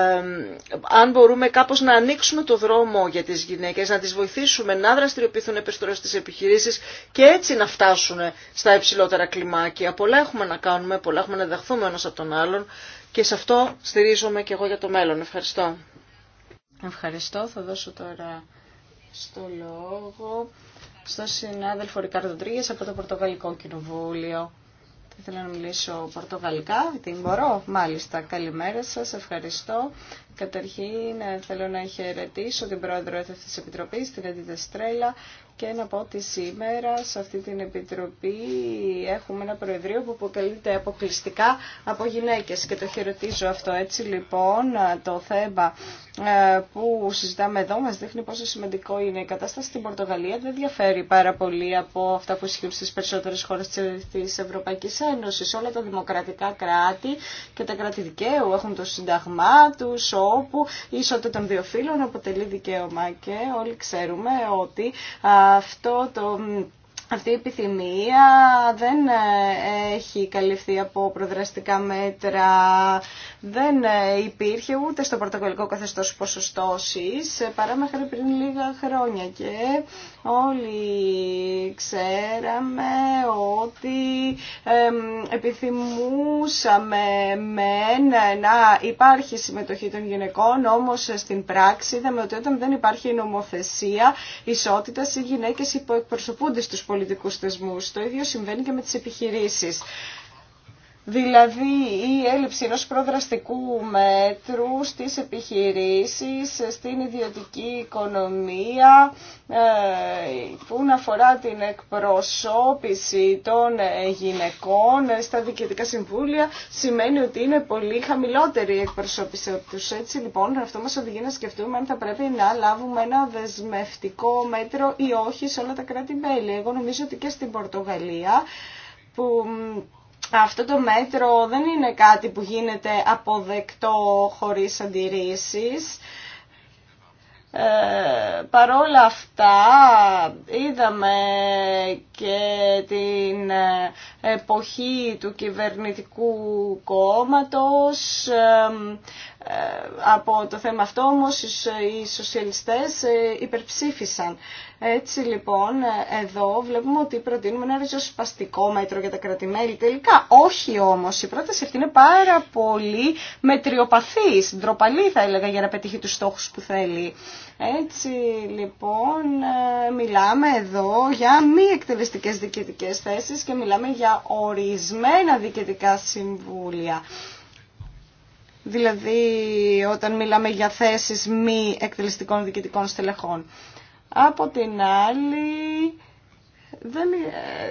[SPEAKER 1] αν μπορούμε κάπως να ανοίξουμε το δρόμο για τις γυναίκες, να τις βοηθήσουμε να δραστηριοποιηθούν επιστροφές στις επιχειρήσεις και έτσι να φτάσουν στα υψηλότερα κλιμάκια. Πολλά έχουμε να κάνουμε, πολλά έχουμε να δεχθούμε ένας από τον άλλον και σε αυτό στηρίζομαι και εγώ για το μέλλον. Ευχαριστώ.
[SPEAKER 2] Ευχαριστώ. Θα δώσω τώρα στο λόγο στο συνάδελφο Ρικάρδο Τρίγες από το Πορτογαλικό Κοινοβούλιο. Θα ήθελα να μιλήσω πορτογαλικά, την μπορώ. Μάλιστα, καλημέρα σας, ευχαριστώ. Καταρχήν ε, θέλω να χαιρετήσω την πρόεδρο αυτής της Επιτροπής, την Αντίτα Στρέλα, και να πω ότι σήμερα σε αυτή την Επιτροπή έχουμε ένα Προεδρείο που αποκαλείται αποκλειστικά από γυναίκες και το χαιρετίζω αυτό. Έτσι λοιπόν ε, το θέμα ε, που συζητάμε εδώ μας δείχνει πόσο σημαντικό είναι η κατάσταση στην Πορτογαλία. Δεν διαφέρει πάρα πολύ από αυτά που ισχύουν στις περισσότερες χώρες της Ευρωπαϊκής Ένωσης. Όλα τα δημοκρατικά κράτη και τα κράτη δικαίου έχουν το σύνταγμά του όπου η ισότητα των δύο φύλων αποτελεί δικαίωμα και όλοι ξέρουμε ότι αυτό το αυτή η επιθυμία δεν έχει καλυφθεί από προδραστικά μέτρα, δεν υπήρχε ούτε στο πρωτοκολλικό καθεστώς ποσοστώσεις, παρά μέχρι πριν λίγα χρόνια. Και Όλοι ξέραμε ότι επιθυμούσαμε να υπάρχει συμμετοχή των γυναικών, όμως στην πράξη είδαμε ότι όταν δεν υπάρχει νομοθεσία ισότητας, οι γυναίκες υποεκπροσωπούνται στους πολιτικούς θεσμούς. Το ίδιο συμβαίνει και με τις επιχειρήσεις δηλαδή η έλλειψη ενός προδραστικού μέτρου στις επιχειρήσεις, στην ιδιωτική οικονομία ε, που να αφορά την εκπροσώπηση των ε, γυναικών ε, στα διοικητικά συμβούλια σημαίνει ότι είναι πολύ χαμηλότερη η εκπροσώπηση τους. Έτσι λοιπόν αυτό μας οδηγεί να σκεφτούμε αν θα πρέπει να λάβουμε ένα δεσμευτικό μέτρο ή όχι σε όλα τα κράτη-μέλη. Εγώ νομίζω ότι και στην Πορτογαλία που αυτό το μέτρο δεν είναι κάτι που γίνεται αποδεκτό χωρίς αντιρρήσεις. Ε, παρόλα αυτά είδαμε και την ε, εποχή του κυβερνητικού κόμματος ε, ε, από το θέμα αυτό όμως οι σοσιαλιστές υπερψήφισαν έτσι λοιπόν εδώ βλέπουμε ότι προτείνουμε ένα ριζοσπαστικό μέτρο για τα κρατημέλη. Τελικά όχι όμως, η πρόταση αυτή είναι πάρα πολύ μετριοπαθής, ντροπαλή θα έλεγα για να πετύχει τους στόχους που θέλει. Έτσι λοιπόν ε, μιλάμε εδώ για μη εκτελεστικές διοικητικές θέσεις και μιλάμε για ορισμένα διοικητικά συμβούλια. Δηλαδή όταν μιλάμε για θέσεις μη εκτελεστικών διοικητικών στελεχών. Από την άλλη, δεν,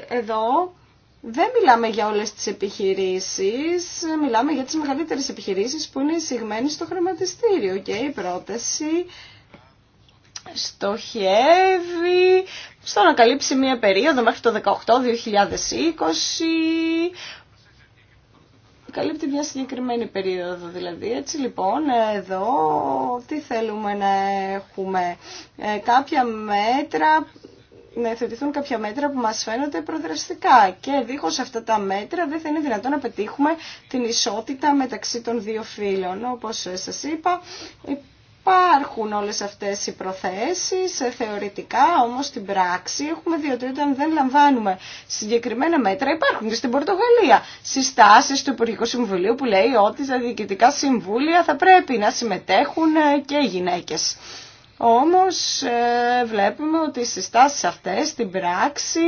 [SPEAKER 2] ε, εδώ δεν μιλάμε για όλες τις επιχειρήσεις, μιλάμε για τις μεγαλύτερες επιχειρήσεις που είναι εισηγμένες στο χρηματιστήριο και η πρόταση στοχεύει στο να καλύψει μία περίοδο μέχρι το 18-2020 καλύπτει μια συγκεκριμένη περίοδο δηλαδή. Έτσι λοιπόν εδώ τι θέλουμε να έχουμε. Ε, κάποια μέτρα να εθετηθούν κάποια μέτρα που μας φαίνονται προδραστικά και δίχως αυτά τα μέτρα δεν θα είναι δυνατόν να πετύχουμε την ισότητα μεταξύ των δύο φύλων. Όπως σας είπα, Υπάρχουν όλες αυτές οι προθέσεις, ε, θεωρητικά όμως στην πράξη έχουμε διότι ότι όταν δεν λαμβάνουμε συγκεκριμένα μέτρα υπάρχουν και στην Πορτογαλία συστάσεις του Υπουργικού Συμβουλίου που λέει ότι στα διοικητικά συμβούλια θα πρέπει να συμμετέχουν ε, και οι γυναίκες. Όμως ε, βλέπουμε ότι οι συστάσεις αυτές στην πράξη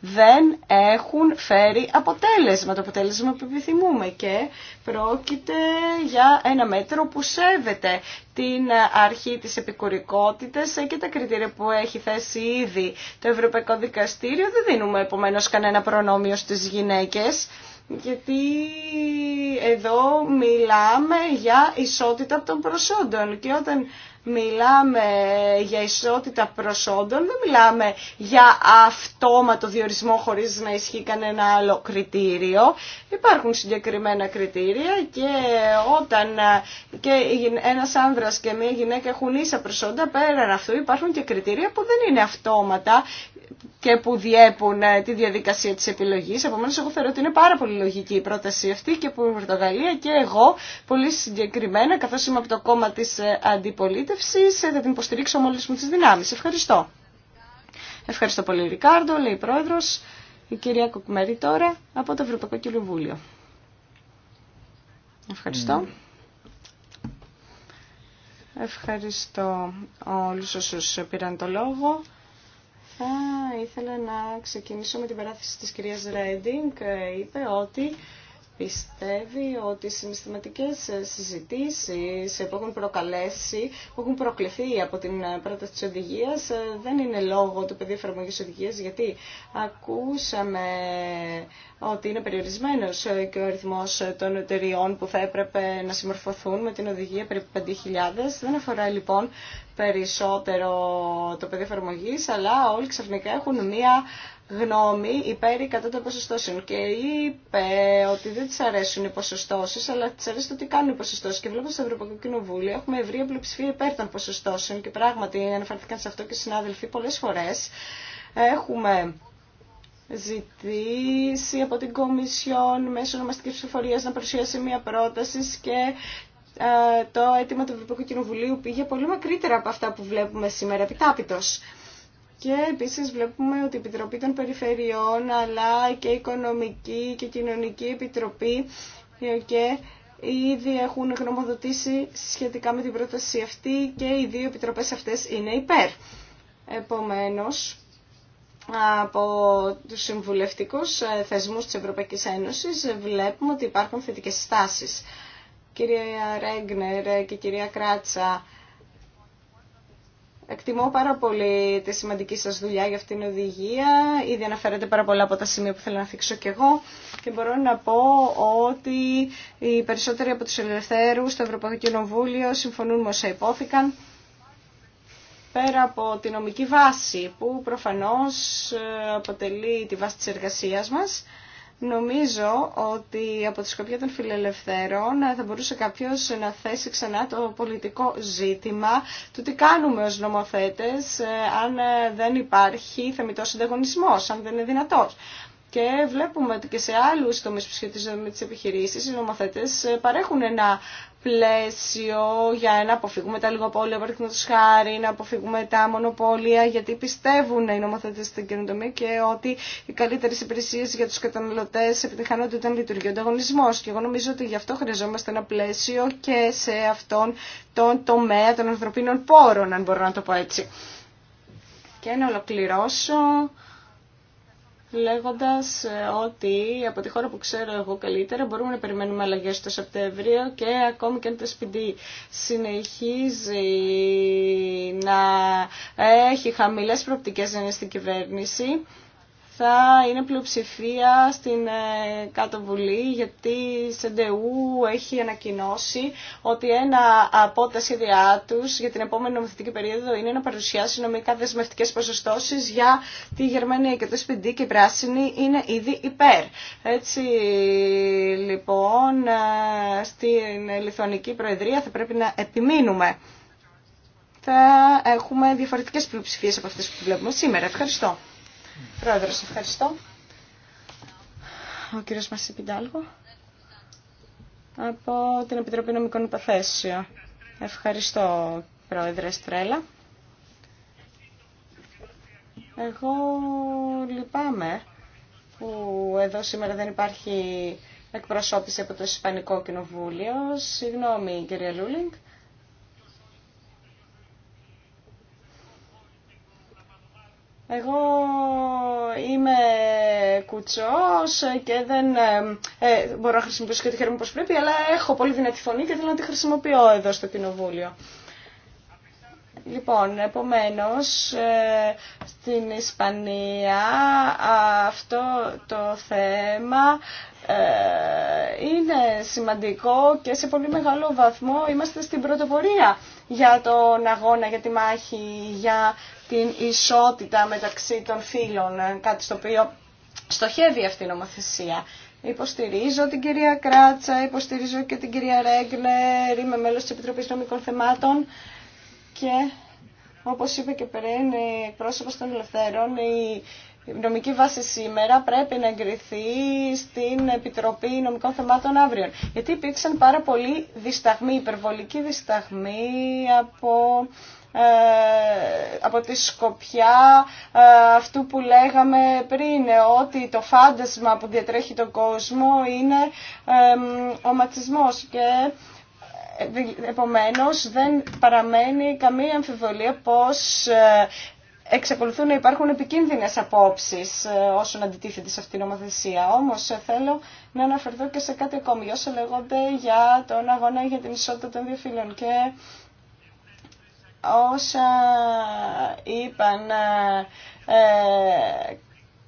[SPEAKER 2] δεν έχουν φέρει αποτέλεσμα, το αποτέλεσμα που επιθυμούμε και πρόκειται για ένα μέτρο που σέβεται την αρχή της επικουρικότητας και τα κριτήρια που έχει θέσει ήδη το Ευρωπαϊκό Δικαστήριο. Δεν δίνουμε επομένως κανένα προνόμιο στις γυναίκες γιατί εδώ μιλάμε για ισότητα των προσόντων και όταν μιλάμε για ισότητα προσόντων, δεν μιλάμε για αυτόματο διορισμό χωρίς να ισχύει κανένα άλλο κριτήριο. Υπάρχουν συγκεκριμένα κριτήρια και όταν και ένας άνδρας και μια γυναίκα έχουν ίσα προσόντα, πέραν αυτού υπάρχουν και κριτήρια που δεν είναι αυτόματα και που διέπουν ε, τη διαδικασία της επιλογής. Επομένως, εγώ θεωρώ ότι είναι πάρα πολύ λογική η πρόταση αυτή και που η Πορτογαλία και εγώ πολύ συγκεκριμένα, καθώς είμαι από το κόμμα της ε, αντιπολίτευσης, ε, θα την υποστηρίξω με όλες μου τις δυνάμεις. Ευχαριστώ. Ευχαριστώ πολύ, Ρικάρντο, λέει η Πρόεδρος. Η κυρία Κοκμέρη τώρα από το Ευρωπαϊκό Κοινοβούλιο. Ευχαριστώ. Mm. Ευχαριστώ όλους όσους πήραν το λόγο. Θα ήθελα να ξεκινήσω με την παράθεση της κυρίας Ρέντινγκ. Είπε ότι πιστεύει ότι οι συναισθηματικές συζητήσεις που έχουν προκαλέσει, που έχουν προκληθεί από την πρόταση της οδηγίας, δεν είναι λόγο του πεδίου εφαρμογής οδηγίας, γιατί ακούσαμε ότι είναι περιορισμένος και ο αριθμό των εταιριών που θα έπρεπε να συμμορφωθούν με την οδηγία περίπου 5.000. Δεν αφορά λοιπόν περισσότερο το πεδίο εφαρμογή, αλλά όλοι ξαφνικά έχουν μία γνώμη υπέρ κατά των ποσοστώσεων. Και είπε ότι δεν τη αρέσουν οι ποσοστώσει, αλλά τη αρέσει το τι κάνουν οι ποσοστώσει. Και βλέπω στο Ευρωπαϊκό Κοινοβούλιο έχουμε ευρία πλειοψηφία υπέρ των ποσοστώσεων και πράγματι αναφέρθηκαν σε αυτό και συνάδελφοι πολλέ φορέ. Έχουμε ζητήσει από την Κομισιόν μέσω ονομαστική ψηφορία να παρουσιάσει μια πρόταση και ε, το αίτημα του Ευρωπαϊκού Κοινοβουλίου πήγε πολύ μακρύτερα από αυτά που βλέπουμε σήμερα επιτάπητος. Και επίσης βλέπουμε ότι η Επιτροπή των Περιφερειών αλλά και η Οικονομική και η Κοινωνική Επιτροπή ε, και ήδη έχουν γνωμοδοτήσει σχετικά με την πρόταση αυτή και οι δύο επιτροπές αυτές είναι υπέρ. Επομένως, από τους συμβουλευτικούς ε, θεσμούς της Ευρωπαϊκής Ένωσης βλέπουμε ότι υπάρχουν θετικές στάσεις κυρία Ρέγνερ και κυρία Κράτσα. Εκτιμώ πάρα πολύ τη σημαντική σας δουλειά για αυτήν την οδηγία. Ήδη αναφέρατε πάρα πολλά από τα σημεία που θέλω να θίξω κι εγώ και μπορώ να πω ότι οι περισσότεροι από τους ελευθέρους στο Ευρωπαϊκό Κοινοβούλιο συμφωνούν με όσα υπόθηκαν. Πέρα από τη νομική βάση που προφανώς αποτελεί τη βάση της εργασίας μας, Νομίζω ότι από τη σκοπιά των φιλελευθέρων ε, θα μπορούσε κάποιος να θέσει ξανά το πολιτικό ζήτημα του τι κάνουμε ως νομοθέτες ε, αν ε, δεν υπάρχει θεμητός ανταγωνισμός, αν δεν είναι δυνατός. Και βλέπουμε ότι και σε άλλους τομείς που σχετίζονται με τις επιχειρήσεις, οι νομοθέτες ε, παρέχουν ένα πλαίσιο για να αποφύγουμε τα λιγοπόλια, παραδείγματο χάρη, να αποφύγουμε τα μονοπόλια, γιατί πιστεύουν οι νομοθέτε στην καινοτομία και ότι οι καλύτερε υπηρεσίε για του καταναλωτέ επιτυχάνονται όταν λειτουργεί ο ανταγωνισμό. Και εγώ νομίζω ότι γι' αυτό χρειαζόμαστε ένα πλαίσιο και σε αυτόν τον τομέα των ανθρωπίνων πόρων, αν μπορώ να το πω έτσι. Και να ολοκληρώσω λέγοντας ε, ότι από τη χώρα που ξέρω εγώ καλύτερα μπορούμε να περιμένουμε αλλαγές το Σεπτέμβριο και ακόμη και αν το SPD συνεχίζει να έχει χαμηλές προοπτικές να είναι στην κυβέρνηση θα είναι πλειοψηφία στην ε, Κάτω Βουλή, γιατί η ΣΕΝΤΕΟΥ έχει ανακοινώσει ότι ένα από τα σχέδιά του για την επόμενη νομοθετική περίοδο είναι να παρουσιάσει νομικά δεσμευτικέ ποσοστώσει για τη Γερμανία και το SPD και η Πράσινη είναι ήδη υπέρ. Έτσι λοιπόν ε, στην Λιθουανική Προεδρία θα πρέπει να επιμείνουμε. Θα έχουμε διαφορετικές πλειοψηφίες από αυτές που βλέπουμε σήμερα. Ευχαριστώ. Πρόεδρος, ευχαριστώ. Ο κύριος Μασίπιντάλγο από την Επιτροπή Νομικών Υποθέσεων. Ευχαριστώ, Πρόεδρε Στρέλα. Εγώ λυπάμαι που εδώ σήμερα δεν υπάρχει εκπροσώπηση από το Ισπανικό Κοινοβούλιο. Συγγνώμη, κύριε Λούλινγκ. Εγώ είμαι κουτσός και δεν ε, ε μπορώ να χρησιμοποιήσω και τη χέρι μου πρέπει, αλλά έχω πολύ δυνατή φωνή και θέλω να τη χρησιμοποιώ εδώ στο κοινοβούλιο. Λοιπόν, επομένως, ε, στην Ισπανία αυτό το θέμα ε, είναι σημαντικό και σε πολύ μεγάλο βαθμό είμαστε στην πρωτοπορία για τον αγώνα, για τη μάχη, για την ισότητα μεταξύ των φίλων. κάτι στο οποίο στοχεύει αυτή η νομοθεσία. Υποστηρίζω την κυρία Κράτσα, υποστηρίζω και την κυρία Ρέγκλερ, είμαι μέλος της Επιτροπής Νομικών Θεμάτων και όπως είπε και πριν η πρόσωπος των ελευθερών η νομική βάση σήμερα πρέπει να εγκριθεί στην Επιτροπή Νομικών Θεμάτων αύριο. Γιατί υπήρξαν πάρα πολλοί δισταγμοί, υπερβολικοί δισταγμοί από ε, από τη σκοπιά ε, αυτού που λέγαμε πριν ότι το φάντασμα που διατρέχει τον κόσμο είναι ε, ο ματσισμός και Επομένως, δεν παραμένει καμία αμφιβολία πως ε, εξακολουθούν να υπάρχουν επικίνδυνες απόψεις ε, όσων αντιτίθεται σε αυτήν την νομοθεσία. Όμως ε, θέλω να αναφερθώ και σε κάτι ακόμη, όσο λέγονται για τον αγώνα για την ισότητα των δύο φύλων και όσα είπαν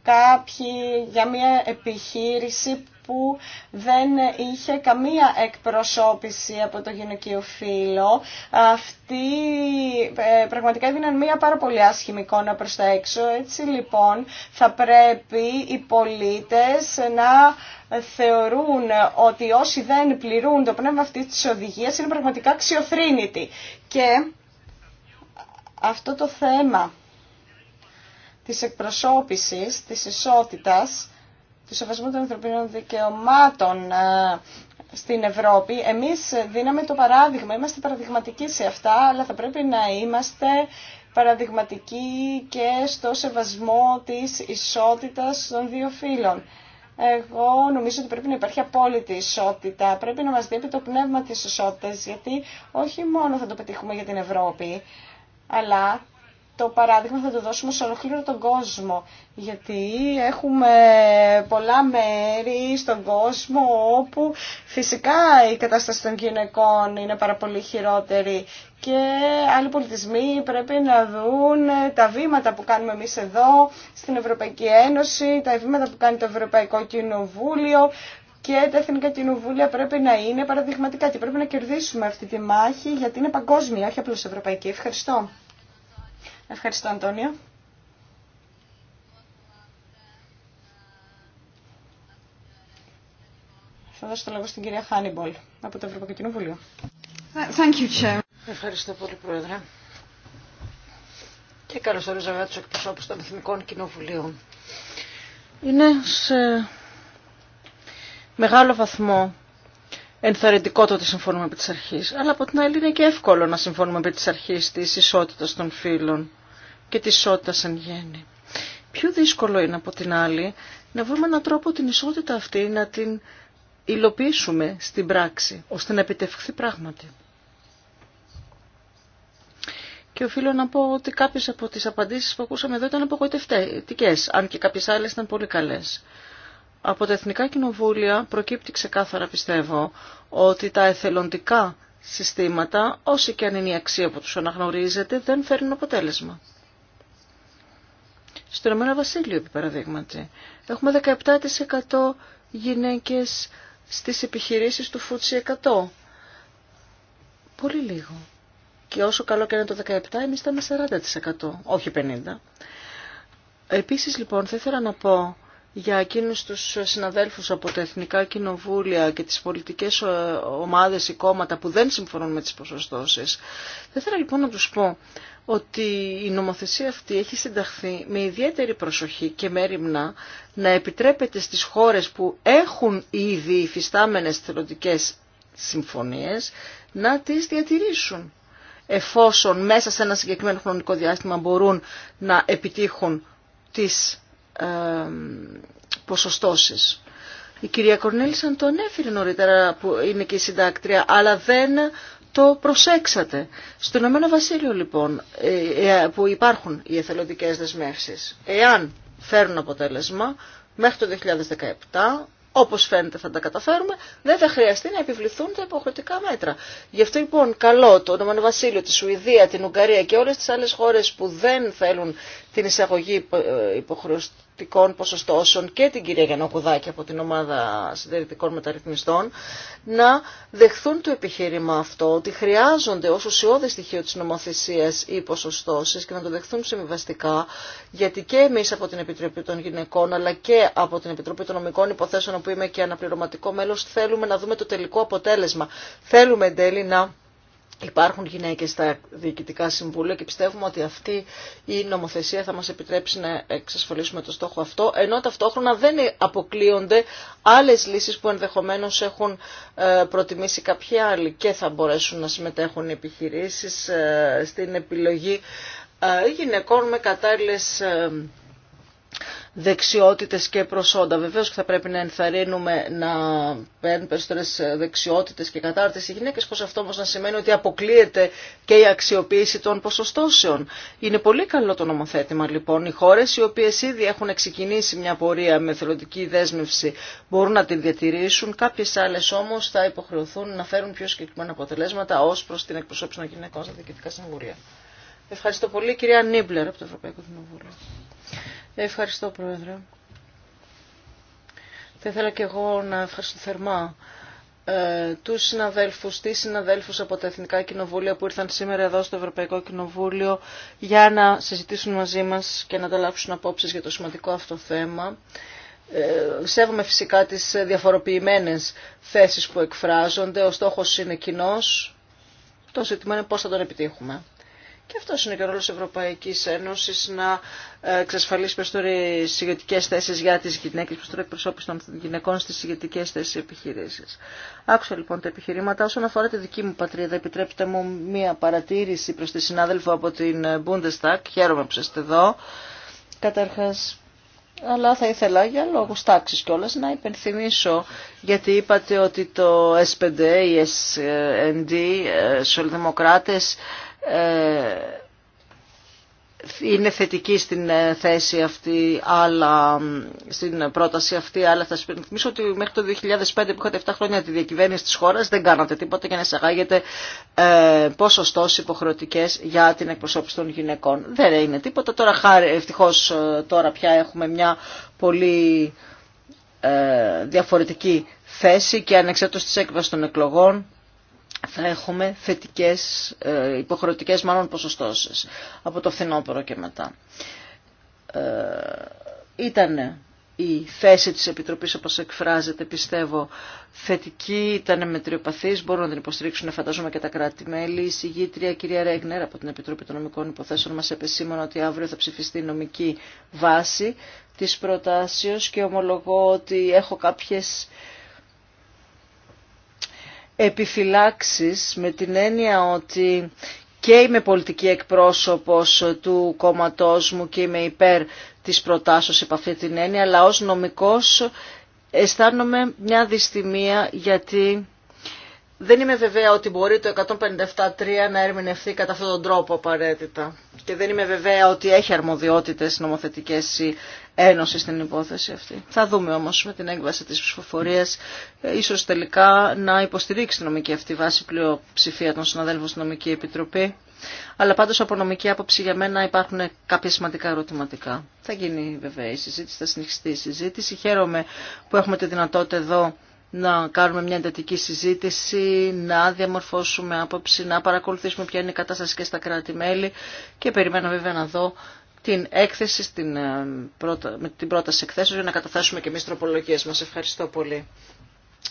[SPEAKER 2] κάποιοι για μια επιχείρηση που δεν είχε καμία εκπροσώπηση από το γυναικείο φύλλο. αυτή ε, πραγματικά έδιναν μία πάρα πολύ άσχημη εικόνα προς τα έξω. Έτσι λοιπόν θα πρέπει οι πολίτες να θεωρούν ότι όσοι δεν πληρούν το πνεύμα αυτής της οδηγίας είναι πραγματικά αξιοθρύνητοι. Και αυτό το θέμα της εκπροσώπησης, της ισότητας, του σεβασμού των ανθρωπίνων δικαιωμάτων ε, στην Ευρώπη. Εμείς δίναμε το παράδειγμα, είμαστε παραδειγματικοί σε αυτά, αλλά θα πρέπει να είμαστε παραδειγματικοί και στο σεβασμό της ισότητας των δύο φύλων. Εγώ νομίζω ότι πρέπει να υπάρχει απόλυτη ισότητα. Πρέπει να μας δίνει το πνεύμα της ισότητας, γιατί όχι μόνο θα το πετύχουμε για την Ευρώπη, αλλά το παράδειγμα θα το δώσουμε σε ολοκλήρω τον κόσμο. Γιατί έχουμε πολλά μέρη στον κόσμο όπου φυσικά η κατάσταση των γυναικών είναι πάρα πολύ χειρότερη και άλλοι πολιτισμοί πρέπει να δουν τα βήματα που κάνουμε εμείς εδώ στην Ευρωπαϊκή Ένωση, τα βήματα που κάνει το Ευρωπαϊκό Κοινοβούλιο, και τα εθνικά κοινοβούλια πρέπει να είναι παραδειγματικά και πρέπει να κερδίσουμε αυτή τη μάχη γιατί είναι παγκόσμια, όχι απλώς ευρωπαϊκή. Ευχαριστώ. Ευχαριστώ, Αντώνιο. Θα δώσω το λόγο στην κυρία Χάνιμπολ από το Ευρωπαϊκό Κοινοβούλιο.
[SPEAKER 1] Ευχαριστώ πολύ, Πρόεδρε. Και καλώ ορίζω τους εκπροσώπους των Εθνικών Κοινοβουλίων. Είναι σε μεγάλο βαθμό ενθαρρυντικό το ότι συμφωνούμε επί της αρχής, αλλά από την άλλη είναι και εύκολο να συμφωνούμε επί της αρχής της ισότητας των φύλων και τη ισότητα εν γέννη. Πιο δύσκολο είναι από την άλλη να βρούμε έναν τρόπο την ισότητα αυτή να την υλοποιήσουμε στην πράξη, ώστε να επιτευχθεί πράγματι. Και οφείλω να πω ότι κάποιες από τις απαντήσεις που ακούσαμε εδώ ήταν απογοητευτικές, αν και κάποιες άλλες ήταν πολύ καλές. Από τα Εθνικά Κοινοβούλια προκύπτει ξεκάθαρα, πιστεύω, ότι τα εθελοντικά συστήματα, όσοι και αν είναι η αξία που τους αναγνωρίζεται, δεν φέρνουν αποτέλεσμα. Στο Ηνωμένο Βασίλειο, επί παραδείγματι, έχουμε 17% γυναίκες στις επιχειρήσεις του Φούτσι 100. Πολύ λίγο. Και όσο καλό και είναι το 17, εμείς ήταν 40%, όχι 50%. Επίσης, λοιπόν, θα ήθελα να πω για εκείνους τους συναδέλφους από τα Εθνικά Κοινοβούλια και τις πολιτικές ομάδες ή κόμματα που δεν συμφωνούν με τις ποσοστώσεις. Θα ήθελα λοιπόν να τους πω ότι η νομοθεσία αυτή έχει συνταχθεί με ιδιαίτερη προσοχή και μέρημνα να επιτρέπεται στις χώρες που έχουν ήδη υφιστάμενες θελοντικές συμφωνίες να τις διατηρήσουν εφόσον μέσα σε ένα συγκεκριμένο χρονικό διάστημα μπορούν να επιτύχουν τις ε, Η κυρία Κορνέλης τον το νωρίτερα που είναι και η συντάκτρια, αλλά δεν το προσέξατε. Στο Ηνωμένο Βασίλειο λοιπόν ε, ε, που υπάρχουν οι εθελοντικές δεσμεύσεις, εάν φέρουν αποτέλεσμα μέχρι το 2017, όπως φαίνεται θα τα καταφέρουμε, δεν θα χρειαστεί να επιβληθούν τα υποχρεωτικά μέτρα. Γι' αυτό λοιπόν καλό το Ηνωμένο Βασίλειο, τη Σουηδία, την Ουγγαρία και όλες τις άλλες χώρες που δεν θέλουν την εισαγωγή ε, υποχρεωστικών ποσοστώσεων και την κυρία Γιαννακουδάκη από την ομάδα συντηρητικών μεταρρυθμιστών να δεχθούν το επιχείρημα αυτό ότι χρειάζονται ως ουσιώδη στοιχείο της νομοθεσίας οι ποσοστώσεις και να το δεχθούν συμβιβαστικά γιατί και εμείς από την Επιτροπή των Γυναικών αλλά και από την Επιτροπή των Νομικών Υποθέσεων που είμαι και αναπληρωματικό μέλος θέλουμε να δούμε το τελικό αποτέλεσμα. Θέλουμε εν τέλει να Υπάρχουν γυναίκες στα διοικητικά συμβούλια και πιστεύουμε ότι αυτή η νομοθεσία θα μας επιτρέψει να εξασφαλίσουμε το στόχο αυτό, ενώ ταυτόχρονα δεν αποκλείονται άλλες λύσεις που ενδεχομένως έχουν ε, προτιμήσει κάποιοι άλλοι και θα μπορέσουν να συμμετέχουν οι επιχειρήσεις ε, στην επιλογή ε, γυναικών με κατάλληλες δεξιότητες και προσόντα. Βεβαίως και θα πρέπει να ενθαρρύνουμε να παίρνουν περισσότερες δεξιότητες και κατάρτιση οι γυναίκες, πως αυτό όμως να σημαίνει ότι αποκλείεται και η αξιοποίηση των ποσοστώσεων. Είναι πολύ καλό το νομοθέτημα λοιπόν. Οι χώρες οι οποίες ήδη έχουν ξεκινήσει μια πορεία με θελοντική δέσμευση μπορούν να την διατηρήσουν. Κάποιες άλλες όμως θα υποχρεωθούν να φέρουν πιο συγκεκριμένα αποτελέσματα ως προς την εκπροσώπηση των γυναικών στα διοικητικά συμβουλία. Ευχαριστώ πολύ κυρία Νίμπλερ από το Ευρωπαϊκό Κοινοβούλιο. Ευχαριστώ, Πρόεδρε. Θα ήθελα και εγώ να ευχαριστώ θερμά ε, τους συναδέλφους, τις συναδέλφους από τα Εθνικά Κοινοβούλια που ήρθαν σήμερα εδώ στο Ευρωπαϊκό Κοινοβούλιο για να συζητήσουν μαζί μας και να ανταλλάξουν απόψεις για το σημαντικό αυτό θέμα. Ε, σέβομαι φυσικά τις διαφοροποιημένες θέσεις που εκφράζονται. Ο στόχος είναι κοινός. Το ζήτημα είναι πώς θα τον επιτύχουμε. Και αυτό είναι και ο ρόλο τη Ευρωπαϊκή Ένωση να ε, εξασφαλίσει περισσότερε ηγετικέ θέσει για τι γυναίκε, περισσότερη εκπροσώπηση των γυναικών στι ηγετικέ θέσει επιχειρήσει. Άκουσα λοιπόν τα επιχειρήματα. Όσον αφορά τη δική μου πατρίδα, επιτρέψτε μου μία παρατήρηση προ τη συνάδελφο από την Bundestag. Χαίρομαι που είστε εδώ. Καταρχά, αλλά θα ήθελα για λόγου τάξη κιόλα να υπενθυμίσω, γιατί είπατε ότι το S5, οι SND, ε, σοσιαλδημοκράτε, ε, είναι θετική στην ε, θέση αυτή, αλλά στην πρόταση αυτή, αλλά θα σας υπενθυμίσω ότι μέχρι το 2005 που είχατε 7 χρόνια τη διακυβέρνηση της χώρας δεν κάνατε τίποτα για να εισαγάγετε ε, υποχρεωτικέ υποχρεωτικές για την εκπροσώπηση των γυναικών. Δεν είναι τίποτα. Τώρα χάρη, ευτυχώς ε, τώρα πια έχουμε μια πολύ ε, διαφορετική θέση και ανεξαρτήτως της έκβασης των εκλογών θα έχουμε θετικές, ε, υποχρεωτικές μάλλον ποσοστώσεις από το φθινόπωρο και μετά. Ε, ήταν η θέση της Επιτροπής όπως εκφράζεται πιστεύω θετική, ήταν μετριοπαθής, μπορούν να την υποστηρίξουν φανταζόμαι και τα κράτη-μέλη. Η συγγήτρια κυρία Ρέγνερ από την Επιτροπή των Νομικών Υποθέσεων μας επεσήμανε ότι αύριο θα ψηφιστεί η νομική βάση της προτάσεως και ομολογώ ότι έχω κάποιες επιφυλάξεις με την έννοια ότι και είμαι πολιτική εκπρόσωπος του κόμματός μου και είμαι υπέρ της προτάσεως επ' αυτή την έννοια, αλλά ως νομικός αισθάνομαι μια δυστημία γιατί δεν είμαι βεβαία ότι μπορεί το 157.3 να ερμηνευθεί κατά αυτόν τον τρόπο απαραίτητα. Και δεν είμαι βεβαία ότι έχει αρμοδιότητες νομοθετικές η Ένωση στην υπόθεση αυτή. Θα δούμε όμως με την έκβαση της ψηφοφορία ε, ίσως τελικά να υποστηρίξει τη νομική αυτή βάση πλειοψηφία των συναδέλφων στην Νομική Επιτροπή. Αλλά πάντως από νομική άποψη για μένα υπάρχουν κάποια σημαντικά ερωτηματικά. Θα γίνει βέβαια η συζήτηση, θα συνεχιστεί η συζήτηση. Χαίρομαι που έχουμε τη δυνατότητα εδώ να κάνουμε μια εντατική συζήτηση, να διαμορφώσουμε άποψη, να παρακολουθήσουμε ποια είναι η κατάσταση και στα κράτη-μέλη και περιμένω βέβαια να δω την έκθεση στην, ε, με την πρόταση εκθέσεως για να καταθέσουμε και εμείς τροπολογίες μας. Ευχαριστώ πολύ.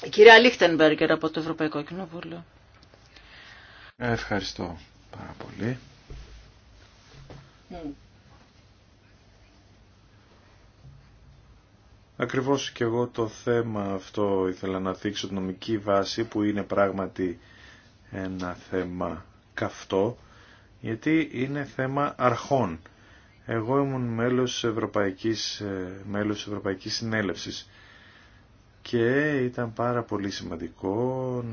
[SPEAKER 1] Η κυρία Λίχτενμπεργκερ από το Ευρωπαϊκό Κοινοβούλιο.
[SPEAKER 4] Ευχαριστώ πάρα πολύ. Ακριβώς και εγώ το θέμα αυτό ήθελα να θίξω την νομική βάση που είναι πράγματι ένα θέμα καυτό γιατί είναι θέμα αρχών. Εγώ ήμουν μέλος Ευρωπαϊκής, μέλος Ευρωπαϊκής Συνέλευσης και ήταν πάρα πολύ σημαντικό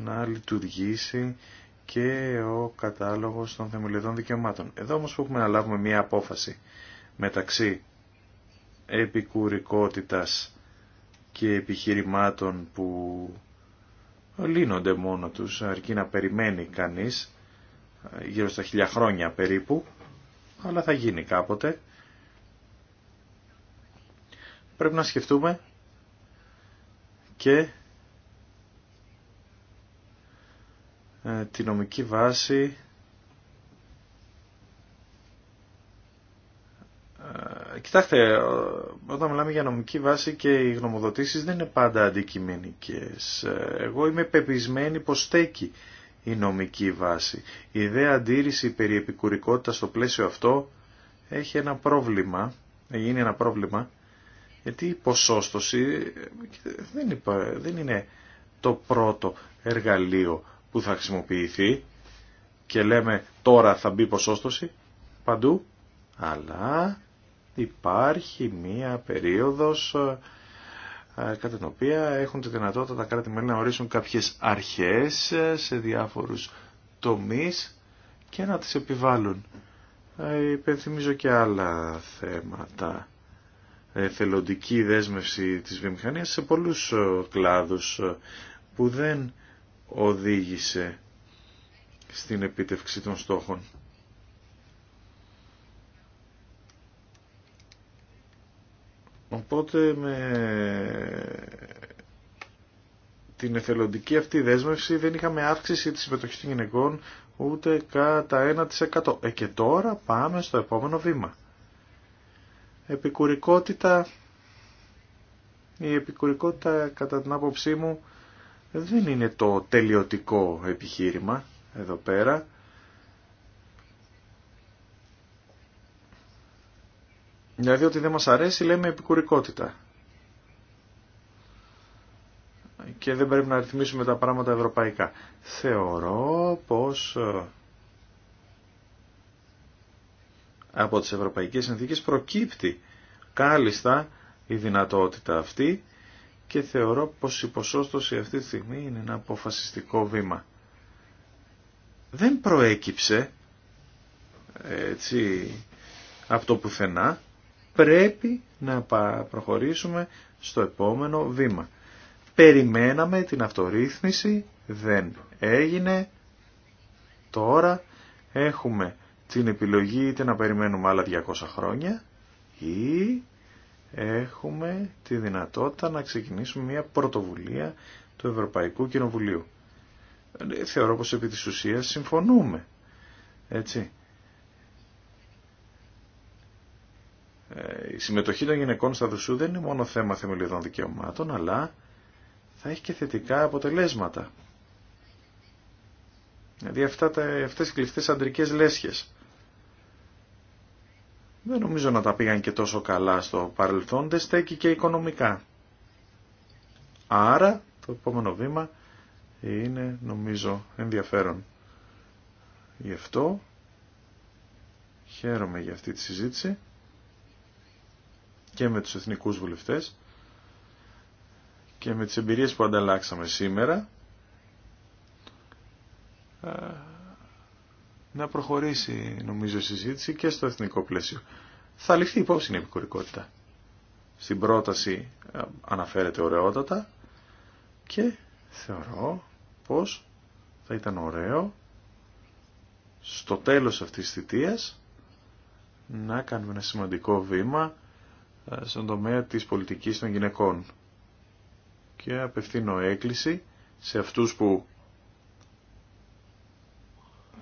[SPEAKER 4] να λειτουργήσει και ο κατάλογος των θεμελιωδών δικαιωμάτων. Εδώ όμως που έχουμε να λάβουμε μία απόφαση μεταξύ επικουρικότητας και επιχειρημάτων που λύνονται μόνο τους, αρκεί να περιμένει κανείς γύρω στα χιλιά χρόνια περίπου, αλλά θα γίνει κάποτε. Πρέπει να σκεφτούμε και ε, τη νομική βάση Ε, κοιτάξτε, ε, όταν μιλάμε για νομική βάση και οι γνωμοδοτήσεις δεν είναι πάντα αντικειμενικές. Ε, εγώ είμαι πεπισμένη πως στέκει η νομική βάση. Η ιδέα αντίρρηση περί επικουρικότητα στο πλαίσιο αυτό έχει ένα πρόβλημα, γίνει ένα πρόβλημα, γιατί η ποσόστοση δεν, δεν είναι το πρώτο εργαλείο που θα χρησιμοποιηθεί και λέμε τώρα θα μπει ποσόστοση παντού, αλλά υπάρχει μία περίοδος ε, κατά την οποία έχουν τη δυνατότητα τα κράτη-μέλη να ορίσουν κάποιες αρχές ε, σε διάφορους τομείς και να τις επιβάλλουν. Ε, υπενθυμίζω και άλλα θέματα. Θελοντική δέσμευση της βιομηχανίας σε πολλούς κλάδους που δεν οδήγησε στην επίτευξη των στόχων. Οπότε με την εθελοντική αυτή δέσμευση δεν είχαμε αύξηση της συμμετοχής των γυναικών ούτε κατά 1%. Ε, και τώρα πάμε στο επόμενο βήμα. Επικουρικότητα. Η επικουρικότητα κατά την άποψή μου δεν είναι το τελειωτικό επιχείρημα εδώ πέρα. Δηλαδή ότι δεν μας αρέσει λέμε επικουρικότητα. Και δεν πρέπει να ρυθμίσουμε τα πράγματα ευρωπαϊκά. Θεωρώ πως ε, από τις ευρωπαϊκές συνθήκες προκύπτει κάλλιστα η δυνατότητα αυτή και θεωρώ πως η ποσόστοση αυτή τη στιγμή είναι ένα αποφασιστικό βήμα. Δεν προέκυψε ε, έτσι από το πουθενά πρέπει να προχωρήσουμε στο επόμενο βήμα. Περιμέναμε την αυτορύθμιση, δεν έγινε. Τώρα έχουμε την επιλογή είτε να περιμένουμε άλλα 200 χρόνια ή έχουμε τη δυνατότητα να ξεκινήσουμε μια πρωτοβουλία του Ευρωπαϊκού Κοινοβουλίου. Ε, θεωρώ πως επί της ουσίας συμφωνούμε. Έτσι. Ε, η συμμετοχή των γυναικών στα δουσού δεν είναι μόνο θέμα θεμελιωδών δικαιωμάτων, αλλά θα έχει και θετικά αποτελέσματα. Δηλαδή αυτά τα, αυτές οι κλειστές αντρικές λέσχες. Δεν νομίζω να τα πήγαν και τόσο καλά στο παρελθόν, δεν στέκει και οικονομικά. Άρα το επόμενο βήμα είναι νομίζω ενδιαφέρον. Γι' αυτό χαίρομαι για αυτή τη συζήτηση και με τους εθνικούς βουλευτές και με τις εμπειρίες που ανταλλάξαμε σήμερα ε, να προχωρήσει νομίζω η συζήτηση και στο εθνικό πλαίσιο. Θα ληφθεί υπόψη η επικουρικότητα. Στην πρόταση ε, αναφέρεται ωραιότατα και θεωρώ πως θα ήταν ωραίο στο τέλος αυτής της θητείας να κάνουμε ένα σημαντικό βήμα ε, στον τομέα της πολιτικής των γυναικών. Και απευθύνω έκκληση σε αυτούς που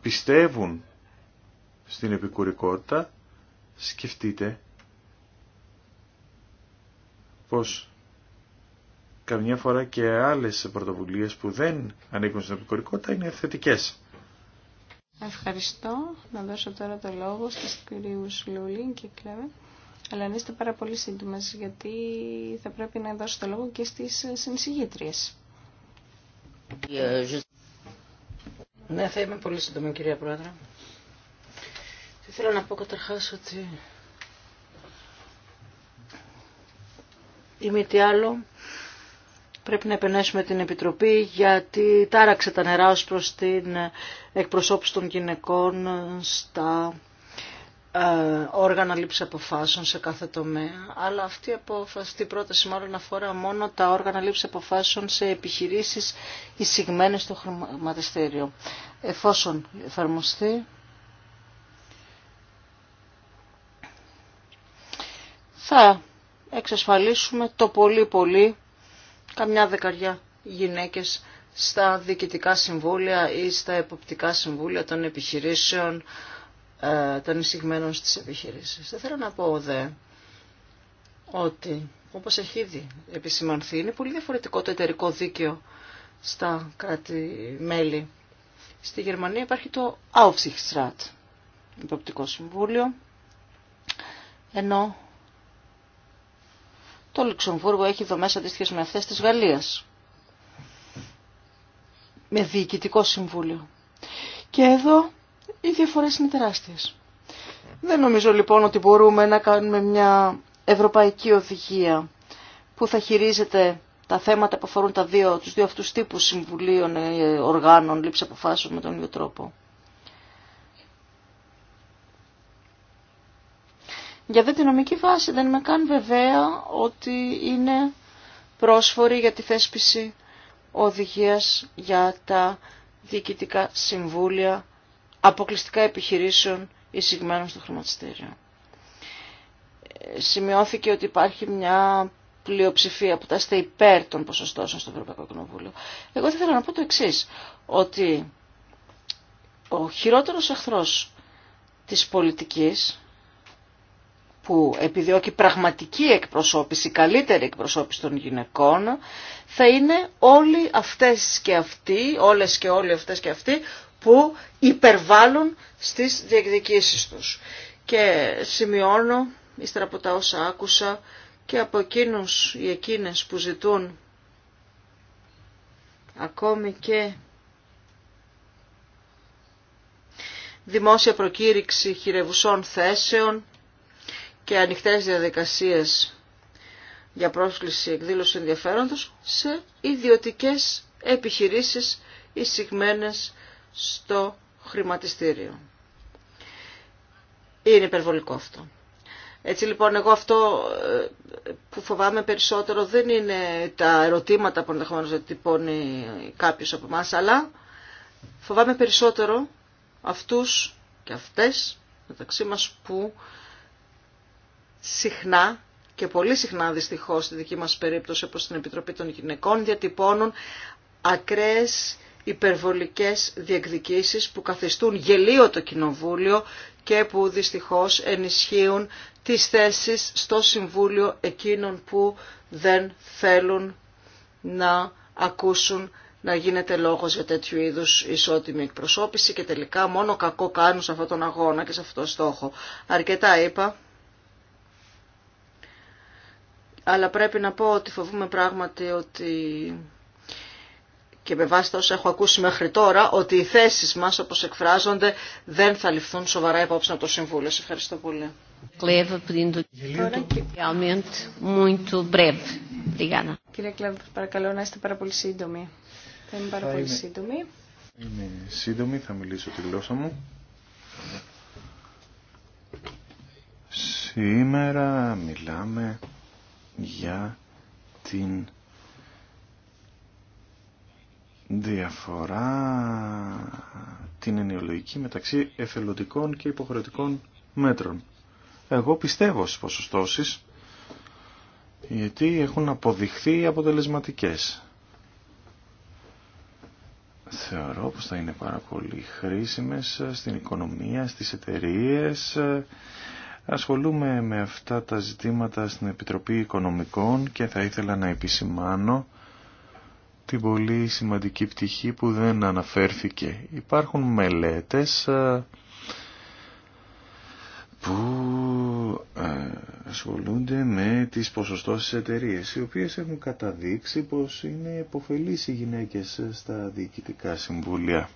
[SPEAKER 4] πιστεύουν στην επικουρικότητα, σκεφτείτε πως καμιά φορά και άλλες πρωτοβουλίες που δεν ανήκουν στην επικουρικότητα είναι θετικές.
[SPEAKER 2] Ευχαριστώ. Να δώσω τώρα το λόγο στους κυρίους Λούλιν και Κλέβεν. Αλλά είστε πάρα πολύ σύντομε γιατί θα πρέπει να δώσω το λόγο και στις συνσηγήτριες.
[SPEAKER 1] Ναι, θα είμαι πολύ σύντομη κυρία Πρόεδρε.
[SPEAKER 2] Θέλω να πω καταρχά ότι
[SPEAKER 1] ή τι άλλο πρέπει να επενέσουμε την Επιτροπή γιατί τάραξε τα νερά ως προς την εκπροσώπηση των γυναικών στα ε, όργανα λήψη αποφάσεων σε κάθε τομέα, αλλά αυτή η, απόφαση, αυτή πρόταση μάλλον αφορά μόνο τα όργανα λήψη αποφάσεων σε επιχειρήσεις εισηγμένες στο χρηματιστήριο. Εφόσον εφαρμοστεί, θα εξασφαλίσουμε το πολύ πολύ καμιά δεκαριά γυναίκες στα διοικητικά συμβούλια ή στα εποπτικά συμβούλια των επιχειρήσεων ε, των εισηγμένων στις επιχειρήσεις. Δεν θέλω να πω δε ότι, όπως έχει ήδη επισημανθεί, είναι πολύ διαφορετικό το εταιρικό δίκαιο στα κράτη-μέλη. Στη Γερμανία υπάρχει το Aufsichtsrat, υποπτικό συμβούλιο, ενώ το Λουξεμβούργο έχει δομές αντίστοιχες με αυτές της Γαλλίας, με διοικητικό συμβούλιο. Και εδώ οι διαφορές είναι τεράστιες. Δεν νομίζω λοιπόν ότι μπορούμε να κάνουμε μια ευρωπαϊκή οδηγία που θα χειρίζεται τα θέματα που αφορούν τα δύο, τους δύο αυτούς τύπους συμβουλίων, ε, οργάνων, λήψη αποφάσεων με τον ίδιο τρόπο. Για δε τη νομική βάση δεν με καν βεβαία ότι είναι πρόσφορη για τη θέσπιση οδηγίας για τα διοικητικά συμβούλια αποκλειστικά επιχειρήσεων εισηγμένων στο χρηματιστήριο. Ε, σημειώθηκε ότι υπάρχει μια πλειοψηφία που είστε υπέρ των ποσοστώσεων στο Ευρωπαϊκό Κοινοβούλιο. Εγώ θα ήθελα να πω το εξή, ότι ο χειρότερος εχθρός της πολιτικής που επιδιώκει πραγματική εκπροσώπηση, καλύτερη εκπροσώπηση των γυναικών, θα είναι όλοι αυτές και αυτοί, όλες και όλοι αυτές και αυτοί που υπερβάλλουν στις διεκδικήσεις τους. Και σημειώνω, ύστερα από τα όσα άκουσα, και από εκείνους ή εκείνες που ζητούν ακόμη και δημόσια προκήρυξη χειρευουσών θέσεων και ανοιχτές διαδικασίες για πρόσκληση εκδήλωση ενδιαφέροντος σε ιδιωτικές επιχειρήσεις εισηγμένες στο χρηματιστήριο. Είναι υπερβολικό αυτό. Έτσι λοιπόν εγώ αυτό ε, που φοβάμαι περισσότερο δεν είναι τα ερωτήματα που ενδεχομένως διατυπώνει κάποιος από εμά, αλλά φοβάμαι περισσότερο αυτούς και αυτές μεταξύ μας που συχνά και πολύ συχνά δυστυχώς στη δική μας περίπτωση όπως στην Επιτροπή των Γυναικών διατυπώνουν ακραίες υπερβολικές διεκδικήσεις που καθιστούν γελίο το Κοινοβούλιο και που δυστυχώς ενισχύουν τις θέσεις στο Συμβούλιο εκείνων που δεν θέλουν να ακούσουν να γίνεται λόγος για τέτοιου είδους ισότιμη εκπροσώπηση και τελικά μόνο κακό κάνουν σε αυτόν τον αγώνα και σε αυτόν τον στόχο. Αρκετά είπα, αλλά πρέπει να πω ότι φοβούμε πράγματι ότι και με βάση τα όσα έχω ακούσει μέχρι τώρα ότι οι θέσεις μας όπως εκφράζονται δεν θα ληφθούν σοβαρά υπόψη από το Συμβούλιο. Σε ευχαριστώ πολύ.
[SPEAKER 2] Κύριε Κλέβα, παρακαλώ να είστε πάρα πολύ σύντομοι. Θα είμαι πάρα πολύ σύντομη.
[SPEAKER 4] Είμαι σύντομη, θα μιλήσω τη γλώσσα μου. Σήμερα μιλάμε για την διαφορά την ενοιολογική μεταξύ εθελοντικών και υποχρεωτικών μέτρων. Εγώ πιστεύω στις ποσοστώσεις γιατί έχουν αποδειχθεί αποτελεσματικές. Θεωρώ πως θα είναι πάρα πολύ χρήσιμες στην οικονομία, στις εταιρείες. Ασχολούμαι με αυτά τα ζητήματα στην Επιτροπή Οικονομικών και θα ήθελα να επισημάνω την πολύ σημαντική πτυχή που δεν αναφέρθηκε. Υπάρχουν μελέτες ε, που ε, ασχολούνται με τις ποσοστώσεις εταιρείε, οι οποίες έχουν καταδείξει πως είναι υποφελείς οι γυναίκες στα διοικητικά συμβούλια.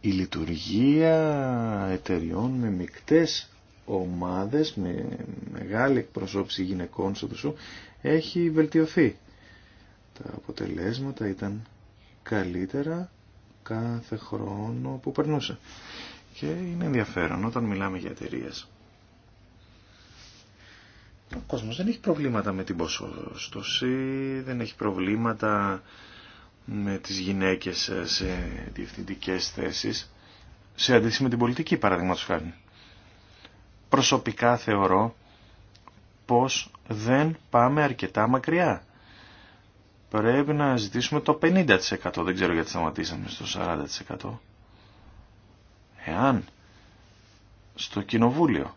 [SPEAKER 4] Η λειτουργία εταιριών με μικτές ομάδες, με μεγάλη εκπροσώπηση γυναικών στο έχει βελτιωθεί. Τα αποτελέσματα ήταν καλύτερα κάθε χρόνο που περνούσε. Και είναι ενδιαφέρον όταν μιλάμε για εταιρείε. Ο κόσμος δεν έχει προβλήματα με την ποσοστοσή, δεν έχει προβλήματα με τις γυναίκες σε διευθυντικές θέσεις, σε αντίθεση με την πολιτική παραδείγματος χάρη. Προσωπικά θεωρώ πως δεν πάμε αρκετά μακριά πρέπει να ζητήσουμε το 50%. Δεν ξέρω γιατί σταματήσαμε στο 40%. Εάν στο κοινοβούλιο,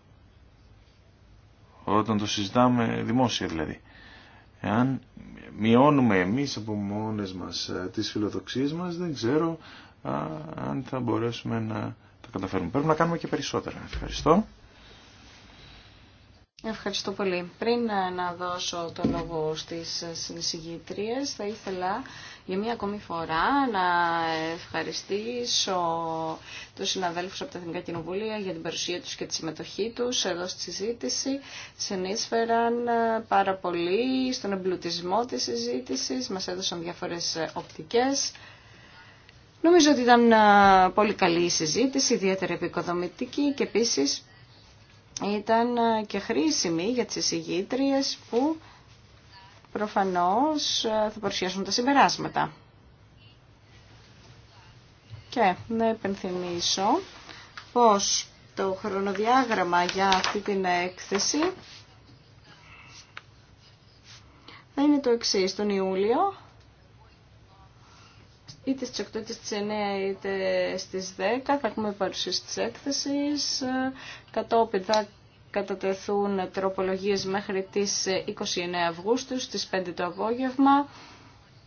[SPEAKER 4] όταν το συζητάμε δημόσια δηλαδή, εάν μειώνουμε εμείς από μόνες μας ε, τις φιλοδοξίες μας, δεν ξέρω αν θα μπορέσουμε να τα καταφέρουμε. Πρέπει να κάνουμε και περισσότερα. Ευχαριστώ.
[SPEAKER 2] Ευχαριστώ πολύ. Πριν να δώσω το λόγο στις συνεισηγήτριες, θα ήθελα για μία ακόμη φορά να ευχαριστήσω τους συναδέλφους από τα Εθνικά Κοινοβούλια για την παρουσία τους και τη συμμετοχή τους εδώ στη συζήτηση. Συνήσφεραν πάρα πολύ στον εμπλουτισμό της συζήτησης, μας έδωσαν διάφορες οπτικές. Νομίζω ότι ήταν πολύ καλή η συζήτηση, ιδιαίτερα επικοδομητική και επίσης ήταν ε, και χρήσιμη για τις εισηγήτριες που προφανώς ε, θα παρουσιάσουν τα συμπεράσματα. Και να επενθυμίσω πως το χρονοδιάγραμμα για αυτή την έκθεση θα είναι το εξής τον Ιούλιο είτε στις 8, είτε στις 9, είτε στις 10. Θα έχουμε παρουσίαση της έκθεσης. Κατόπιν θα κατατεθούν τροπολογίες μέχρι τις 29 Αυγούστου, στις 5 το απόγευμα.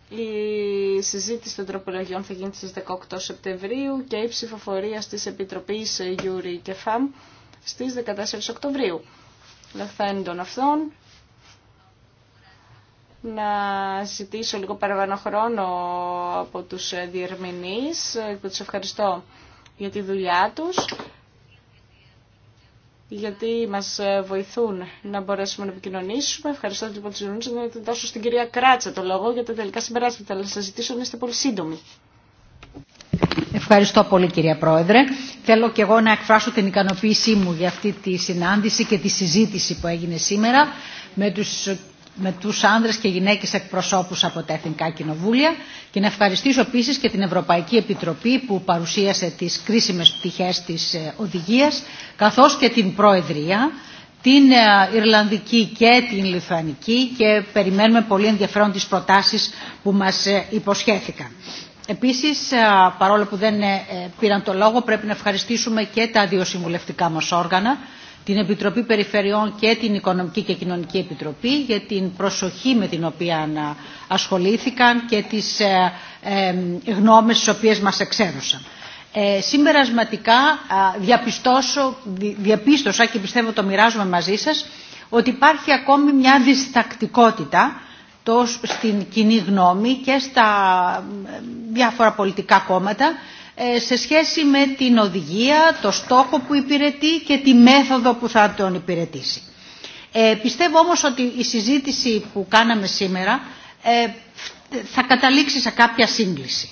[SPEAKER 2] Η συζήτηση των τροπολογιών θα γίνει στις 18 Σεπτεμβρίου και η ψηφοφορία στις Επιτροπής Γιούρι και ΦΑΜ στις 14 Οκτωβρίου. Λαχθέντων αυτών, να ζητήσω λίγο παραπάνω χρόνο από τους διερμηνείς και τους ευχαριστώ για τη δουλειά τους γιατί μας βοηθούν να μπορέσουμε να επικοινωνήσουμε. Ευχαριστώ λοιπόν τους διερμηνείς να δώσω στην κυρία Κράτσα το λόγο για τα τελικά συμπεράσματα Θα σας ζητήσω να είστε πολύ σύντομοι.
[SPEAKER 3] Ευχαριστώ πολύ κυρία Πρόεδρε. Θέλω και εγώ να εκφράσω την ικανοποίησή μου για αυτή τη συνάντηση και τη συζήτηση που έγινε σήμερα με τους με τους άνδρες και γυναίκες εκπροσώπους από τα Εθνικά Κοινοβούλια και να ευχαριστήσω επίσης και την Ευρωπαϊκή Επιτροπή που παρουσίασε τις κρίσιμες πτυχές της ε, οδηγίας καθώς και την Προεδρία, την ε, Ιρλανδική και την Λιθουανική και περιμένουμε πολύ ενδιαφέρον τις προτάσεις που μας ε, υποσχέθηκαν. Επίσης, παρόλο που δεν πήραν το λόγο, πρέπει να ευχαριστήσουμε και τα δύο συμβουλευτικά μας όργανα, την Επιτροπή Περιφερειών και την Οικονομική και Κοινωνική Επιτροπή για την προσοχή με την οποία ασχολήθηκαν και τις ε, ε, γνώμες τις οποίες μας εξέδωσαν. Ε, συμπερασματικά διαπιστώσω, διαπίστωσα και πιστεύω το μοιράζομαι μαζί σας ότι υπάρχει ακόμη μια διστακτικότητα τόσο στην κοινή γνώμη και στα ε, διάφορα πολιτικά κόμματα ε, σε σχέση με την οδηγία, το στόχο που υπηρετεί και τη μέθοδο που θα τον υπηρετήσει. Ε, πιστεύω όμως ότι η συζήτηση που κάναμε σήμερα ε, θα καταλήξει σε κάποια σύγκληση.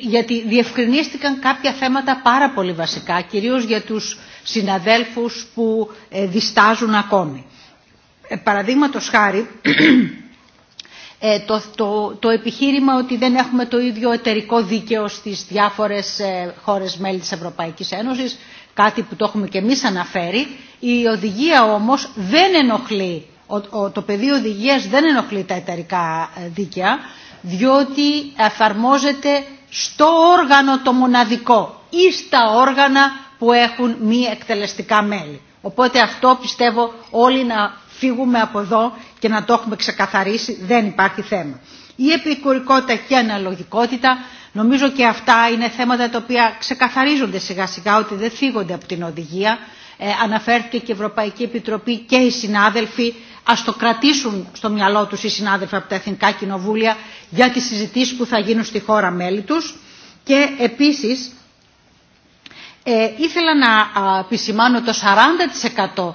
[SPEAKER 3] γιατί διευκρινίστηκαν κάποια θέματα πάρα πολύ βασικά, κυρίως για τους συναδέλφους που διστάζουν ακόμη. Ε, παραδείγματος χάρη, ε, το, το, επιχείρημα ότι δεν έχουμε το ίδιο εταιρικό δίκαιο στις διάφορες ε, χώρες μέλη της Ευρωπαϊκής Ένωσης, κάτι που το έχουμε και εμείς αναφέρει. Η οδηγία όμως δεν ενοχλεί, το πεδίο οδηγίας δεν ενοχλεί τα εταιρικά ε, δίκαια, διότι εφαρμόζεται στο όργανο το μοναδικό ή στα όργανα που έχουν μη εκτελεστικά μέλη. Οπότε αυτό πιστεύω όλοι να φύγουμε από εδώ και να το έχουμε ξεκαθαρίσει, δεν υπάρχει θέμα. Η επικουρικότητα και η αναλογικότητα νομίζω και αυτά είναι θέματα τα οποία ξεκαθαρίζονται σιγά σιγά ότι δεν φύγονται από την οδηγία. Ε, αναφέρθηκε και η Ευρωπαϊκή Επιτροπή και οι συνάδελφοι Α το κρατήσουν στο μυαλό του οι συνάδελφοι από τα Εθνικά Κοινοβούλια για τι συζητήσει που θα γίνουν στη χώρα μέλη του. Και επίση ε, ήθελα να επισημάνω το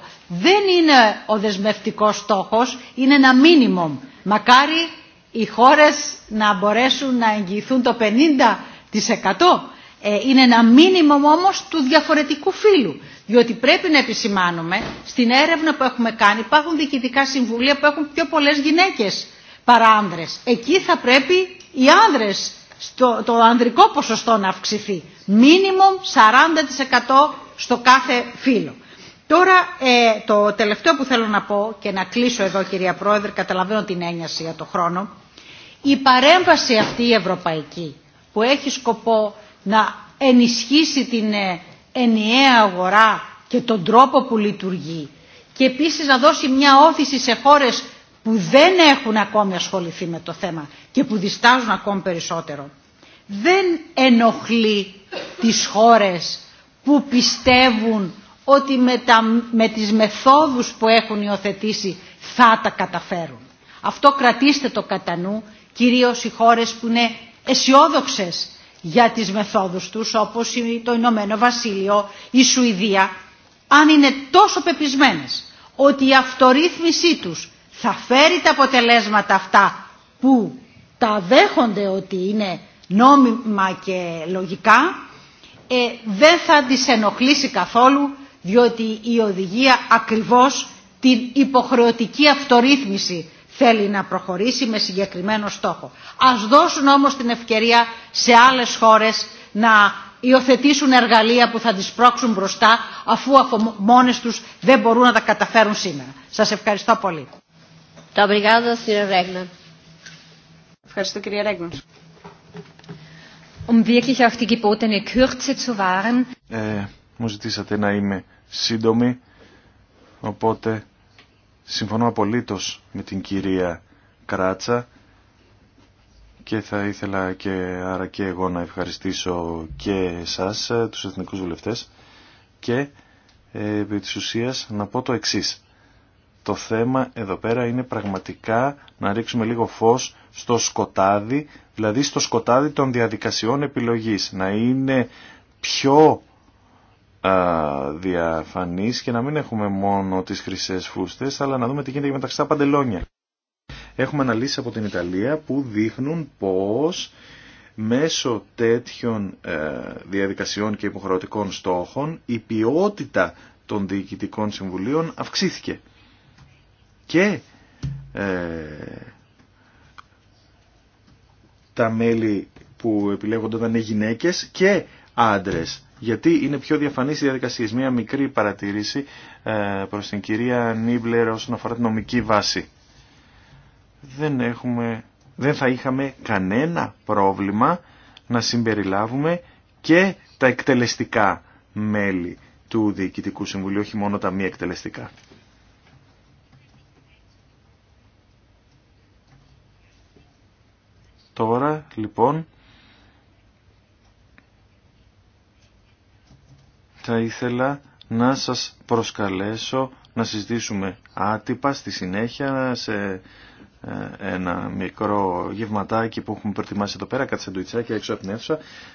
[SPEAKER 3] 40% δεν είναι ο δεσμευτικός στόχος, είναι ένα μήνυμο. Μακάρι οι χώρες να μπορέσουν να εγγυηθούν το 50%. Ε, είναι ένα μήνυμο όμως του διαφορετικού φύλου. Διότι πρέπει να επισημάνουμε, στην έρευνα που έχουμε κάνει υπάρχουν διοικητικά συμβουλία που έχουν πιο πολλές γυναίκες παρά άνδρες. Εκεί θα πρέπει οι άνδρες, στο, το ανδρικό ποσοστό να αυξηθεί. Μίνιμουμ 40% στο κάθε φύλλο. Τώρα ε, το τελευταίο που θέλω να πω και να κλείσω εδώ κυρία Πρόεδρε, καταλαβαίνω την έννοιαση για το χρόνο, η παρέμβαση αυτή η ευρωπαϊκή που έχει σκοπό να ενισχύσει την ε, ενιαία αγορά και τον τρόπο που λειτουργεί και επίσης να δώσει μια όθηση σε χώρες που δεν έχουν ακόμη ασχοληθεί με το θέμα και που διστάζουν ακόμη περισσότερο. Δεν ενοχλεί τις χώρες που πιστεύουν ότι με, τα, με τις μεθόδους που έχουν υιοθετήσει θα τα καταφέρουν. Αυτό κρατήστε το κατά νου, κυρίως οι χώρες που είναι αισιόδοξε για τις μεθόδους τους, όπως το Ηνωμένο Βασίλειο, η Σουηδία, αν είναι τόσο πεπισμένες ότι η αυτορύθμισή τους θα φέρει τα αποτελέσματα αυτά που τα δέχονται ότι είναι νόμιμα και λογικά, ε, δεν θα τις ενοχλήσει καθόλου διότι η οδηγία ακριβώς την υποχρεωτική αυτορύθμιση θέλει να προχωρήσει με συγκεκριμένο στόχο. Ας δώσουν όμως την ευκαιρία σε άλλες χώρες να υιοθετήσουν εργαλεία που θα τις πρόξουν μπροστά αφού από μόνες τους δεν μπορούν να τα καταφέρουν σήμερα. Σας ευχαριστώ πολύ. Ευχαριστώ um
[SPEAKER 4] ε, μου ζητήσατε να είμαι σύντομη, οπότε συμφωνώ απολύτως με την κυρία Κράτσα και θα ήθελα και άρα και εγώ να ευχαριστήσω και εσάς, ε, τους εθνικούς βουλευτές και ε, επί της ουσίας να πω το εξής. Το θέμα εδώ πέρα είναι πραγματικά να ρίξουμε λίγο φως στο σκοτάδι, δηλαδή στο σκοτάδι των διαδικασιών επιλογής, να είναι πιο διαφανής και να μην έχουμε μόνο τις χρυσές φούστες, αλλά να δούμε τι γίνεται μεταξύ τα παντελόνια. Έχουμε αναλύσει από την Ιταλία που δείχνουν πως μέσω τέτοιων ε, διαδικασιών και υποχρεωτικών στόχων η ποιότητα των διοικητικών συμβουλίων αυξήθηκε. Και ε, τα μέλη που επιλέγονται ήταν γυναίκες και άντρες γιατί είναι πιο διαφανή η διαδικασία, Μία μικρή παρατήρηση ε, προ την κυρία Νίμπλερ όσον αφορά την νομική βάση. Δεν, έχουμε, δεν θα είχαμε κανένα πρόβλημα να συμπεριλάβουμε και τα εκτελεστικά μέλη του Διοικητικού Συμβουλίου, όχι μόνο τα μη εκτελεστικά. Τώρα, λοιπόν, θα ήθελα να σας προσκαλέσω να συζητήσουμε άτυπα στη συνέχεια σε ε, ένα μικρό γευματάκι που έχουμε προετοιμάσει εδώ πέρα, κάτι σαντουιτσάκι έξω από την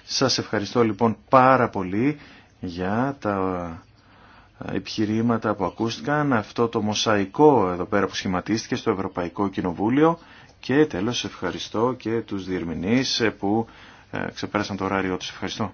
[SPEAKER 4] Σας ευχαριστώ λοιπόν πάρα πολύ για τα επιχειρήματα που ακούστηκαν, αυτό το μοσαϊκό εδώ πέρα που σχηματίστηκε στο Ευρωπαϊκό Κοινοβούλιο και τέλος ευχαριστώ και τους διερμηνείς που ε, ξεπέρασαν το ωράριό τους. Ευχαριστώ.